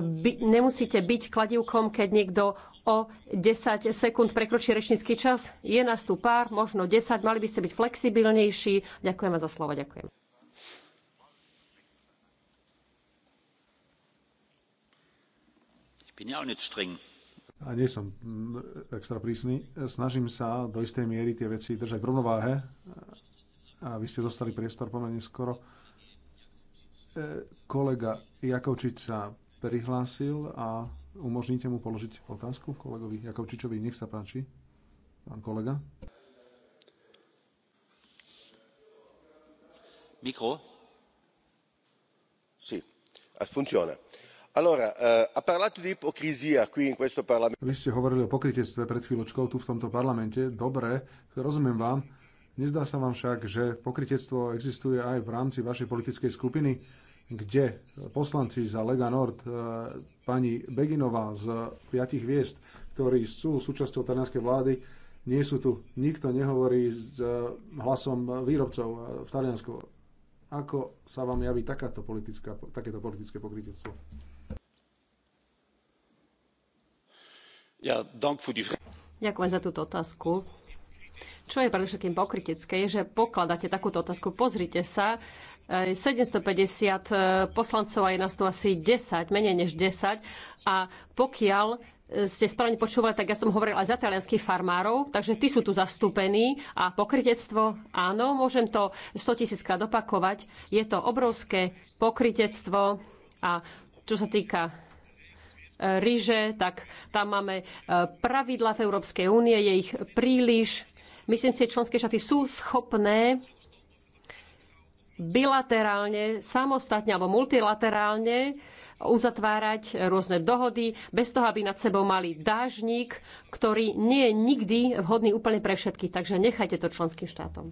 by, nemusíte byť kladivkom, keď niekto o 10 sekúnd prekročí rečnícky čas. Je nás tu pár, možno 10, mali by ste byť flexibilnejší. Ďakujem za slovo, ďakujem. A nie som mm, extra prísny. Snažím sa do istej miery tie veci držať v rovnováhe a vy ste dostali priestor pomerne skoro. E, Kolega Jakovčič sa prihlásil a umožníte mu položiť otázku kolegovi Jakovčičovi. Nech sa páči, pán kolega. Mikro. Sì, funziona. Allora, uh, ha parlato di ipocrisia qui in questo Parlamento. Vi ste hovorili o pokritectve pred chvíľočkou tu v tomto parlamente. Dobre, rozumiem vám Nezdá sa vám však, že pokritectvo existuje aj v rámci vašej politickej skupiny, kde poslanci za Lega Nord, e, pani Beginová z piatich hviezd, ktorí sú súčasťou talianskej vlády, nie sú tu. Nikto nehovorí s e, hlasom výrobcov e, v Taliansku. Ako sa vám javí takáto politická, takéto politické pokritectvo? Ja, dank die... Ďakujem za túto otázku čo je predovšetkým pokritecké, je, že pokladáte takúto otázku. Pozrite sa, 750 e, e, poslancov a je nás tu asi 10, menej než 10. A pokiaľ e, ste správne počúvali, tak ja som hovoril aj za talianských farmárov, takže tí sú tu zastúpení a pokritectvo, áno, môžem to 100 tisíc krát opakovať, je to obrovské pokritectvo a čo sa týka ryže, tak tam máme pravidla v Európskej únie, je ich príliš Myslím si, že členské štáty sú schopné bilaterálne, samostatne alebo multilaterálne uzatvárať rôzne dohody, bez toho, aby nad sebou mali dážnik, ktorý nie je nikdy vhodný úplne pre všetky, Takže nechajte to členským štátom.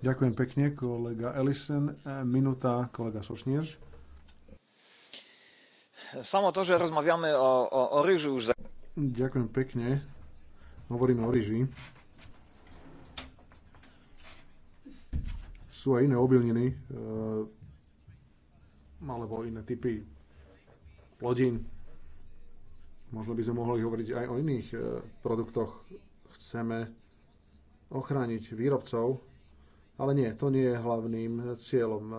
Ďakujem pekne, kolega Ellison. E, minúta, kolega Sošnierz. Samo to, že rozmaviame o, o, o ryžu už... Ďakujem pekne. Hovoríme o ryži. Sú aj iné obilniny, e, alebo iné typy plodín. Možno by sme mohli hovoriť aj o iných e, produktoch. Chceme ochrániť výrobcov, ale nie, to nie je hlavným cieľom. E,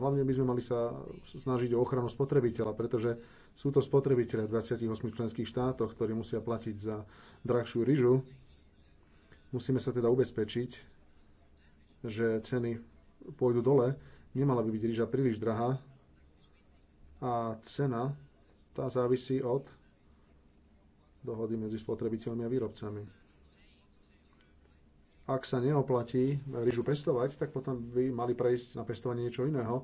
hlavne by sme mali sa snažiť o ochranu spotrebiteľa, pretože sú to spotrebitelia v 28 členských štátoch, ktorí musia platiť za drahšiu ryžu. Musíme sa teda ubezpečiť, že ceny pôjdu dole. Nemala by byť ryža príliš drahá a cena tá závisí od dohody medzi spotrebiteľmi a výrobcami. Ak sa neoplatí ryžu pestovať, tak potom by mali prejsť na pestovanie niečo iného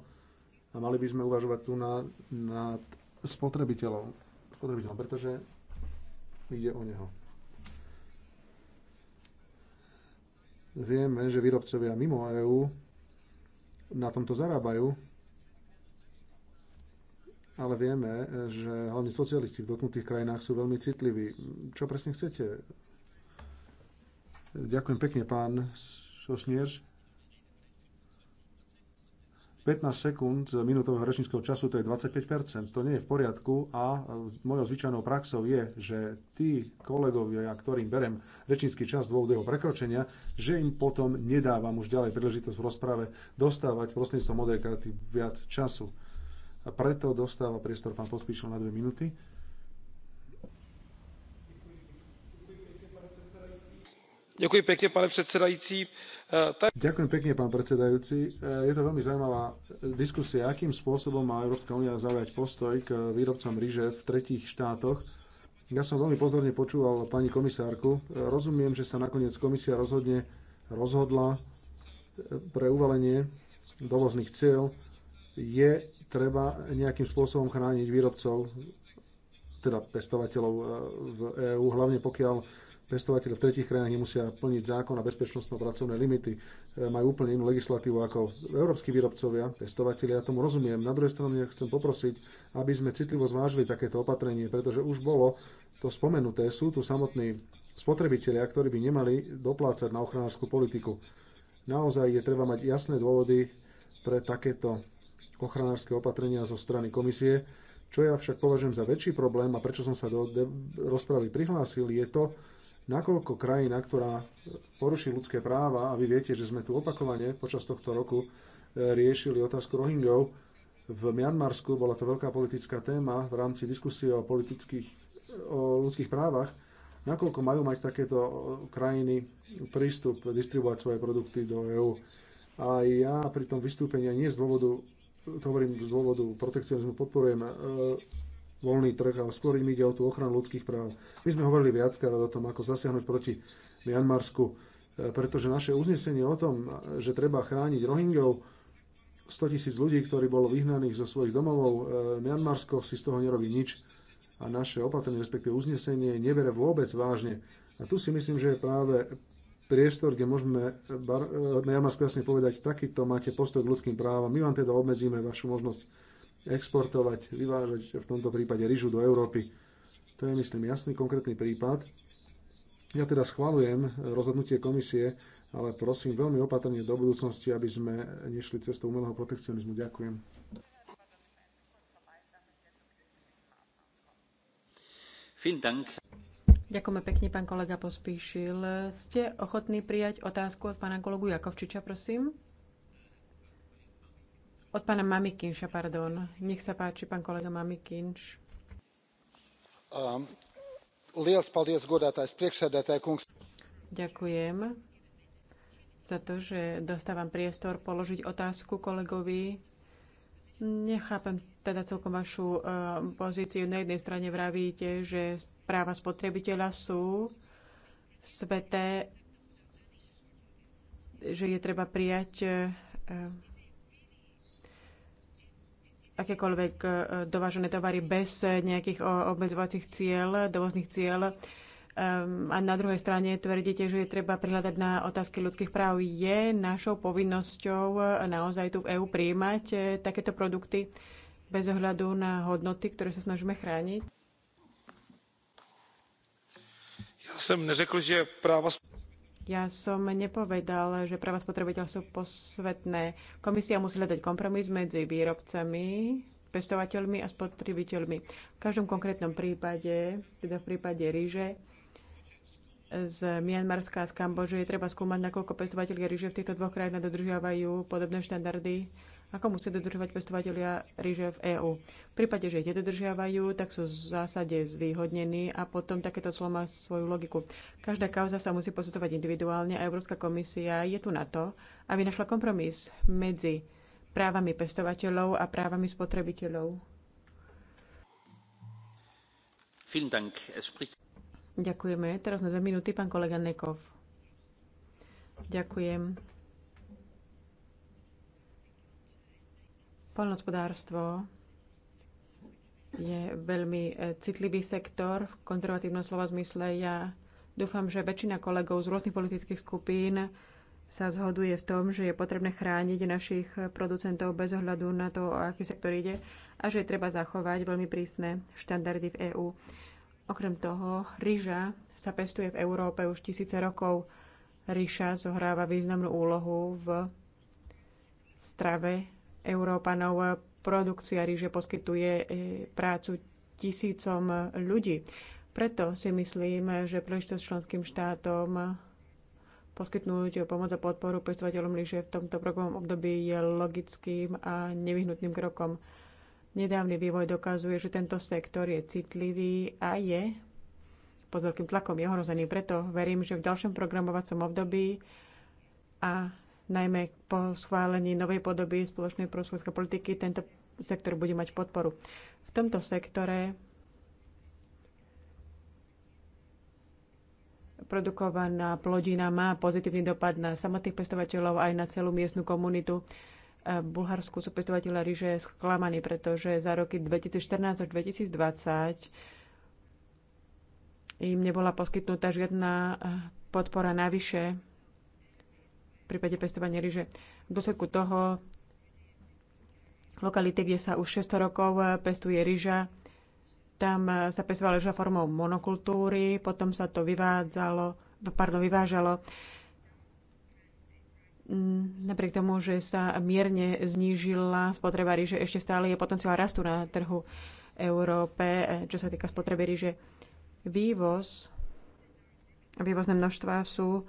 a mali by sme uvažovať tu na, nad spotrebiteľom, spotrebiteľom pretože ide o neho. Vieme, že výrobcovia mimo EÚ na tomto zarábajú, ale vieme, že hlavne socialisti v dotknutých krajinách sú veľmi citliví. Čo presne chcete? Ďakujem pekne, pán Sošnierž. 15 sekúnd z minútového rečníckého času to je 25%. To nie je v poriadku a mojou zvyčajnou praxou je, že tí kolegovia, ktorým berem rečnícky čas dôvodu jeho prekročenia, že im potom nedávam už ďalej príležitosť v rozprave dostávať prostredníctvom modrej karty viac času. A preto dostáva priestor pán Pospíšil na dve minúty. predsedajúci e, ďakujem pekne pán predsedajúci e, je to veľmi zaujímavá diskusia akým spôsobom má európska únia zaujať postoj k výrobcom ryže v tretích štátoch. ja som veľmi pozorne počúval pani komisárku e, rozumiem že sa nakoniec komisia rozhodne rozhodla pre uvalenie dovozných cieľ je treba nejakým spôsobom chrániť výrobcov teda pestovateľov v EÚ, hlavne pokiaľ testovateľe v tretich krajinách nemusia plniť zákon a bezpečnostno-pracovné limity, e, majú úplne inú legislatívu ako európsky výrobcovia, testovateľe, ja tomu rozumiem. Na druhej strane chcem poprosiť, aby sme citlivo zvážili takéto opatrenie, pretože už bolo to spomenuté, sú tu samotní spotrebitelia, ktorí by nemali doplácať na ochranárskú politiku. Naozaj je treba mať jasné dôvody pre takéto ochranárske opatrenia zo strany komisie. Čo ja však považujem za väčší problém a prečo som sa do rozpravy prihlásil, je to, nakoľko krajina, ktorá poruší ľudské práva, a vy viete, že sme tu opakovane počas tohto roku e, riešili otázku Rohingov, v Mianmarsku, bola to veľká politická téma v rámci diskusie o, politických, o ľudských právach, nakoľko majú mať takéto e, krajiny prístup distribuovať svoje produkty do EÚ. A ja pri tom vystúpení nie z dôvodu, to hovorím z dôvodu protekcionizmu, podporujem e, voľný trh, ale skôr im ide o tú ochranu ľudských práv. My sme hovorili viackrát o tom, ako zasiahnuť proti Mianmarsku, e, pretože naše uznesenie o tom, že treba chrániť rohingov 100 tisíc ľudí, ktorí bolo vyhnaných zo svojich domovov, e, Mianmarsko si z toho nerobí nič a naše opatrenie, respektíve uznesenie, nebere vôbec vážne. A tu si myslím, že je práve priestor, kde môžeme e, Mianmarsku jasne povedať, takýto máte postoj k ľudským právam, my vám teda obmedzíme vašu možnosť exportovať, vyvážať v tomto prípade ryžu do Európy. To je, myslím, jasný konkrétny prípad. Ja teda schválujem rozhodnutie komisie, ale prosím veľmi opatrne do budúcnosti, aby sme nešli cestou umelého protekcionizmu. Ďakujem. Ďakujeme pekne, pán kolega Pospíšil. Ste ochotní prijať otázku od pána kolegu Jakovčiča, prosím? Od pána Mamikinša, pardon. Nech sa páči, pán kolega Mamikinš. Um, paldies, kungs. Ďakujem za to, že dostávam priestor položiť otázku kolegovi. Nechápem teda celkom vašu uh, pozíciu. Na jednej strane vravíte, že práva spotrebiteľa sú sveté, že je treba prijať uh, akékoľvek e, dovážené tovary bez e, nejakých obmedzovacích cieľ, dovozných cieľ. Ehm, a na druhej strane tvrdíte, že je treba prihľadať na otázky ľudských práv. Je našou povinnosťou e, naozaj tu v EÚ príjmať takéto produkty bez ohľadu na hodnoty, ktoré sa snažíme chrániť? Ja som neřekl, že práva... Ja som nepovedal, že práva spotrebiteľ sú posvetné. Komisia musí hľadať kompromis medzi výrobcami, pestovateľmi a spotrebiteľmi. V každom konkrétnom prípade, teda v prípade ríže, z Mianmarska a z Kambodže je treba skúmať, nakoľko pestovateľia ríže v týchto dvoch krajinách dodržiavajú podobné štandardy ako musia dodržovať pestovateľia ríže v EÚ. V prípade, že ich nedodržiavajú, tak sú v zásade zvýhodnení a potom takéto slovo má svoju logiku. Každá kauza sa musí posudzovať individuálne a Európska komisia je tu na to, aby našla kompromis medzi právami pestovateľov a právami spotrebiteľov. Ďakujeme. Teraz na dve minúty pán kolega Nekov. Ďakujem. Poľnohospodárstvo je veľmi e, citlivý sektor v konzervatívnom slova zmysle. Ja dúfam, že väčšina kolegov z rôznych politických skupín sa zhoduje v tom, že je potrebné chrániť našich producentov bez ohľadu na to, o aký sektor ide a že je treba zachovať veľmi prísne štandardy v EÚ. Okrem toho, ríža sa pestuje v Európe už tisíce rokov. Ríša zohráva významnú úlohu v strave Európanov. Produkcia ríže poskytuje e, prácu tisícom ľudí. Preto si myslím, že príležitosť členským štátom poskytnúť pomoc a podporu pestovateľom ríže v tomto programovom období je logickým a nevyhnutným krokom. Nedávny vývoj dokazuje, že tento sektor je citlivý a je pod veľkým tlakom je ohrozený. Preto verím, že v ďalšom programovacom období a najmä po schválení novej podoby spoločnej prúslovskej politiky tento sektor bude mať podporu. V tomto sektore produkovaná plodina má pozitívny dopad na samotných pestovateľov aj na celú miestnu komunitu. E, Bulharsku sú pestovateľa ryže sklamaní, pretože za roky 2014 až 2020 im nebola poskytnutá žiadna podpora navyše prípade pestovania ryže. V dôsledku toho lokality, kde sa už 600 rokov pestuje ryža, tam sa pestovala ryža formou monokultúry, potom sa to vyvádzalo, pardon, vyvážalo mm, napriek tomu, že sa mierne znížila spotreba ríže, ešte stále je potenciál rastu na trhu Európe, čo sa týka spotreby ryže Vývoz a vývozné množstva sú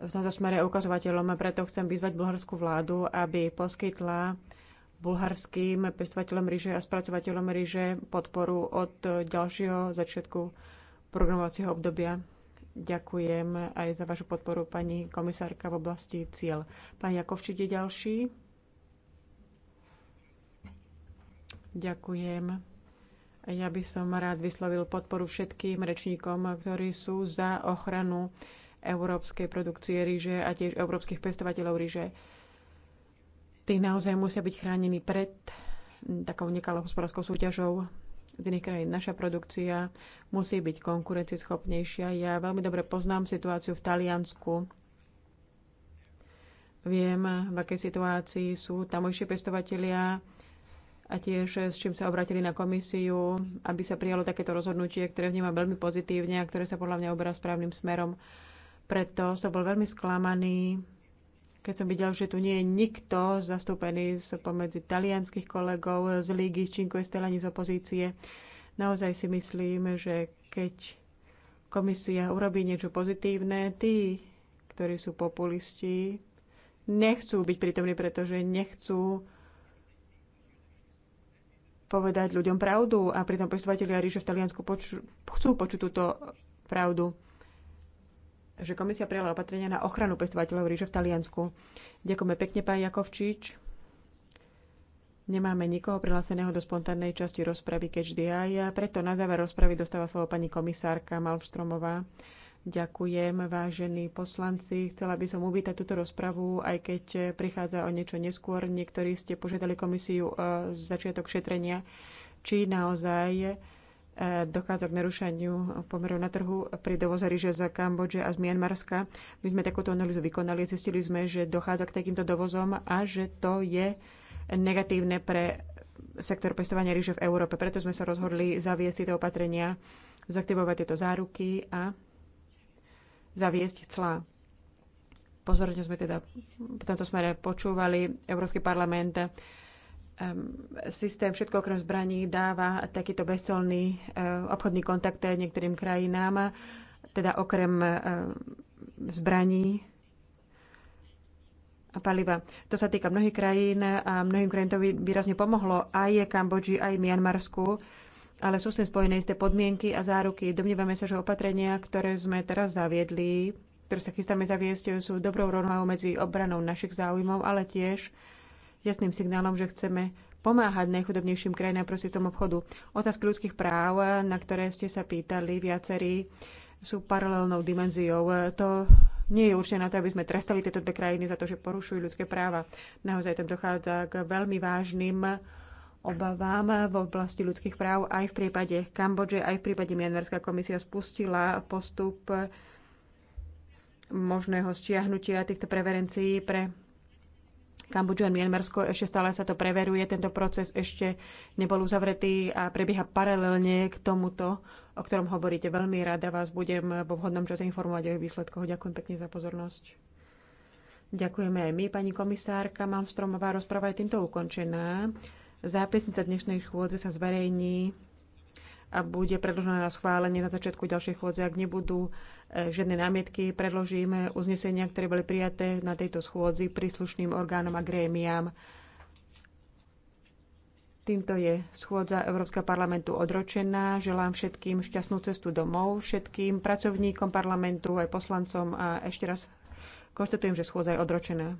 v tomto smere ukazovateľom, a preto chcem vyzvať bulharskú vládu, aby poskytla bulharským pestovateľom ríže a spracovateľom ríže podporu od ďalšieho začiatku programovacieho obdobia. Ďakujem aj za vašu podporu, pani komisárka v oblasti cieľ. Pán Jakovčík je ďalší. Ďakujem. Ja by som rád vyslovil podporu všetkým rečníkom, ktorí sú za ochranu európskej produkcie ríže a tiež európskych pestovateľov ríže. Tí naozaj musia byť chránení pred takou nekalou hospodárskou súťažou z iných krajín. Naša produkcia musí byť konkurencieschopnejšia. Ja veľmi dobre poznám situáciu v Taliansku. Viem, v akej situácii sú tamojšie pestovatelia a tiež s čím sa obratili na komisiu, aby sa prijalo takéto rozhodnutie, ktoré vníma veľmi pozitívne a ktoré sa podľa mňa oberá správnym smerom. Preto som bol veľmi sklamaný, keď som videl, že tu nie je nikto zastúpený pomedzi talianských kolegov z Lígy Cinque Stelle ani z opozície. Naozaj si myslím, že keď komisia urobí niečo pozitívne, tí, ktorí sú populisti, nechcú byť prítomní, pretože nechcú povedať ľuďom pravdu a pritom pestovatelia ríše v Taliansku poču- chcú počuť túto pravdu že komisia prijala opatrenia na ochranu pestovateľov ríže v Taliansku. Ďakujeme pekne, pán Jakovčič. Nemáme nikoho prihláseného do spontánnej časti rozpravy Catch the Eye, preto na záver rozpravy dostáva slovo pani komisárka Malmstromová. Ďakujem, vážení poslanci. Chcela by som uvítať túto rozpravu, aj keď prichádza o niečo neskôr. Niektorí ste požiadali komisiu o e, začiatok šetrenia, či naozaj dochádza k narušaniu pomerov na trhu pri dovoze ryže z Kambodže a z Mianmarska. My sme takúto analýzu vykonali a zistili sme, že dochádza k takýmto dovozom a že to je negatívne pre sektor pestovania ríže v Európe. Preto sme sa rozhodli zaviesť tieto opatrenia, zaktivovať tieto záruky a zaviesť clá. Pozorne sme teda v tomto smere počúvali Európsky parlament systém všetko okrem zbraní dáva takýto bezcolný e, obchodný kontakt niektorým krajinám, teda okrem e, zbraní a paliva. To sa týka mnohých krajín a mnohým krajín to výrazne pomohlo aj Kambodži, aj Mianmarsku, ale sú s tým spojené isté podmienky a záruky. Domnívame sa, že opatrenia, ktoré sme teraz zaviedli, ktoré sa chystáme zaviesť, sú dobrou rovnováhou medzi obranou našich záujmov, ale tiež jasným signálom, že chceme pomáhať najchudobnejším krajinám tom obchodu. Otázky ľudských práv, na ktoré ste sa pýtali viacerí, sú paralelnou dimenziou. To nie je určené na to, aby sme trestali tieto dve krajiny za to, že porušujú ľudské práva. Naozaj tam dochádza k veľmi vážnym obavám v oblasti ľudských práv aj v prípade Kambodže, aj v prípade Mianverská komisia spustila postup možného stiahnutia týchto preferencií pre Kambodžu a Mienmarsko. Ešte stále sa to preveruje. Tento proces ešte nebol uzavretý a prebieha paralelne k tomuto, o ktorom hovoríte. Veľmi rada vás budem vo vhodnom čase informovať o ich výsledkoch. Ďakujem pekne za pozornosť. Ďakujeme aj my, pani komisárka Malmstromová. Rozpráva je týmto ukončená. Zápisnica dnešnej schôdze sa zverejní a bude predložené na schválenie na začiatku ďalšej chôdze. Ak nebudú e, žiadne námietky, predložíme uznesenia, ktoré boli prijaté na tejto schôdzi príslušným orgánom a grémiám. Týmto je schôdza Európskeho parlamentu odročená. Želám všetkým šťastnú cestu domov, všetkým pracovníkom parlamentu, aj poslancom a ešte raz konštatujem, že schôdza je odročená.